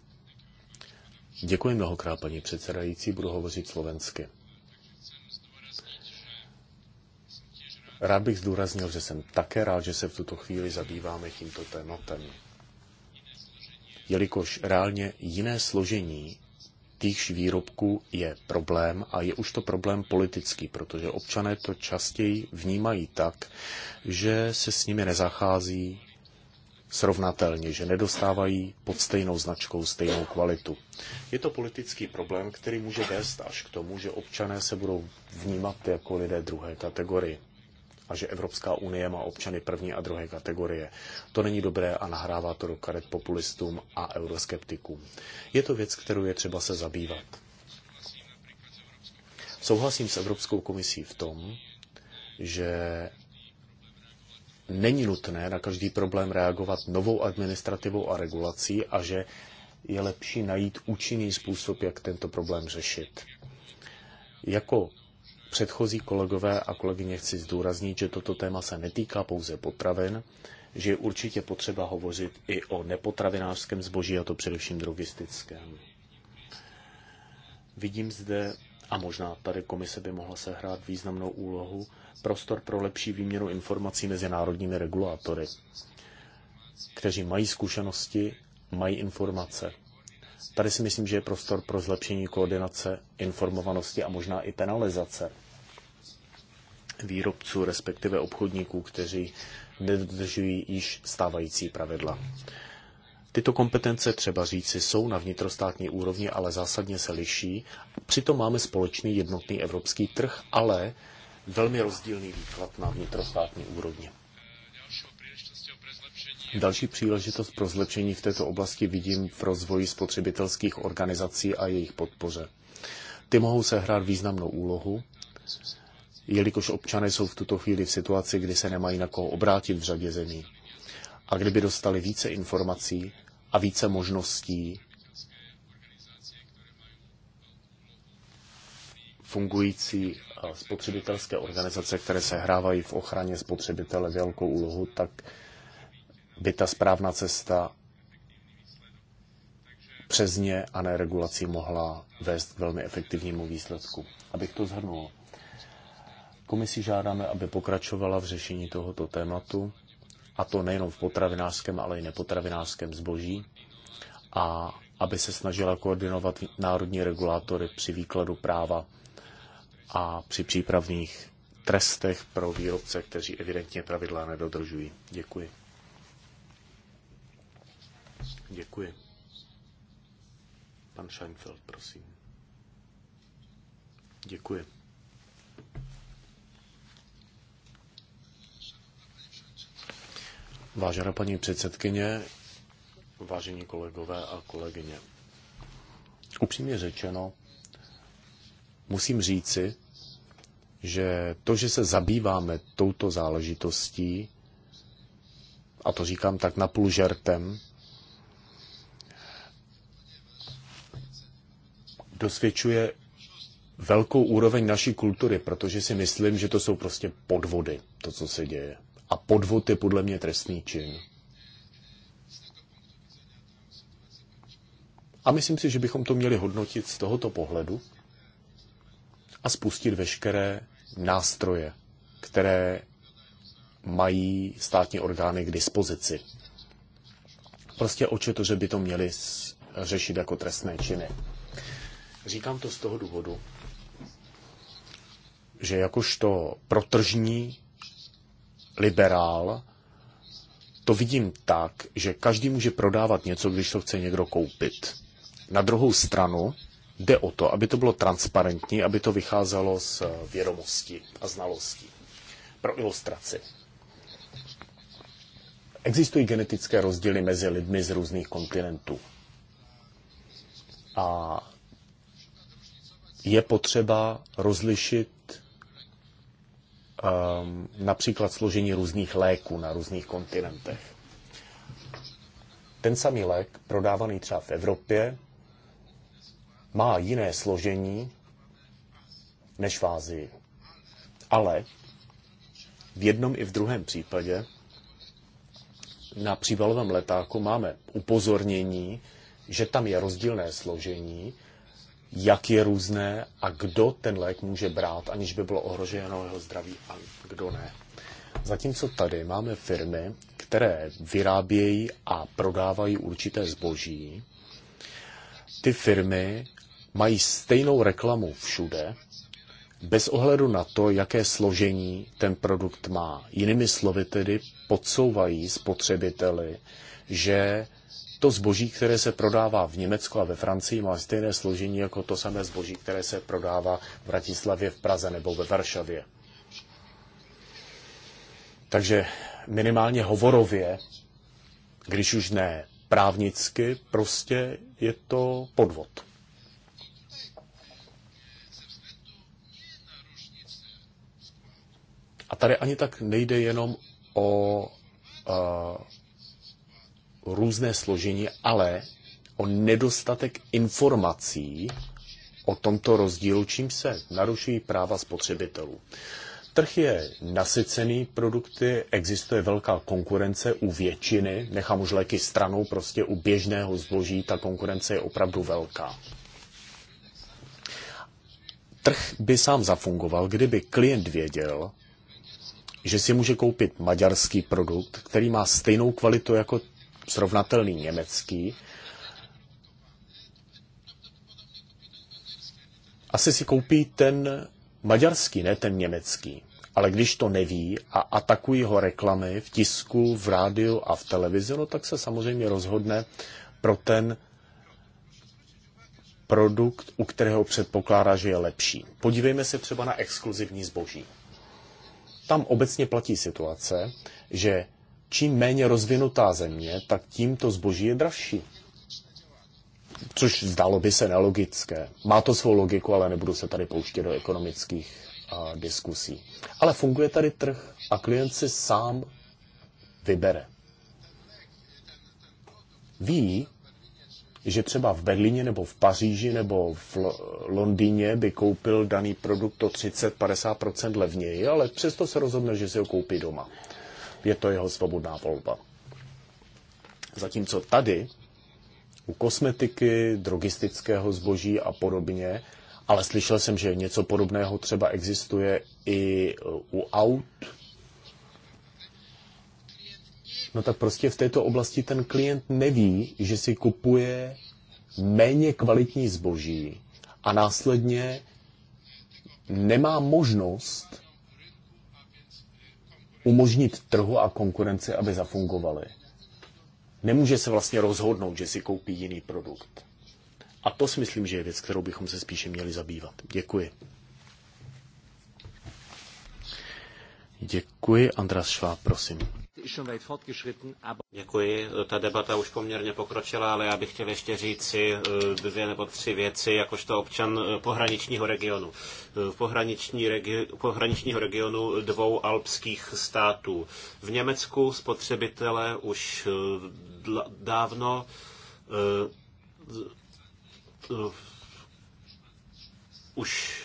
Děkuji mnohokrát, paní předsedající, budu hovořit slovensky. Rád bych zdůraznil, že jsem také rád, že se v tuto chvíli zabýváme tímto tématem, jelikož reálně jiné složení týchž výrobků je problém a je už to problém politický, protože občané to častěji vnímají tak, že se s nimi nezachází srovnatelně, že nedostávají pod stejnou značkou stejnou kvalitu. Je to politický problém, který může vést až k tomu, že občané se budou vnímat jako lidé druhé kategorie a že Evropská unie má občany první a druhé kategorie. To není dobré a nahrává to do karet populistům a euroskeptikům. Je to věc, kterou je třeba se zabývat. Souhlasím s Evropskou komisí v tom, že není nutné na každý problém reagovat novou administrativou a regulací a že je lepší najít účinný způsob, jak tento problém řešit. Jako předchozí kolegové a kolegyně chci zdůraznit, že toto téma se netýká pouze potravin, že je určitě potřeba hovořit i o nepotravinářském zboží, a to především drogistickém. Vidím zde, a možná tady komise by mohla sehrát významnou úlohu, prostor pro lepší výměnu informací mezi národními regulátory, kteří mají zkušenosti, mají informace Tady si myslím, že je prostor pro zlepšení koordinace, informovanosti a možná i penalizace výrobců, respektive obchodníků, kteří nedodržují již stávající pravidla. Tyto kompetence, třeba říci, jsou na vnitrostátní úrovni, ale zásadně se liší. Přitom máme společný jednotný evropský trh, ale velmi rozdílný výklad na vnitrostátní úrovni. Další příležitost pro zlepšení v této oblasti vidím v rozvoji spotřebitelských organizací a jejich podpoře. Ty mohou sehrát významnou úlohu, jelikož občané jsou v tuto chvíli v situaci, kdy se nemají na koho obrátit v řadě zemí. A kdyby dostali více informací a více možností fungující eh, spotřebitelské organizace, které sehrávají v ochraně spotřebitele velkou úlohu, tak by ta správná cesta přes ně a ne regulací mohla vést k velmi efektivnímu výsledku. Abych to zhrnul. Komisi žádáme, aby pokračovala v řešení tohoto tématu, a to nejenom v potravinářském, ale i nepotravinářském zboží, a aby se snažila koordinovat národní regulátory při výkladu práva a při přípravných trestech pro výrobce, kteří evidentně pravidla nedodržují. Děkuji. Děkuji. Pan Scheinfeld, prosím. Děkuji. Vážená paní předsedkyně, vážení kolegové a kolegyně, upřímně řečeno, musím říci, že to, že se zabýváme touto záležitostí, a to říkám tak napůl žertem, dosvědčuje velkou úroveň naší kultury, protože si myslím, že to jsou prostě podvody, to, co se děje. A podvod je podle mě trestný čin. A myslím si, že bychom to měli hodnotit z tohoto pohledu a spustit veškeré nástroje, které mají státní orgány k dispozici. Prostě očito, že by to měli řešit jako trestné činy. Říkám to z toho důvodu, že jakožto protržní liberál to vidím tak, že každý může prodávat něco, když to chce někdo koupit. Na druhou stranu jde o to, aby to bylo transparentní, aby to vycházelo z vědomosti a znalostí. Pro ilustraci. Existují genetické rozdíly mezi lidmi z různých kontinentů. A je potřeba rozlišit um, například složení různých léků na různých kontinentech. Ten samý lék, prodávaný třeba v Evropě, má jiné složení než v Ázii. Ale v jednom i v druhém případě na příbalovém letáku máme upozornění, že tam je rozdílné složení jak je různé a kdo ten lék může brát, aniž by bylo ohroženo jeho zdraví a kdo ne. Zatímco tady máme firmy, které vyrábějí a prodávají určité zboží, ty firmy mají stejnou reklamu všude, bez ohledu na to, jaké složení ten produkt má. Jinými slovy tedy podsouvají spotřebiteli, že to zboží, které se prodává v Německu a ve Francii, má stejné složení jako to samé zboží, které se prodává v Bratislavě, v Praze nebo ve Varšavě. Takže minimálně hovorově, když už ne právnicky, prostě je to podvod. A tady ani tak nejde jenom o uh, různé složení, ale o nedostatek informací o tomto rozdílu, čím se narušují práva spotřebitelů. Trh je nasycený produkty, existuje velká konkurence u většiny, nechám už léky stranou, prostě u běžného zboží ta konkurence je opravdu velká. Trh by sám zafungoval, kdyby klient věděl, že si může koupit maďarský produkt, který má stejnou kvalitu jako srovnatelný německý. Asi si koupí ten maďarský, ne ten německý. Ale když to neví a atakují ho reklamy v tisku, v rádiu a v televizi, no tak se samozřejmě rozhodne pro ten produkt, u kterého předpokládá, že je lepší. Podívejme se třeba na exkluzivní zboží. Tam obecně platí situace, že čím méně rozvinutá země, tak tím to zboží je dražší. Což zdalo by se nelogické. Má to svou logiku, ale nebudu se tady pouštět do ekonomických a, diskusí. Ale funguje tady trh a klient si sám vybere. Ví, že třeba v Berlíně nebo v Paříži nebo v Londýně by koupil daný produkt o 30-50% levněji, ale přesto se rozhodne, že si ho koupí doma je to jeho svobodná volba. Zatímco tady u kosmetiky, drogistického zboží a podobně, ale slyšel jsem, že něco podobného třeba existuje i u aut, no tak prostě v této oblasti ten klient neví, že si kupuje méně kvalitní zboží a následně nemá možnost umožnit trhu a konkurenci, aby zafungovaly. Nemůže se vlastně rozhodnout, že si koupí jiný produkt. A to si myslím, že je věc, kterou bychom se spíše měli zabývat. Děkuji. Děkuji. András Šváb, prosím. Děkuji, ta debata už poměrně pokročila, ale já bych chtěl ještě si eh, dvě nebo tři věci, jakožto občan eh, pohraničního regionu. Eh, pohraniční regi, pohraničního regionu dvou alpských států. V Německu spotřebitele už dávno už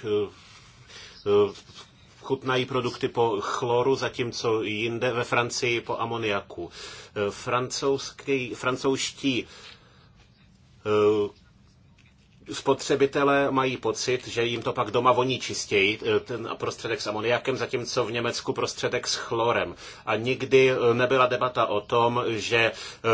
chutnají produkty po chloru, zatímco jinde ve Francii po amoniaku. E, francouzský, francouzští e, spotřebitelé mají pocit, že jim to pak doma voní čistěji, eh, ten prostředek s amoniakem, zatímco v Německu prostředek s chlorem. A nikdy eh, nebyla debata o tom, že eh,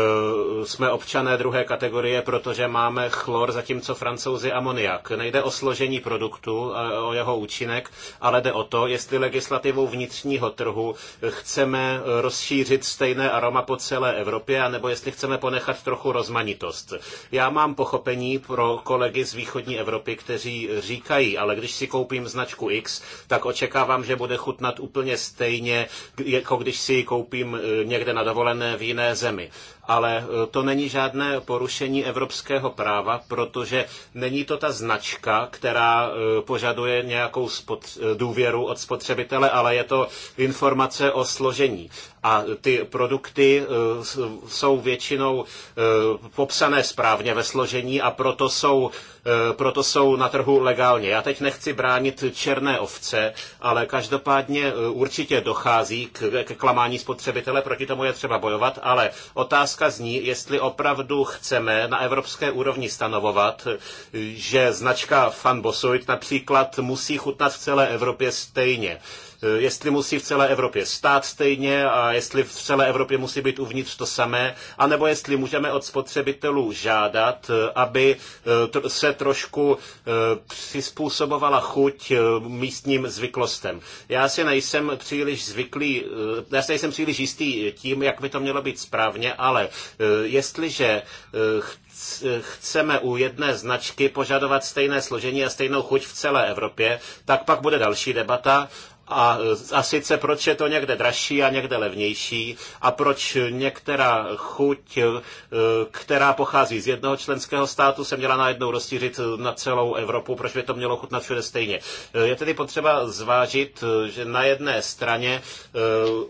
jsme občané druhé kategorie, protože máme chlor, zatímco francouzi amoniak. Nejde o složení produktu, o jeho účinek, ale jde o to, jestli legislativou vnitřního trhu chceme rozšířit stejné aroma po celé Evropě, anebo jestli chceme ponechat trochu rozmanitost. Já mám pochopení pro kolegy kolegy z východní Evropy, kteří říkají, ale když si koupím značku X, tak očekávám, že bude chutnat úplně stejně, jako když si ji koupím e, někde na dovolené v jiné zemi ale e, to není žádné porušení evropského práva, protože není to ta značka, která e, požaduje nějakou důvěru od spotřebitele, ale je to informace o složení a ty produkty eh, jsou většinou eh, popsané správně ve složení a proto jsou, eh, proto jsou na trhu legálně. Já teď nechci bránit černé ovce, ale každopádně určitě dochází k, k klamání spotřebitele, proti tomu je třeba bojovat, ale otázka zní, jestli opravdu chceme na evropské úrovni stanovovat, že značka Fan Bosuit například musí chutnat v celé Evropě stejně. Eh, jestli musí v celé Evropě stát stejně a jestli v celé Evropě musí být uvnitř to samé, anebo jestli můžeme od spotřebitelů žádat, eh, aby eh, se trošku přizpůsobovala chuť místním zvyklostem. Já si nejsem příliš zvyklý, já si nejsem příliš jistý tím, jak by to mělo být správně, ale jestliže chceme u jedné značky požadovat stejné složení a stejnou chuť v celé Evropě, tak pak bude další debata a, a sice proč je to někde dražší a někde levnější a proč některá chuť, eh, která pochází z jednoho členského státu, se měla najednou rozšířit na celou Evropu, proč by to mělo chutnat všude stejně. Eh, je tedy potřeba zvážit, eh, že na jedné straně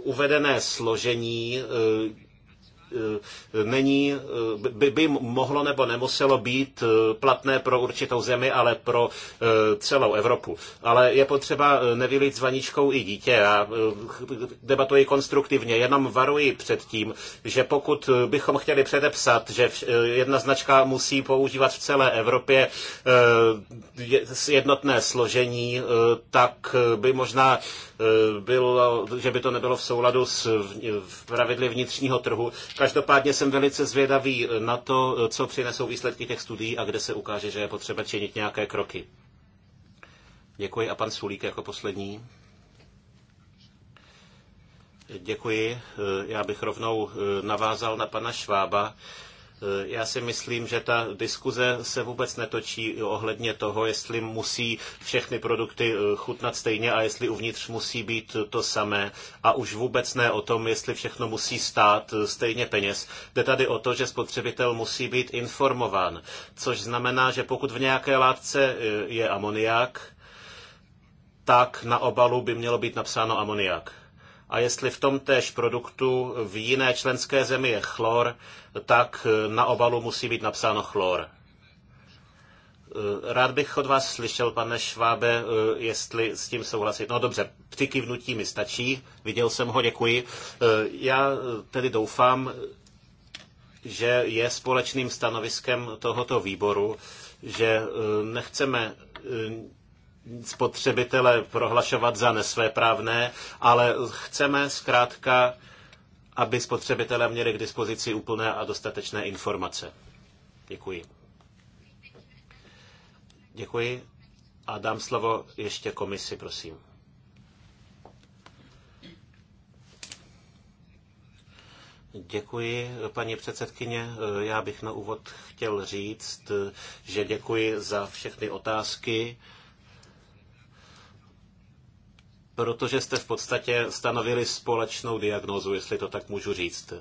uvedené složení Eh, není, eh, by, by mohlo nebo nemuselo být eh, platné pro určitou zemi, ale pro celou Evropu. Ale je potřeba nevylít zvaničkou i dítě a debatuji konstruktivně, jenom varuji před tím, že pokud bychom chtěli předepsat, že jedna značka musí používat v celé Evropě jednotné složení, tak by možná bylo, že by to nebylo v souladu s pravidly vnitřního trhu. Každopádně jsem velice zvědavý na to, co přinesou výsledky těch studií a kde se ukáže, že je potřeba činit nějaké kroky. Děkuji a pan Sulík jako poslední. Děkuji. Já bych rovnou navázal na pana Švába. Eh, já si myslím, že ta diskuze se vůbec netočí ohledně toho, jestli musí všechny produkty eh, chutnat stejně a jestli uvnitř musí být to samé. A už vůbec ne o tom, jestli všechno musí stát eh, stejně peněz. Jde tady o to, že spotřebitel musí být informován, což znamená, že pokud v nějaké látce je amoniak, tak na obalu by mělo být napsáno amoniak a jestli v tom též produktu v jiné členské zemi je chlor, tak na obalu musí být napsáno chlor. Eh, rád bych od vás slyšel, pane Švábe, eh, jestli s tím souhlasit. No dobře, ty kivnutí mi stačí, viděl jsem ho, děkuji. Eh, já tedy doufám, že je společným stanoviskem tohoto výboru, že nechceme spotřebitele prohlašovat za nesvéprávné, ale chceme zkrátka, aby spotřebitelé měli k dispozici úplné a dostatečné informace. Děkuji. Děkuji a dám slovo ještě komisi, prosím. Děkuji, paní předsedkyně. Já bych na úvod chtěl říct, že děkuji za všechny otázky protože jste v podstatě stanovili společnou diagnózu, jestli to tak můžu říct.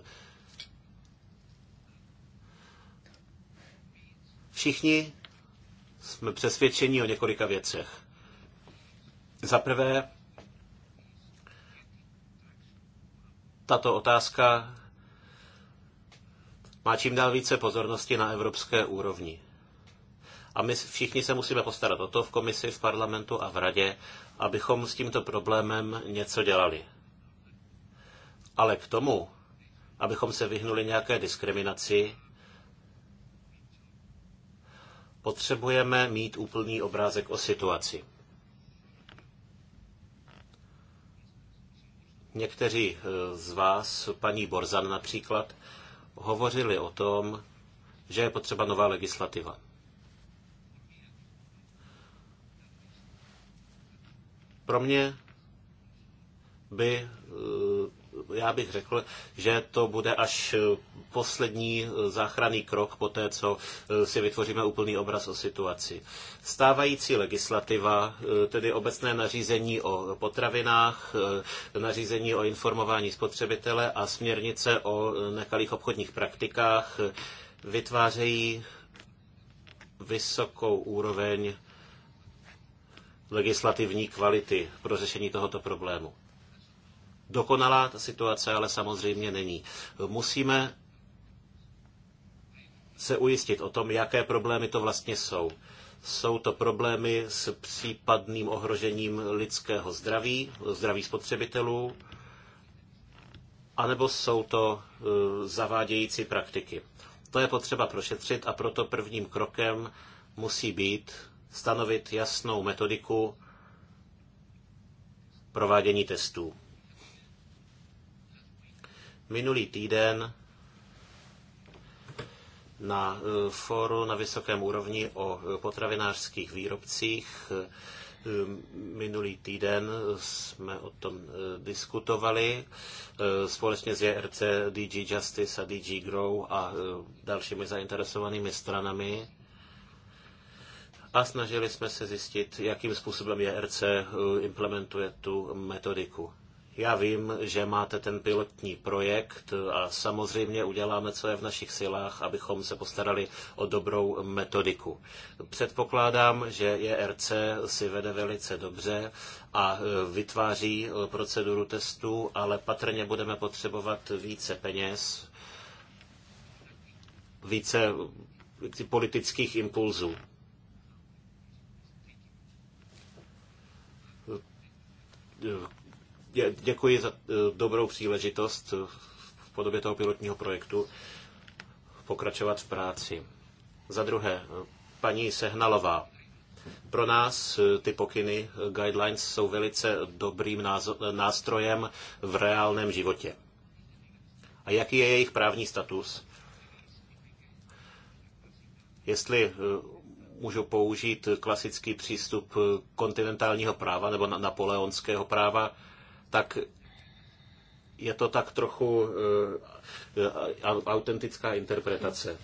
Všichni jsme přesvědčeni o několika věcech. Za prvé, tato otázka má čím dál více pozornosti na evropské úrovni. A my všichni se musíme postarat o to v komisi, v parlamentu a v radě, abychom s tímto problémem něco dělali. Ale k tomu, abychom se vyhnuli nějaké diskriminaci, potřebujeme mít úplný obrázek o situaci. Někteří eh, z vás, paní Borzan například, hovořili o tom, že je potřeba nová legislativa. Pro mě by, eh, já bych řekl, že to bude až poslední eh, záchranný krok po té, co eh, si vytvoříme úplný obraz o situaci. Stávající legislativa, tedy obecné nařízení o potravinách, nařízení o informování spotřebitele a směrnice o nekalých obchodních praktikách vytvářejí vysokou úroveň legislativní kvality pro řešení tohoto problému. Dokonalá ta situace ale samozřejmě není. Musíme se ujistit o tom, jaké problémy to vlastně jsou. Jsou to problémy s případným ohrožením lidského zdraví, zdraví spotřebitelů, anebo jsou to e, zavádějící praktiky. To je potřeba prošetřit a proto prvním krokem musí být stanovit jasnou metodiku provádění testů. Minulý týden na eh, fóru na vysokém úrovni o eh, potravinářských výrobcích eh, Minulý týden jsme o tom diskutovali společně s JRC, DG Justice a DG Grow a dalšími zainteresovanými stranami a snažili jsme se zjistit, jakým způsobem JRC eh, implementuje tu metodiku. Já vím, že máte ten pilotní projekt eh, a samozřejmě uděláme, co je v našich silách, abychom se postarali o dobrou metodiku. Předpokládám, že JRC si vede velice dobře a eh, vytváří proceduru testů, ale patrně budeme potřebovat více peněz, více politických impulzů. děkuji za e, dobrou příležitost v podobě toho pilotního projektu pokračovat v práci. Za druhé, paní Sehnalová, pro nás ty pokyny, e, guidelines, jsou velice dobrým e, nástrojem v reálném životě. A jaký je jejich právní status? Jestli můžu použít klasický přístup kontinentálního práva nebo napoleonského práva, tak je to tak trochu eh, autentická interpretace.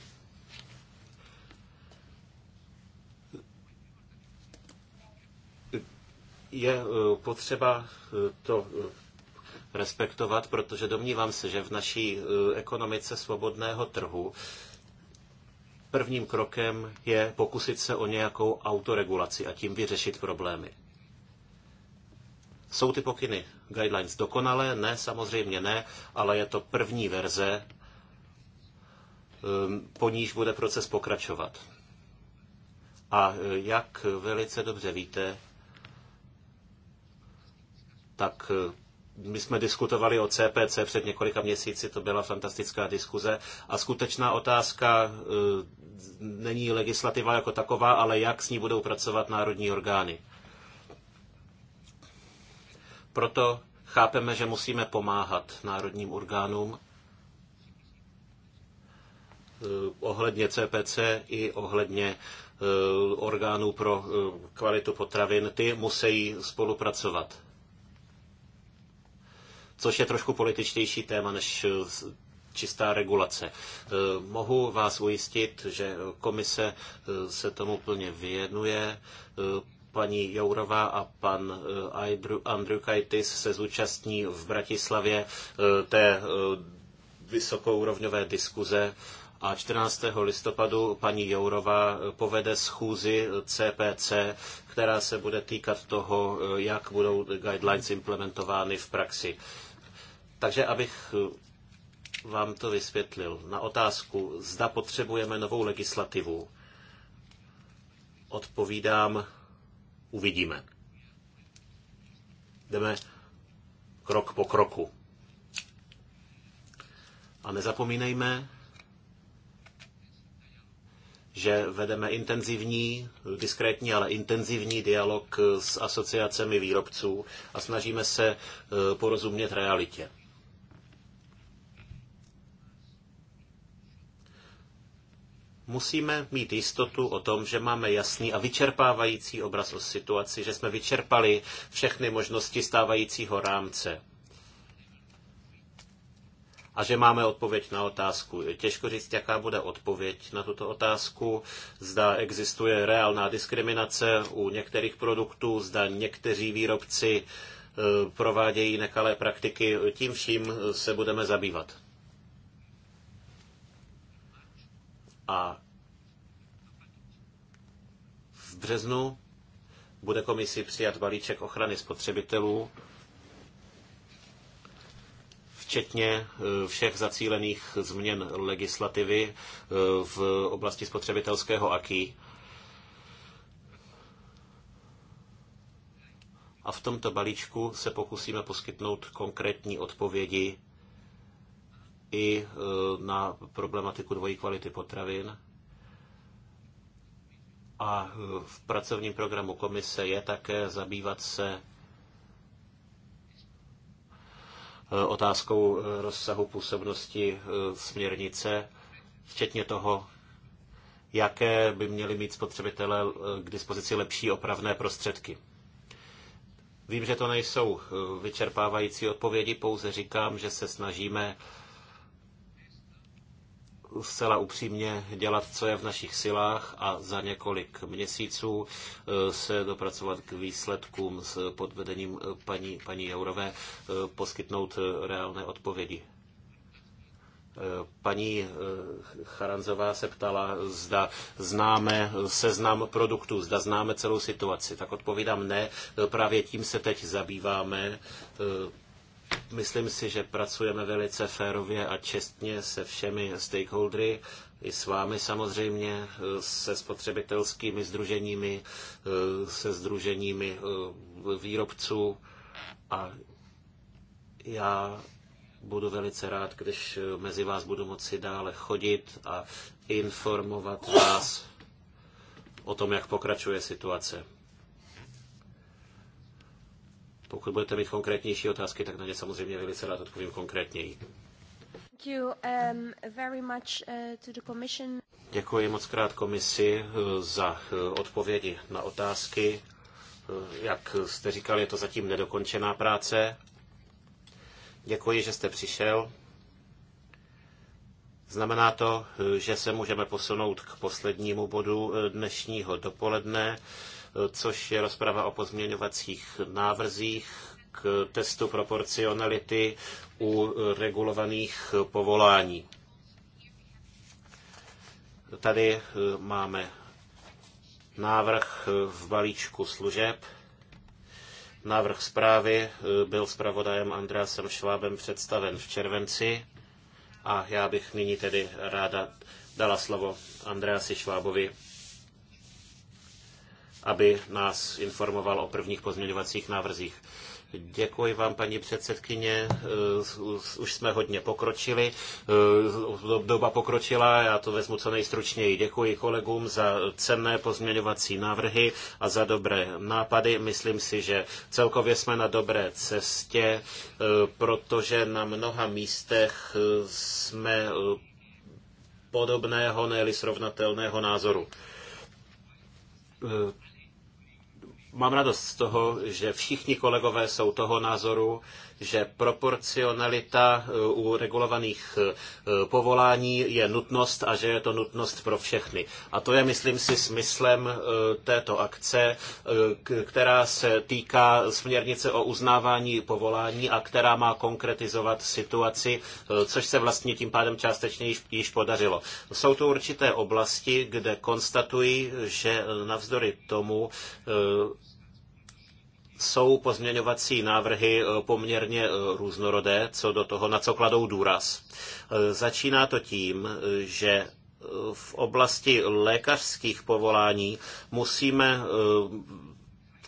Je eh, potřeba eh, to respektovat, protože domnívám se, že v naší ekonomice svobodného trhu Prvním krokem je pokusit se o nějakou autoregulaci a tím vyřešit problémy. Jsou ty pokyny guidelines dokonalé? Ne, samozřejmě ne, ale je to první verze, ehm, po níž bude proces pokračovat. A eh, jak velice dobře víte, tak eh, my jsme diskutovali o CPC před několika měsíci, to byla fantastická diskuze. A skutečná otázka e, není legislativa jako taková, ale jak s ní budou pracovat národní orgány. Proto chápeme, že musíme pomáhat národním orgánům e, ohledně CPC i ohledně e, orgánů pro kvalitu potravin. Ty musí spolupracovat což je trošku političtější téma než eh, čistá regulace. Eh, mohu vás ujistit, že komise eh, se tomu plně věnuje. Paní Jourová a pan Andrew Kajtis se zúčastní v Bratislavě té vysokourovňové diskuze a 14. listopadu paní Jourová povede schůzi CPC, která se bude týkat toho, jak budou guidelines implementovány v praxi. Takže abych vám to vysvětlil na otázku, zda potřebujeme novou legislativu, odpovídám, uvidíme. Jdeme krok po kroku. A nezapomínejme, že vedeme intenzivní, diskrétní, ale intenzivní dialog s asociacemi výrobců a snažíme se eh, porozumět realitě. Musíme mít jistotu o tom, že máme jasný a vyčerpávající obraz o situaci, že jsme vyčerpali všechny možnosti stávajícího rámce a že máme odpověď na otázku. Těžko říct, jaká bude odpověď na tuto otázku. Zda existuje reálná diskriminace u některých produktů, zda někteří výrobci eh, provádějí nekalé praktiky. Tím vším se budeme zabývat. A v březnu bude komisi přijat balíček ochrany spotřebitelů, včetně e, všech zacílených změn legislativy e, v oblasti spotřebitelského aký. A v tomto balíčku se pokusíme poskytnout konkrétní odpovědi i e, na problematiku dvojí kvality potravin. A e, v pracovním programu komise je také zabývat se e, otázkou rozsahu působnosti směrnice, včetně toho, jaké by měli mít spotřebitelé k dispozici lepší opravné prostředky. Vím, že to nejsou vyčerpávající odpovědi, pouze říkám, že se snažíme zcela upřímně dělat, co je v našich silách a za několik měsíců eh, se dopracovat k výsledkům s podvedením eh, paní, paní Jourové, eh, poskytnout reálné odpovědi. Paní Charanzová se ptala, zda známe seznam produktů, zda známe celou situaci. Tak odpovídám ne, právě tím se teď zabýváme Myslím si, že pracujeme velice férově a čestně se všemi stakeholdery, i s vámi samozřejmě, se spotřebitelskými združeními, se združeními eh, výrobců a já budu velice rád, když eh, mezi vás budu moci dále chodit a informovat vás o tom, jak pokračuje situace. Pokud budete mít konkrétnější otázky, tak na ně samozřejmě velice rád odpovím konkrétněji. Um, uh, Děkuji moc krát komisi uh, za uh, odpovědi na otázky. Jak jste říkal, je to zatím nedokončená práce. Děkuji, že jste přišel. Znamená to, že se můžeme posunout k poslednímu bodu dnešního dopoledne což je rozprava o pozměňovacích návrzích k testu proporcionality u regulovaných povolání. Tady e, máme návrh v balíčku služeb. Návrh zprávy e, byl zpravodajem Andreasem Švábem představen v červenci a já bych nyní tedy ráda dala slovo Andreasi Švábovi, aby nás informoval o prvních pozměňovacích návrzích. Děkuji vám, paní předsedkyně. Eh, už jsme hodně pokročili. Eh, doba pokročila, já to vezmu co nejstručněji. Děkuji kolegům za cenné pozměňovací návrhy a za dobré nápady. Myslím si, že celkově jsme na dobré cestě, eh, protože na mnoha místech jsme podobného, ne srovnatelného názoru Mám radost z toho, že všichni kolegové jsou toho názoru, že proporcionalita eh, u regulovaných eh, povolání je nutnost a že je to nutnost pro všechny. A to je, myslím si, smyslem eh, této akce, která se týká směrnice o uznávání povolání a která má konkretizovat situaci, což se vlastně tím pádem částečně již podařilo. Jsou to určité oblasti, kde konstatují, že navzdory tomu jsou pozměňovací návrhy eh, poměrně eh, různorodé co do toho, na co kladou důraz. Eh, začíná to tím, že v oblasti lékařských povolání musíme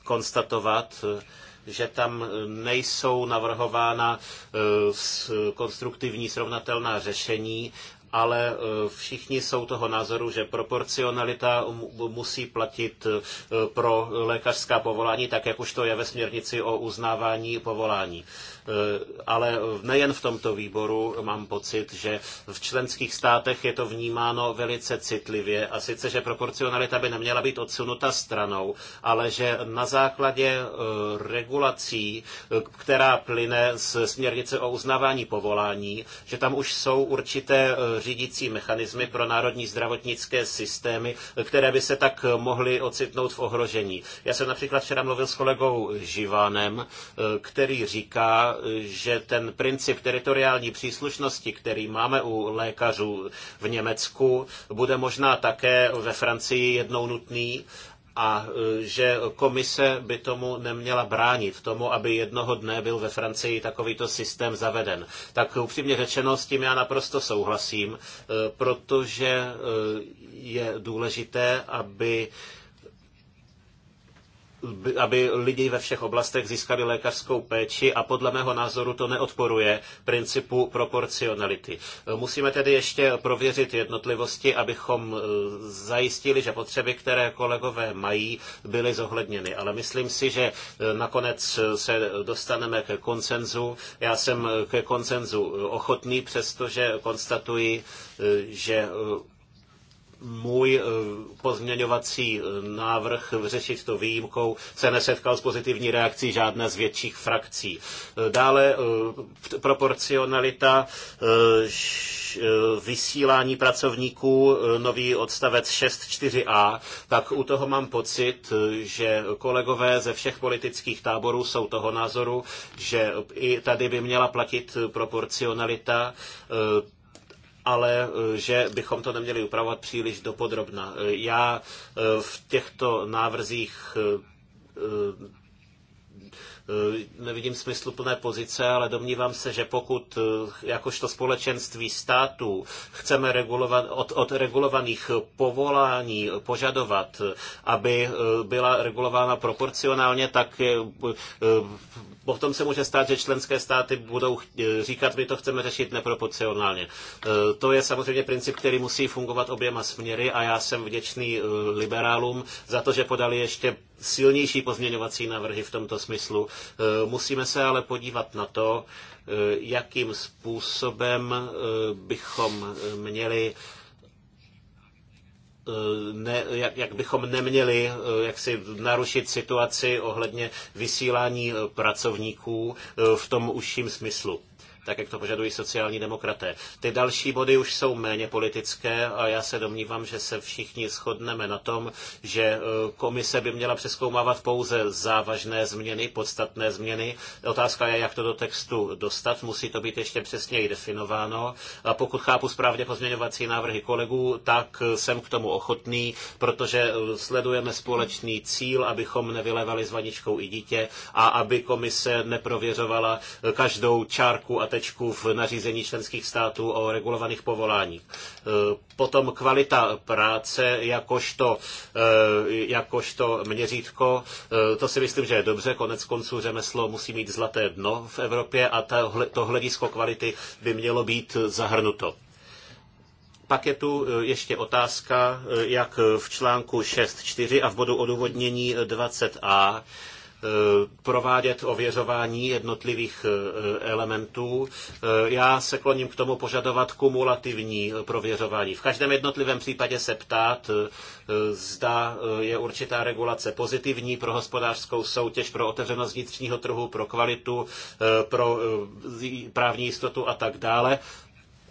konstatovat, že tam nejsou navrhována konstruktivní srovnatelná řešení ale eh, všichni jsou toho názoru, že proporcionalita musí platit eh, pro lékařská povolání, tak jak už to je ve směrnici o uznávání povolání. Eh, ale nejen v tomto výboru mám pocit, že v členských státech je to vnímáno velice citlivě a sice, že proporcionalita by neměla být odsunuta stranou, ale že na základě eh, regulací, eh, která plyne z směrnice o uznávání povolání, že tam už jsou určité řídící mechanismy pro národní zdravotnické systémy, které by se tak mohly ocitnout v ohrožení. Já jsem například včera mluvil s kolegou Živánem, který říká, že ten princip teritoriální příslušnosti, který máme u lékařů v Německu, bude možná také ve Francii jednou nutný a e, že komise by tomu neměla bránit, tomu, aby jednoho dne byl ve Francii takovýto systém zaveden. Tak upřímně řečeno, s tím já naprosto souhlasím, e, protože e, je důležité, aby aby lidi ve všech oblastech získali lékařskou péči a podle mého názoru to neodporuje principu proporcionality. Musíme tedy ještě prověřit jednotlivosti, abychom e, zajistili, že potřeby, které kolegové mají, byly zohledněny. Ale myslím si, že e, nakonec e, se dostaneme ke konsenzu. Já jsem ke konsenzu ochotný, přestože konstatuji, že můj eh, pozměňovací eh, návrh řešit to výjimkou se nesetkal s pozitivní reakcí žádné z větších frakcí. Eh, dále proporcionalita vysílání pracovníků, nový odstavec 6.4a, tak u toho mám pocit, že kolegové ze všech politických táborů jsou toho názoru, že i tady by měla platit proporcionalita ale eh, že bychom to neměli upravovat příliš dopodrobna. Eh, já eh, v těchto návrzích Eh, nevidím smysluplné pozice, ale domnívám se, že pokud eh, jakožto společenství států chceme regulovat, od, od regulovaných povolání požadovat, eh, aby byla regulována proporcionálně, tak potom se může stát, že členské státy budou říkat, my to chceme řešit neproporcionálně. To je samozřejmě princip, který musí fungovat oběma směry a já jsem vděčný liberálům za to, že podali ještě silnější pozměňovací návrhy v tomto smyslu. Eh, musíme se ale podívat na to, eh, jakým způsobem eh, bychom měli ne, jak, jak bychom neměli jak si narušit situaci ohledně vysílání pracovníků v tom užším smyslu tak jak to požadují sociální demokraté. Ty další body už jsou méně politické a já se domnívám, že se všichni shodneme na tom, že e, komise by měla přeskoumávat pouze závažné změny, podstatné změny. Otázka je, jak to do textu dostat. Musí to být ještě přesněji definováno. A pokud chápu správně pozměňovací návrhy kolegů, tak jsem k tomu ochotný, protože e, sledujeme společný cíl, abychom nevylevali s vaničkou i dítě a aby komise neprověřovala e, každou čárku a teď tečku v nařízení členských států o regulovaných povoláních. E, potom kvalita práce jakožto, e, jakožto měřítko, e, to si myslím, že je dobře. Konec konců řemeslo musí mít zlaté dno v Evropě a to hledisko kvality by mělo být zahrnuto. Pak je tu ještě otázka, jak v článku 6.4 a v bodu odůvodnění 20a Eh, provádět ověřování jednotlivých eh, elementů. Eh, já se kloním k tomu požadovat kumulativní prověřování. V každém jednotlivém případě se ptát, zda je určitá regulace pozitivní pro hospodářskou soutěž, pro otevřenost vnitřního trhu, pro kvalitu, pro právní jistotu a tak dále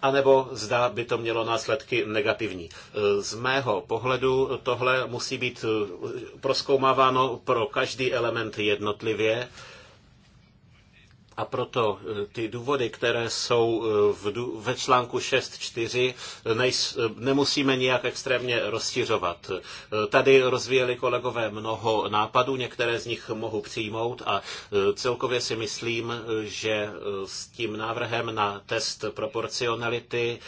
anebo zda by to mělo následky negativní. Z mého pohledu tohle musí být eh, proskoumáváno pro každý element jednotlivě a proto eh, ty důvody, které jsou eh, v, ve článku 6.4, eh, nemusíme nijak extrémně rozšiřovat. Tady rozvíjeli kolegové mnoho nápadů, některé z nich mohu přijmout a celkově si myslím, že s tím návrhem na test proporcionality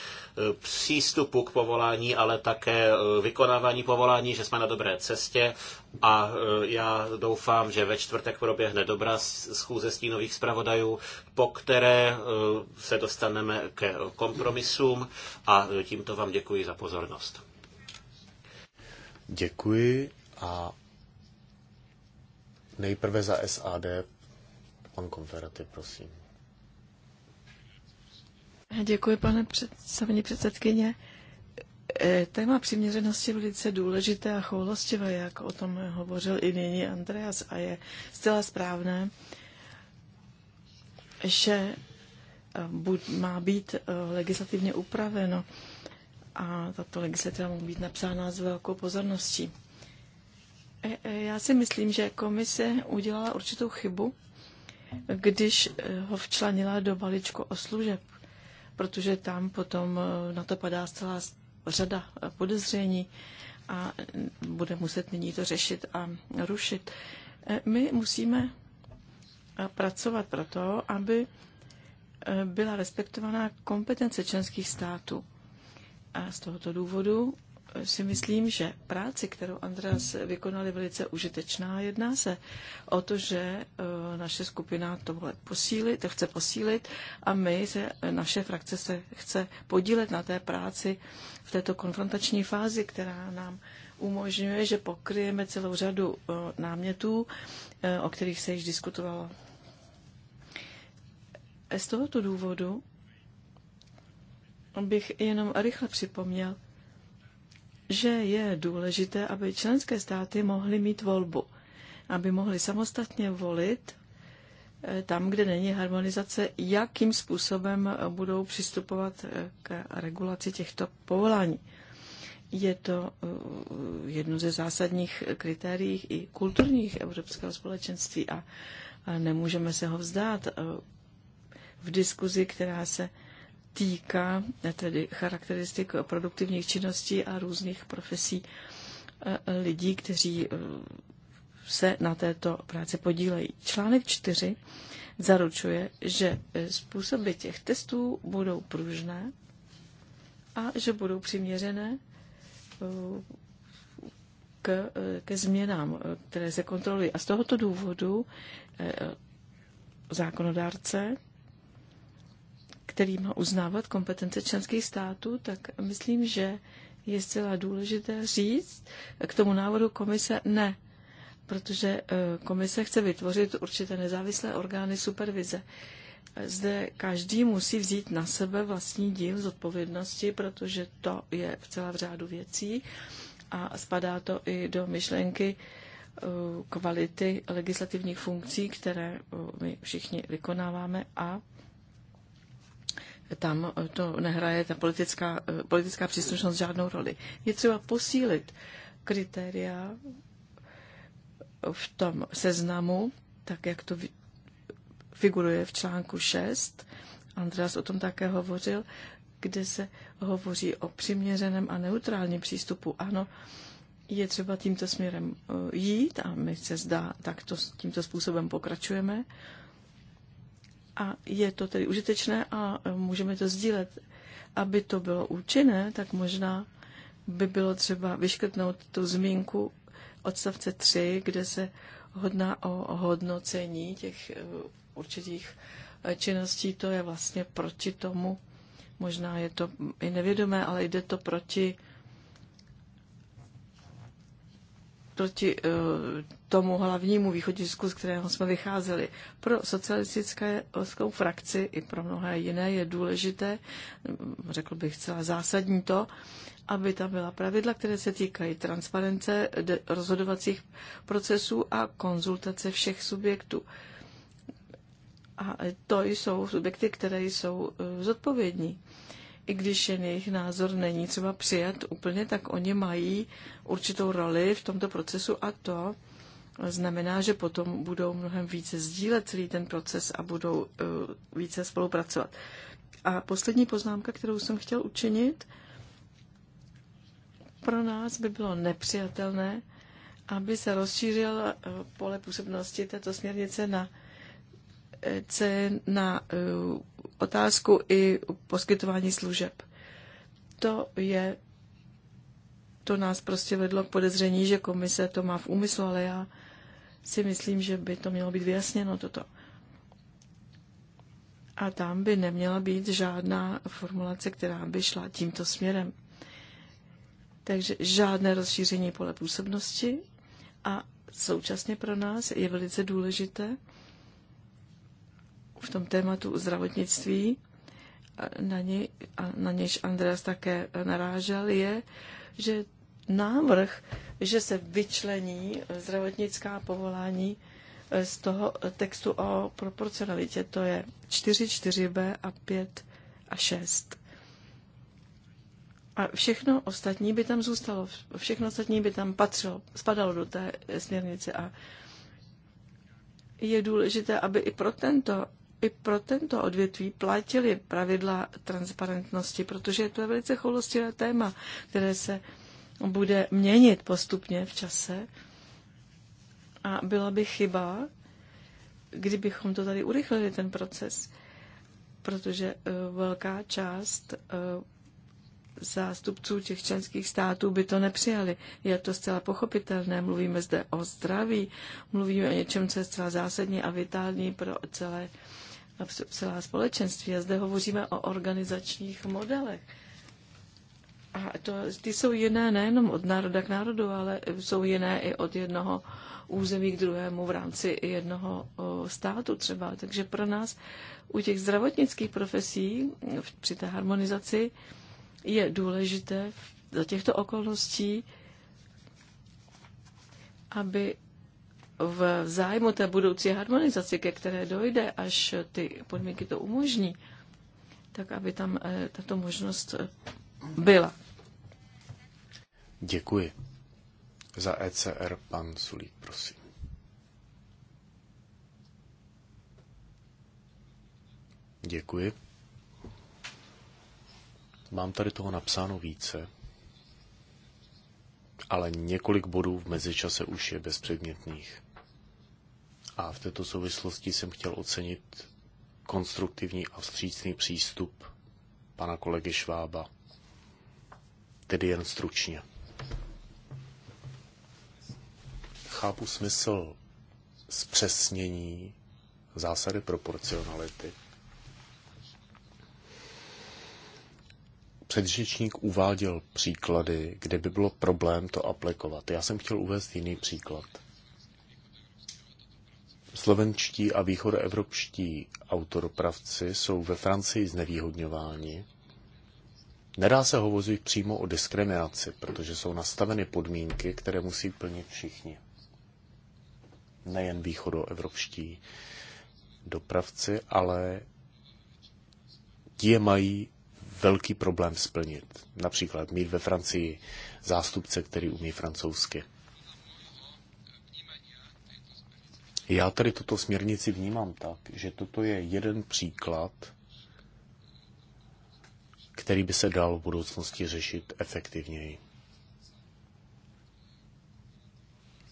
přístupu k povolání, ale také vykonávání povolání, že jsme na dobré cestě a e, já doufám, že ve čtvrtek proběhne dobrá schůze stínových zpravodajů, po které e, se dostaneme ke kompromisům a tímto vám děkuji za pozornost. Děkuji a nejprve za SAD pan Konferaty, prosím. Děkuji, pane před, předsedkyně. Eh, téma přiměřenosti je velice důležité a choulostivé, jak o tom hovořil i nyní Andreas, a je zcela správné, že eh, buď má být eh, legislativně upraveno a tato legislativa může být napsána s velkou pozorností. Já si myslím, že komise udělala určitou chybu, když ho včlanila do balíčku o služeb, protože tam potom na to padá zcela řada podezření a bude muset nyní to řešit a rušit. E, my musíme pracovat pro to, aby e, byla respektovaná kompetence členských států. A z tohoto důvodu si myslím, že práci, kterou Andreas vykonal, je velice užitečná. Jedná se o to, že eh, naše skupina tohle posílit, to chce posílit a my, se, naše frakce se chce podílet na té práci v této konfrontační fázi, která nám umožňuje, že pokryjeme celou řadu eh, námětů, eh, o kterých se již diskutovalo. Z tohoto důvodu bych jenom rychle připomněl, že je důležité, aby členské státy mohly mít volbu, aby mohly samostatně volit eh, tam, kde není harmonizace, jakým způsobem eh, budou přistupovat eh, k regulaci těchto povolání. Je to jedno ze zásadních kritérií i kulturních Evropského společenství a nemůžeme se ho vzdát v diskuzi, která se týká tedy charakteristik produktivních činností a různých profesí eh, lidí, kteří eh, se na této práci podílejí. Článek 4 zaručuje, že eh, způsoby těch testů budou pružné a že budou přiměřené k, ke změnám, které se kontrolují. A z tohoto důvodu zákonodárce který má uznávat kompetence členských států, tak myslím, že je zcela důležité říct k tomu návrhu komise ne, protože eh, komise chce vytvořit určité nezávislé orgány supervize. Zde každý musí vzít na sebe vlastní díl zodpovědnosti, protože to je v celá v řádu věcí a spadá to i do myšlenky eh, kvality legislativních funkcí, které eh, my všichni vykonáváme a tam to nehraje ta politická, eh, politická příslušnost žádnou roli. Je třeba posílit kritéria v tom seznamu, tak jak to figuruje v článku 6. Andreas o tom také hovořil, kde se hovoří o přiměřeném a neutrálním přístupu. Ano, je třeba tímto směrem eh, jít a my se zdá, tak to tímto způsobem pokračujeme. A je to tedy užitečné a e, můžeme to sdílet. Aby to bylo účinné, tak možná by bylo třeba vyškrtnout tu zmínku odstavce 3, kde se hodná o hodnocení těch e, určitých e, činností. To je vlastně proti tomu. Možná je to i nevědomé, ale jde to proti proti eh, tomu hlavnímu východisku, z kterého jsme vycházeli. Pro socialistickou eh, frakci i pro mnohé jiné je důležité, hm, řekl bych celá zásadní to, aby tam byla pravidla, které se týkají transparence rozhodovacích procesů a konzultace všech subjektů. A to jsou subjekty, které jsou eh, zodpovědní i když jejich názor není třeba přijat úplně, tak oni mají určitou roli v tomto procesu a to znamená, že potom budou mnohem více sdílet celý ten proces a budou eh, více spolupracovat. A poslední poznámka, kterou jsem chtěl učinit, pro nás by bylo nepřijatelné, aby se rozšířil eh, pole působnosti této směrnice na, eh, na otázku i poskytování služeb. To je, to nás prostě vedlo k podezření, že komise to má v úmyslu, ale já si myslím, že by to mělo být vyjasněno toto. A tam by neměla být žádná formulace, která by šla tímto směrem. Takže žádné rozšíření pole působnosti a současně pro nás je velice důležité, v tom tématu zdravotnictví, na, ně, a na něž Andreas také narážel, je, že návrh, že se vyčlení zdravotnická povolání z toho textu o proporcionalitě, to je 4, 4b a 5 a 6. A všechno ostatní by tam zůstalo, všechno ostatní by tam patřilo, spadalo do té směrnice a je důležité, aby i pro tento i pro tento odvětví platili pravidla transparentnosti, protože je to velice choulostivé téma, které se bude měnit postupně v čase. A byla by chyba, kdybychom to tady urychlili, ten proces, protože eh, velká část eh, zástupců těch členských států by to nepřijali. Je to zcela pochopitelné. Mluvíme zde o zdraví, mluvíme o něčem, co je zcela zásadní a vitální pro celé a celá společenství. A zde hovoříme o organizačních modelech. A to, ty jsou jiné nejenom od národa k národu, ale jsou jiné i od jednoho území k druhému v rámci jednoho státu třeba. Takže pro nás u těch zdravotnických profesí při té harmonizaci je důležité za těchto okolností, aby v zájmu té budoucí harmonizace, ke které dojde, až ty podmínky to umožní, tak aby tam eh, tato možnost eh, byla. Děkuji. Za ECR pan Sulík, prosím. Děkuji. Mám tady toho napsáno více, ale několik bodů v mezičase už je bezpředmětných. A v této souvislosti jsem chtěl ocenit konstruktivní a vstřícný přístup pana kolegy Švába. Tedy jen stručně. Chápu smysl zpřesnění zásady proporcionality. Předřečník uváděl příklady, kde by bylo problém to aplikovat. Já jsem chtěl uvést jiný příklad. Slovenští a východoevropští autoropravci jsou ve Francii znevýhodňováni. Nedá se hovořit přímo o diskriminaci, protože jsou nastaveny podmínky, které musí plnit všichni. Nejen východoevropští dopravci, ale ti je mají velký problém splnit. Například mít ve Francii zástupce, který umí francouzsky. Já tady tuto směrnici vnímám tak, že toto je jeden příklad, který by se dal v budoucnosti řešit efektivněji.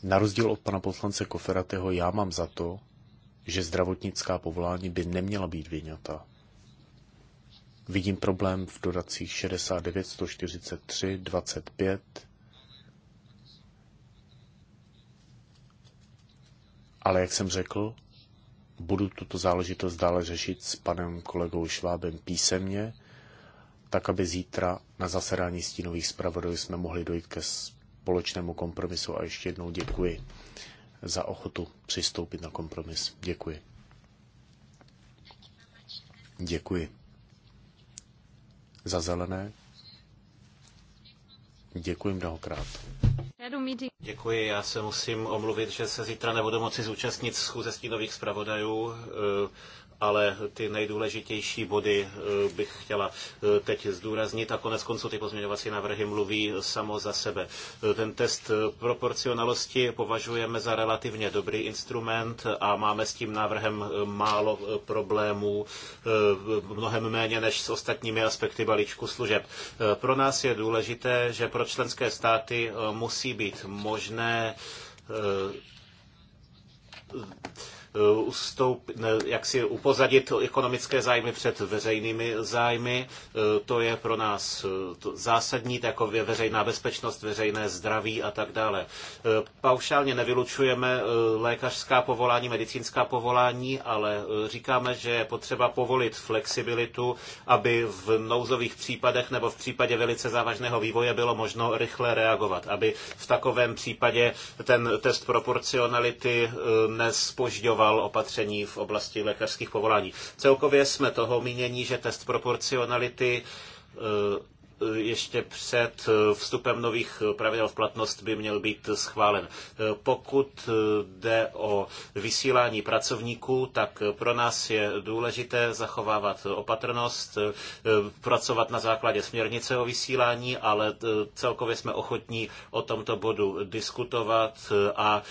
Na rozdíl od pana poslance Koferateho já mám za to, že zdravotnická povolání by neměla být vyňata. Vidím problém v dodacích 69, 143, 25, Ale jak jsem řekl, budu tuto záležitost dále řešit s panem kolegou Švábem písemně, tak aby zítra na zasedání stínových zpravodajů jsme mohli dojít ke společnému kompromisu. A ještě jednou děkuji za ochotu přistoupit na kompromis. Děkuji. Děkuji. Za zelené. Děkuji mnohokrát. Děkuji, já se musím omluvit, že se zítra nebudu moci zúčastnit schůze stínových zpravodajů ale ty nejdůležitější body eh, bych chtěla eh, teď zdůraznit a konec konců ty pozměňovací návrhy mluví samo za sebe. Eh, ten test proporcionalosti považujeme za relativně dobrý instrument a máme s tím návrhem málo problémů, mnohem méně než s ostatními aspekty balíčku služeb. Pro nás je důležité, že pro členské státy musí být možné Eh, ustoup, jak si upozadit ekonomické zájmy před veřejnými zájmy. Eh, to je pro nás eh, zásadní, jako je veřejná bezpečnost, veřejné zdraví a tak dále. Paušálně nevylučujeme lékařská povolání, medicínská povolání, ale říkáme, že je potřeba povolit flexibilitu, aby v nouzových případech nebo v případě velice závažného vývoje bylo možno rychle reagovat, aby v takovém případě ten test proporcionality nespožďoval schvaloval opatření v oblasti lékařských povolání. Celkově jsme toho mínění, že test proporcionality e, e, ještě před e, vstupem nových pravidel v platnost by měl být schválen. Pokud jde o vysílání pracovníků, tak pro nás je důležité zachovávat opatrnost, pracovat na základě směrnice o vysílání, ale celkově jsme ochotní o tomto bodu diskutovat a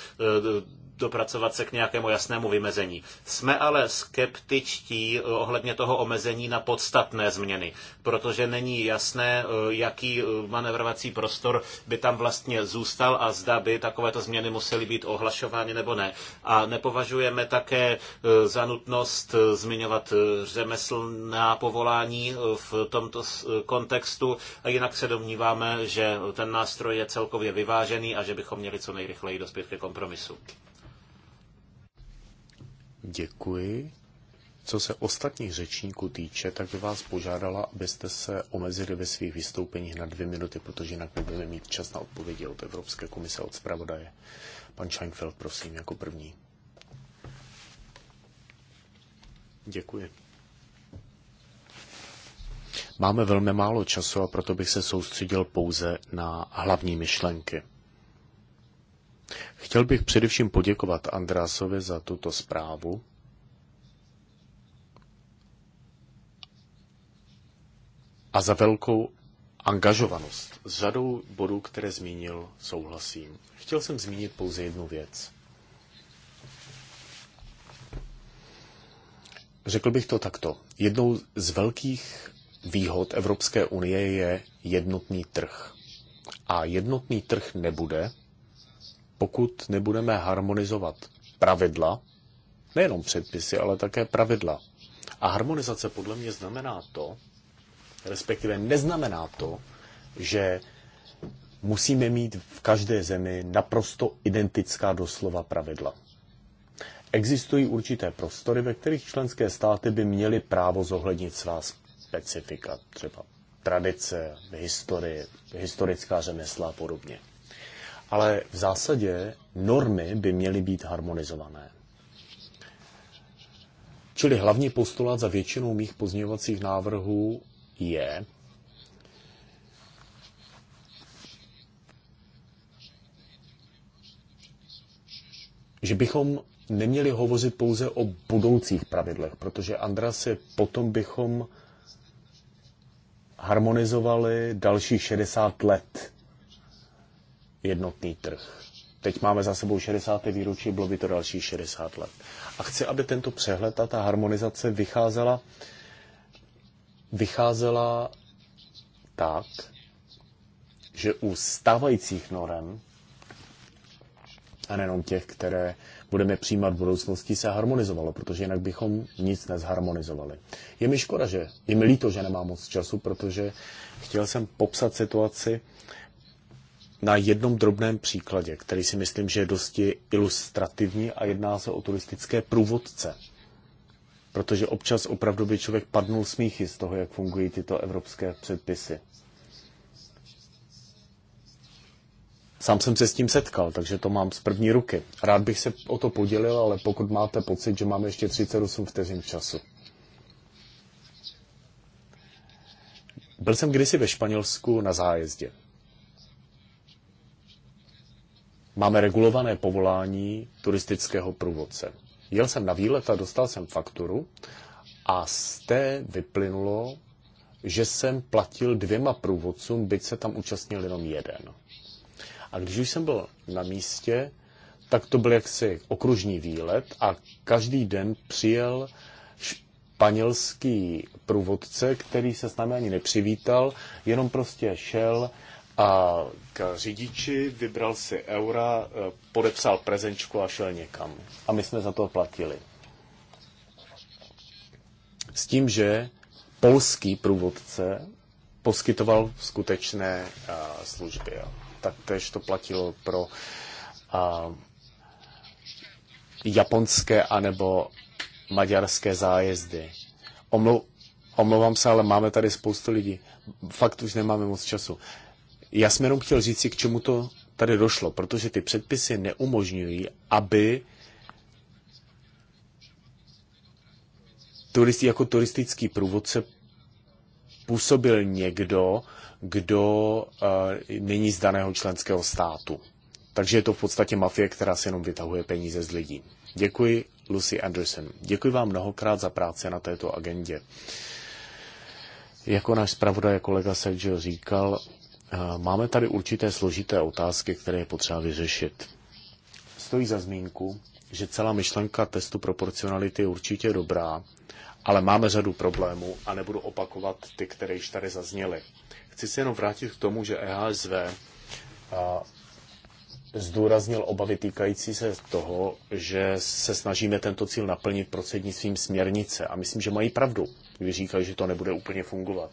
dopracovat se k nějakému jasnému vymezení. Jsme ale skeptičtí eh, ohledně toho omezení na podstatné změny, protože není jasné, eh, jaký eh, manevrovací prostor by tam vlastně zůstal a zda by takovéto změny musely být ohlašovány nebo ne. A nepovažujeme také za nutnost zmiňovat řemeslná povolání v tomto kontextu a jinak se domníváme, že ten nástroj je celkově vyvážený a že bychom měli co nejrychleji dospět ke kompromisu. Děkuji. Co se ostatních řečníků týče, tak by vás požádala, abyste se omezili ve svých vystoupeních na dvě minuty, protože jinak budeme mít čas na odpovědi od Evropské komise od zpravodaje. Pan Scheinfeld, prosím, jako první. Děkuji. Máme velmi málo času a proto bych se soustředil pouze na hlavní myšlenky. Chtěl bych především poděkovat Andrásovi za tuto zprávu. A za velkou angažovanost. S řadou bodů, které zmínil, souhlasím. Chtěl jsem zmínit pouze jednu věc. Řekl bych to takto. Jednou z velkých výhod Evropské unie je jednotný trh. A jednotný trh nebude, pokud nebudeme harmonizovat pravidla, nejenom předpisy, ale také pravidla. A harmonizace podle mě znamená to, respektive neznamená to, že musíme mít v každé zemi naprosto identická doslova pravidla. Existují určité prostory, ve kterých členské státy by měly právo zohlednit svá specifika, třeba tradice, historie, historická řemesla a podobně. Ale v zásadě normy by měly být harmonizované. Čili hlavní postulát za většinou mých pozměňovacích návrhů je, že bychom neměli hovořit pouze o budoucích pravidlech, protože Andrasy potom bychom harmonizovali další 60 let jednotný trh. Teď máme za sebou 60. výročí, bylo by to další 60 let. A chci, aby tento přehled a ta harmonizace vycházela, vycházela tak, že u stávajících norem, a nejenom těch, které budeme přijímat v budoucnosti, se harmonizovalo, protože jinak bychom nic nezharmonizovali. Je mi škoda, že je mi líto, že nemám moc času, protože chtěl jsem popsat situaci na jednom drobném příkladě, který si myslím, že je dosti ilustrativní a jedná se o turistické průvodce. Protože občas opravdu by člověk padnul smíchy z toho, jak fungují tyto evropské předpisy. Sám jsem se s tím setkal, takže to mám z první ruky. Rád bych se o to podělil, ale pokud máte pocit, že máme ještě 38 vteřin času. Byl jsem kdysi ve Španělsku na zájezdě Máme regulované povolání turistického průvodce. Jel jsem na výlet a dostal jsem fakturu a z té vyplynulo, že jsem platil dvěma průvodcům, byť se tam účastnil jenom jeden. A když už jsem byl na místě, tak to byl jaksi okružní výlet a každý den přijel španělský průvodce, který se s námi ani nepřivítal, jenom prostě šel, a k řidiči, vybral si eura, e, podepsal prezenčku a šel někam. A my jsme za to platili. S tím, že polský průvodce poskytoval skutečné e, služby. Tak tež to platilo pro a, japonské anebo maďarské zájezdy. Omlou, omlouvám se, ale máme tady spoustu lidí. Fakt už nemáme moc času. Já jsem jenom chtěl říct si, k čemu to tady došlo, protože ty předpisy neumožňují, aby turisti, jako turistický průvodce působil někdo, kdo uh, není z daného členského státu. Takže je to v podstatě mafie, která se jenom vytahuje peníze z lidí. Děkuji, Lucy Anderson. Děkuji vám mnohokrát za práci na této agendě. Jako náš zpravodaj kolega Sergio říkal, Eh, máme tady určité složité otázky, které je potřeba vyřešit. Stojí za zmínku, že celá myšlenka testu proporcionality je určitě dobrá, ale máme řadu problémů a nebudu opakovat ty, které již tady zazněly. Chci se jenom vrátit k tomu, že e EHSV zdůraznil obavy týkající se toho, že se snažíme tento cíl naplnit prostřednictvím směrnice. A myslím, že mají pravdu, když říkají, že to nebude úplně fungovat.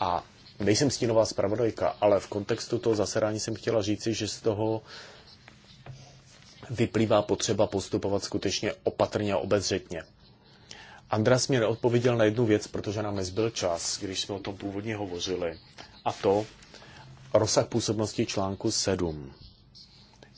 A nejsem stínová zpravodajka, ale v kontextu toho zasedání jsem chtěla říci, že z toho vyplývá potřeba postupovat skutečně opatrně a obezřetně. Andras mě neodpověděl na jednu věc, protože nám nezbyl čas, když jsme o tom původně hovořili. A to rozsah působnosti článku 7.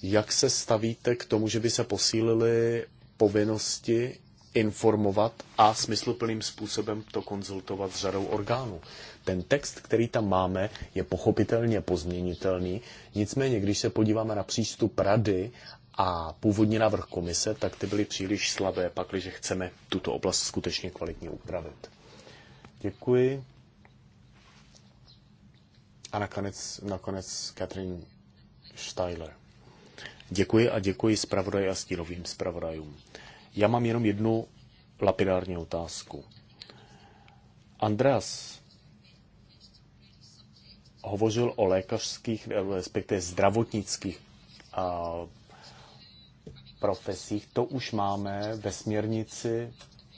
Jak se stavíte k tomu, že by se posílily povinnosti informovat a smysluplným způsobem to konzultovat s řadou orgánů. Ten text, který tam máme, je pochopitelně pozměnitelný, nicméně když se podíváme na přístup rady a původní návrh komise, tak ty byly příliš slabé, pakliže chceme tuto oblast skutečně kvalitně upravit. Děkuji. A nakonec, nakonec Katrin Steiler. Děkuji a děkuji zpravodaj a stínovým zpravodajům. Já mám jenom jednu lapidární otázku. Andreas hovořil o lékařských, respektive zdravotnických a, profesích. To už máme ve směrnici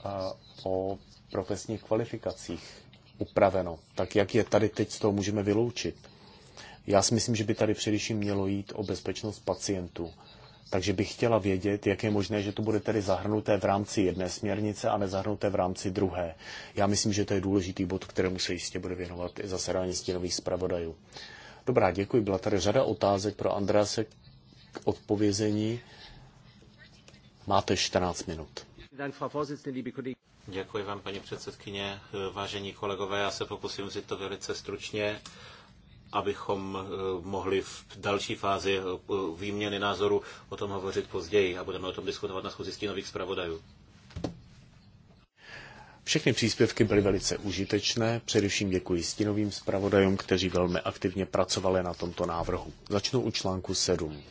a, o profesních kvalifikacích upraveno. Tak jak je tady teď, z toho můžeme vyloučit? Já si myslím, že by tady především mělo jít o bezpečnost pacientů. Takže bych chtěla vědět, jak je možné, že to bude tedy zahrnuté v rámci jedné směrnice a nezahrnuté v rámci druhé. Já myslím, že to je důležitý bod, kterému se jistě bude věnovat i zasedání stínových zpravodajů. Dobrá, děkuji. Byla tady řada otázek pro Andrease k odpovězení. Máte 14 minut. Děkuji vám, paní předsedkyně. Vážení kolegové, já se pokusím si to velice stručně abychom eh, mohli v další fázi eh, výměny názoru o tom hovořit později a budeme o tom diskutovat na schůzi stínových zpravodajů. Všechny příspěvky byly velice užitečné, především děkuji stínovým zpravodajům, kteří velmi aktivně pracovali na tomto návrhu. Začnu u článku 7.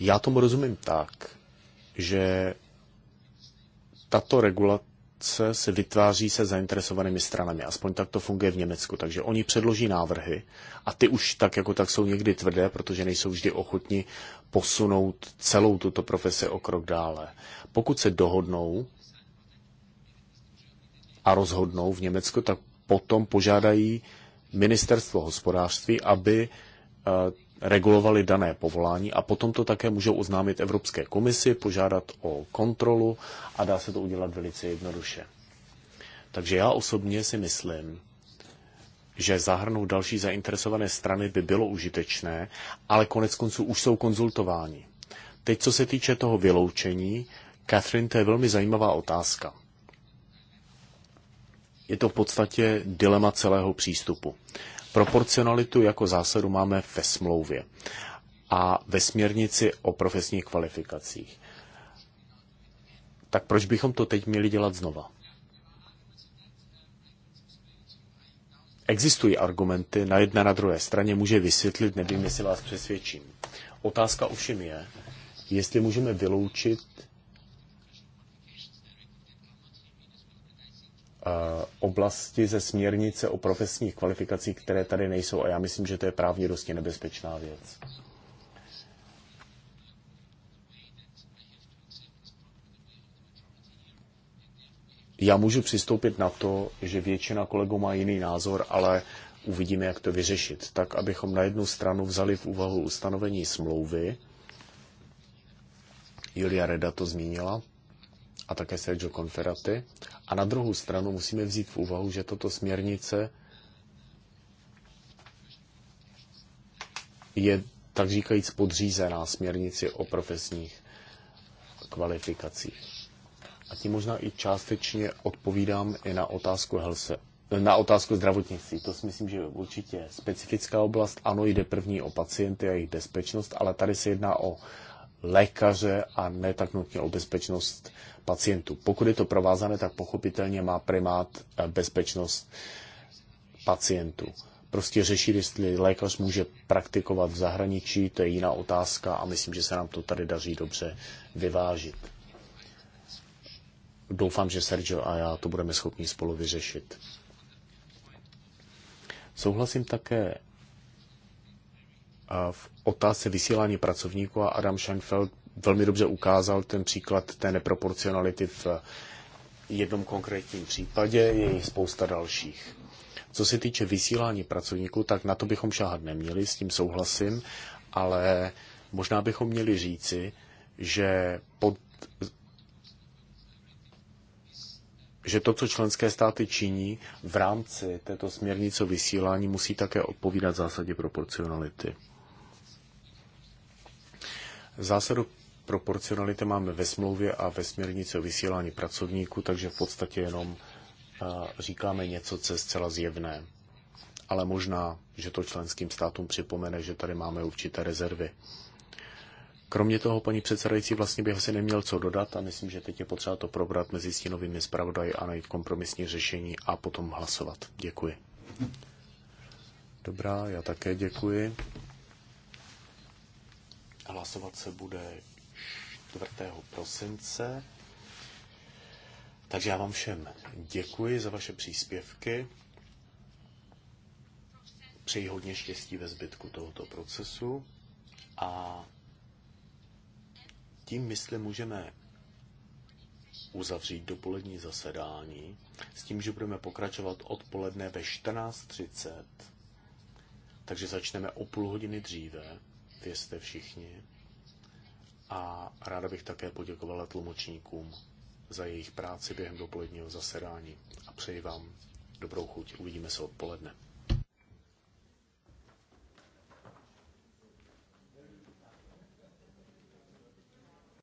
Já tomu rozumím tak, že tato regula, konzultace se vytváří se zainteresovanými stranami. Aspoň tak to funguje v Německu. Takže oni předloží návrhy a ty už tak jako tak jsou někdy tvrdé, protože nejsou vždy ochotni posunout celou tuto profesi o krok dále. Pokud se dohodnou a rozhodnou v Německu, tak potom požádají ministerstvo hospodářství, aby eh, regulovali dané povolání a potom to také můžou oznámit Evropské komisi, požádat o kontrolu a dá se to udělat velice jednoduše. Takže já osobně si myslím, že zahrnout další zainteresované strany by bylo užitečné, ale konec konců už jsou konzultováni. Teď, co se týče toho vyloučení, Catherine, to je velmi zajímavá otázka. Je to v podstatě dilema celého přístupu. Proporcionalitu jako zásadu máme ve smlouvě a ve směrnici o profesních kvalifikacích. Tak proč bychom to teď měli dělat znova? Existují argumenty na jedné na druhé straně, může vysvětlit, nevím, jestli vás přesvědčím. Otázka ovšem je, jestli můžeme vyloučit Eh, oblasti ze směrnice o profesních kvalifikacích, které tady nejsou. A já myslím, že to je právně dosti nebezpečná věc. Já můžu přistoupit na to, že většina kolegů má jiný názor, ale uvidíme, jak to vyřešit. Tak, abychom na jednu stranu vzali v úvahu ustanovení smlouvy, Julia Reda to zmínila, a také Sergio Conferaty. A na druhou stranu musíme vzít v úvahu, že toto směrnice je tak říkajíc podřízená směrnici o profesních kvalifikacích. A tím možná i částečně odpovídám i na otázku Helse, na otázku zdravotnictví. To si myslím, že je určitě specifická oblast. Ano, jde první o pacienty a jejich bezpečnost, ale tady se jedná o lékaře a ne tak nutně o bezpečnost pacientů. Pokud je to provázané, tak pochopitelně má primát eh, bezpečnost pacientů. Prostě řešit, jestli lékař může praktikovat v zahraničí, to je jiná otázka a myslím, že se nám to tady daří dobře vyvážit. Doufám, že Sergio a já to budeme schopni spolu vyřešit. Souhlasím také eh, v otázce vysílání pracovníků a Adam Scheinfeld velmi dobře ukázal ten příklad té neproporcionality v jednom konkrétním případě, je jich spousta dalších. Co se týče vysílání pracovníků, tak na to bychom šáhat neměli, s tím souhlasím, ale možná bychom měli říci, že pod že to, co členské státy činí v rámci této směrnice vysílání, musí také odpovídat zásadě proporcionality. Zásadu proporcionality máme ve smlouvě a ve směrnici o vysílání pracovníků, takže v podstatě jenom eh, říkáme něco, co je zcela zjevné. Ale možná, že to členským státům připomene, že tady máme určité rezervy. Kromě toho, paní předsedající, vlastně bych asi neměl co dodat a myslím, že teď je potřeba to probrat mezi stínovými zpravodaji a najít kompromisní řešení a potom hlasovat. Děkuji. Dobrá, já také děkuji. Hlasovat se bude 4. prosince. Takže já vám všem děkuji za vaše příspěvky. Přeji hodně štěstí ve zbytku tohoto procesu a tím, myslím, můžeme uzavřít dopolední zasedání s tím, že budeme pokračovat odpoledne ve 14.30, takže začneme o půl hodiny dříve, vězte všichni a ráda bych také poděkovala tlumočníkům za jejich práci během dopoledního zasedání a přeji vám dobrou chuť. Uvidíme se odpoledne.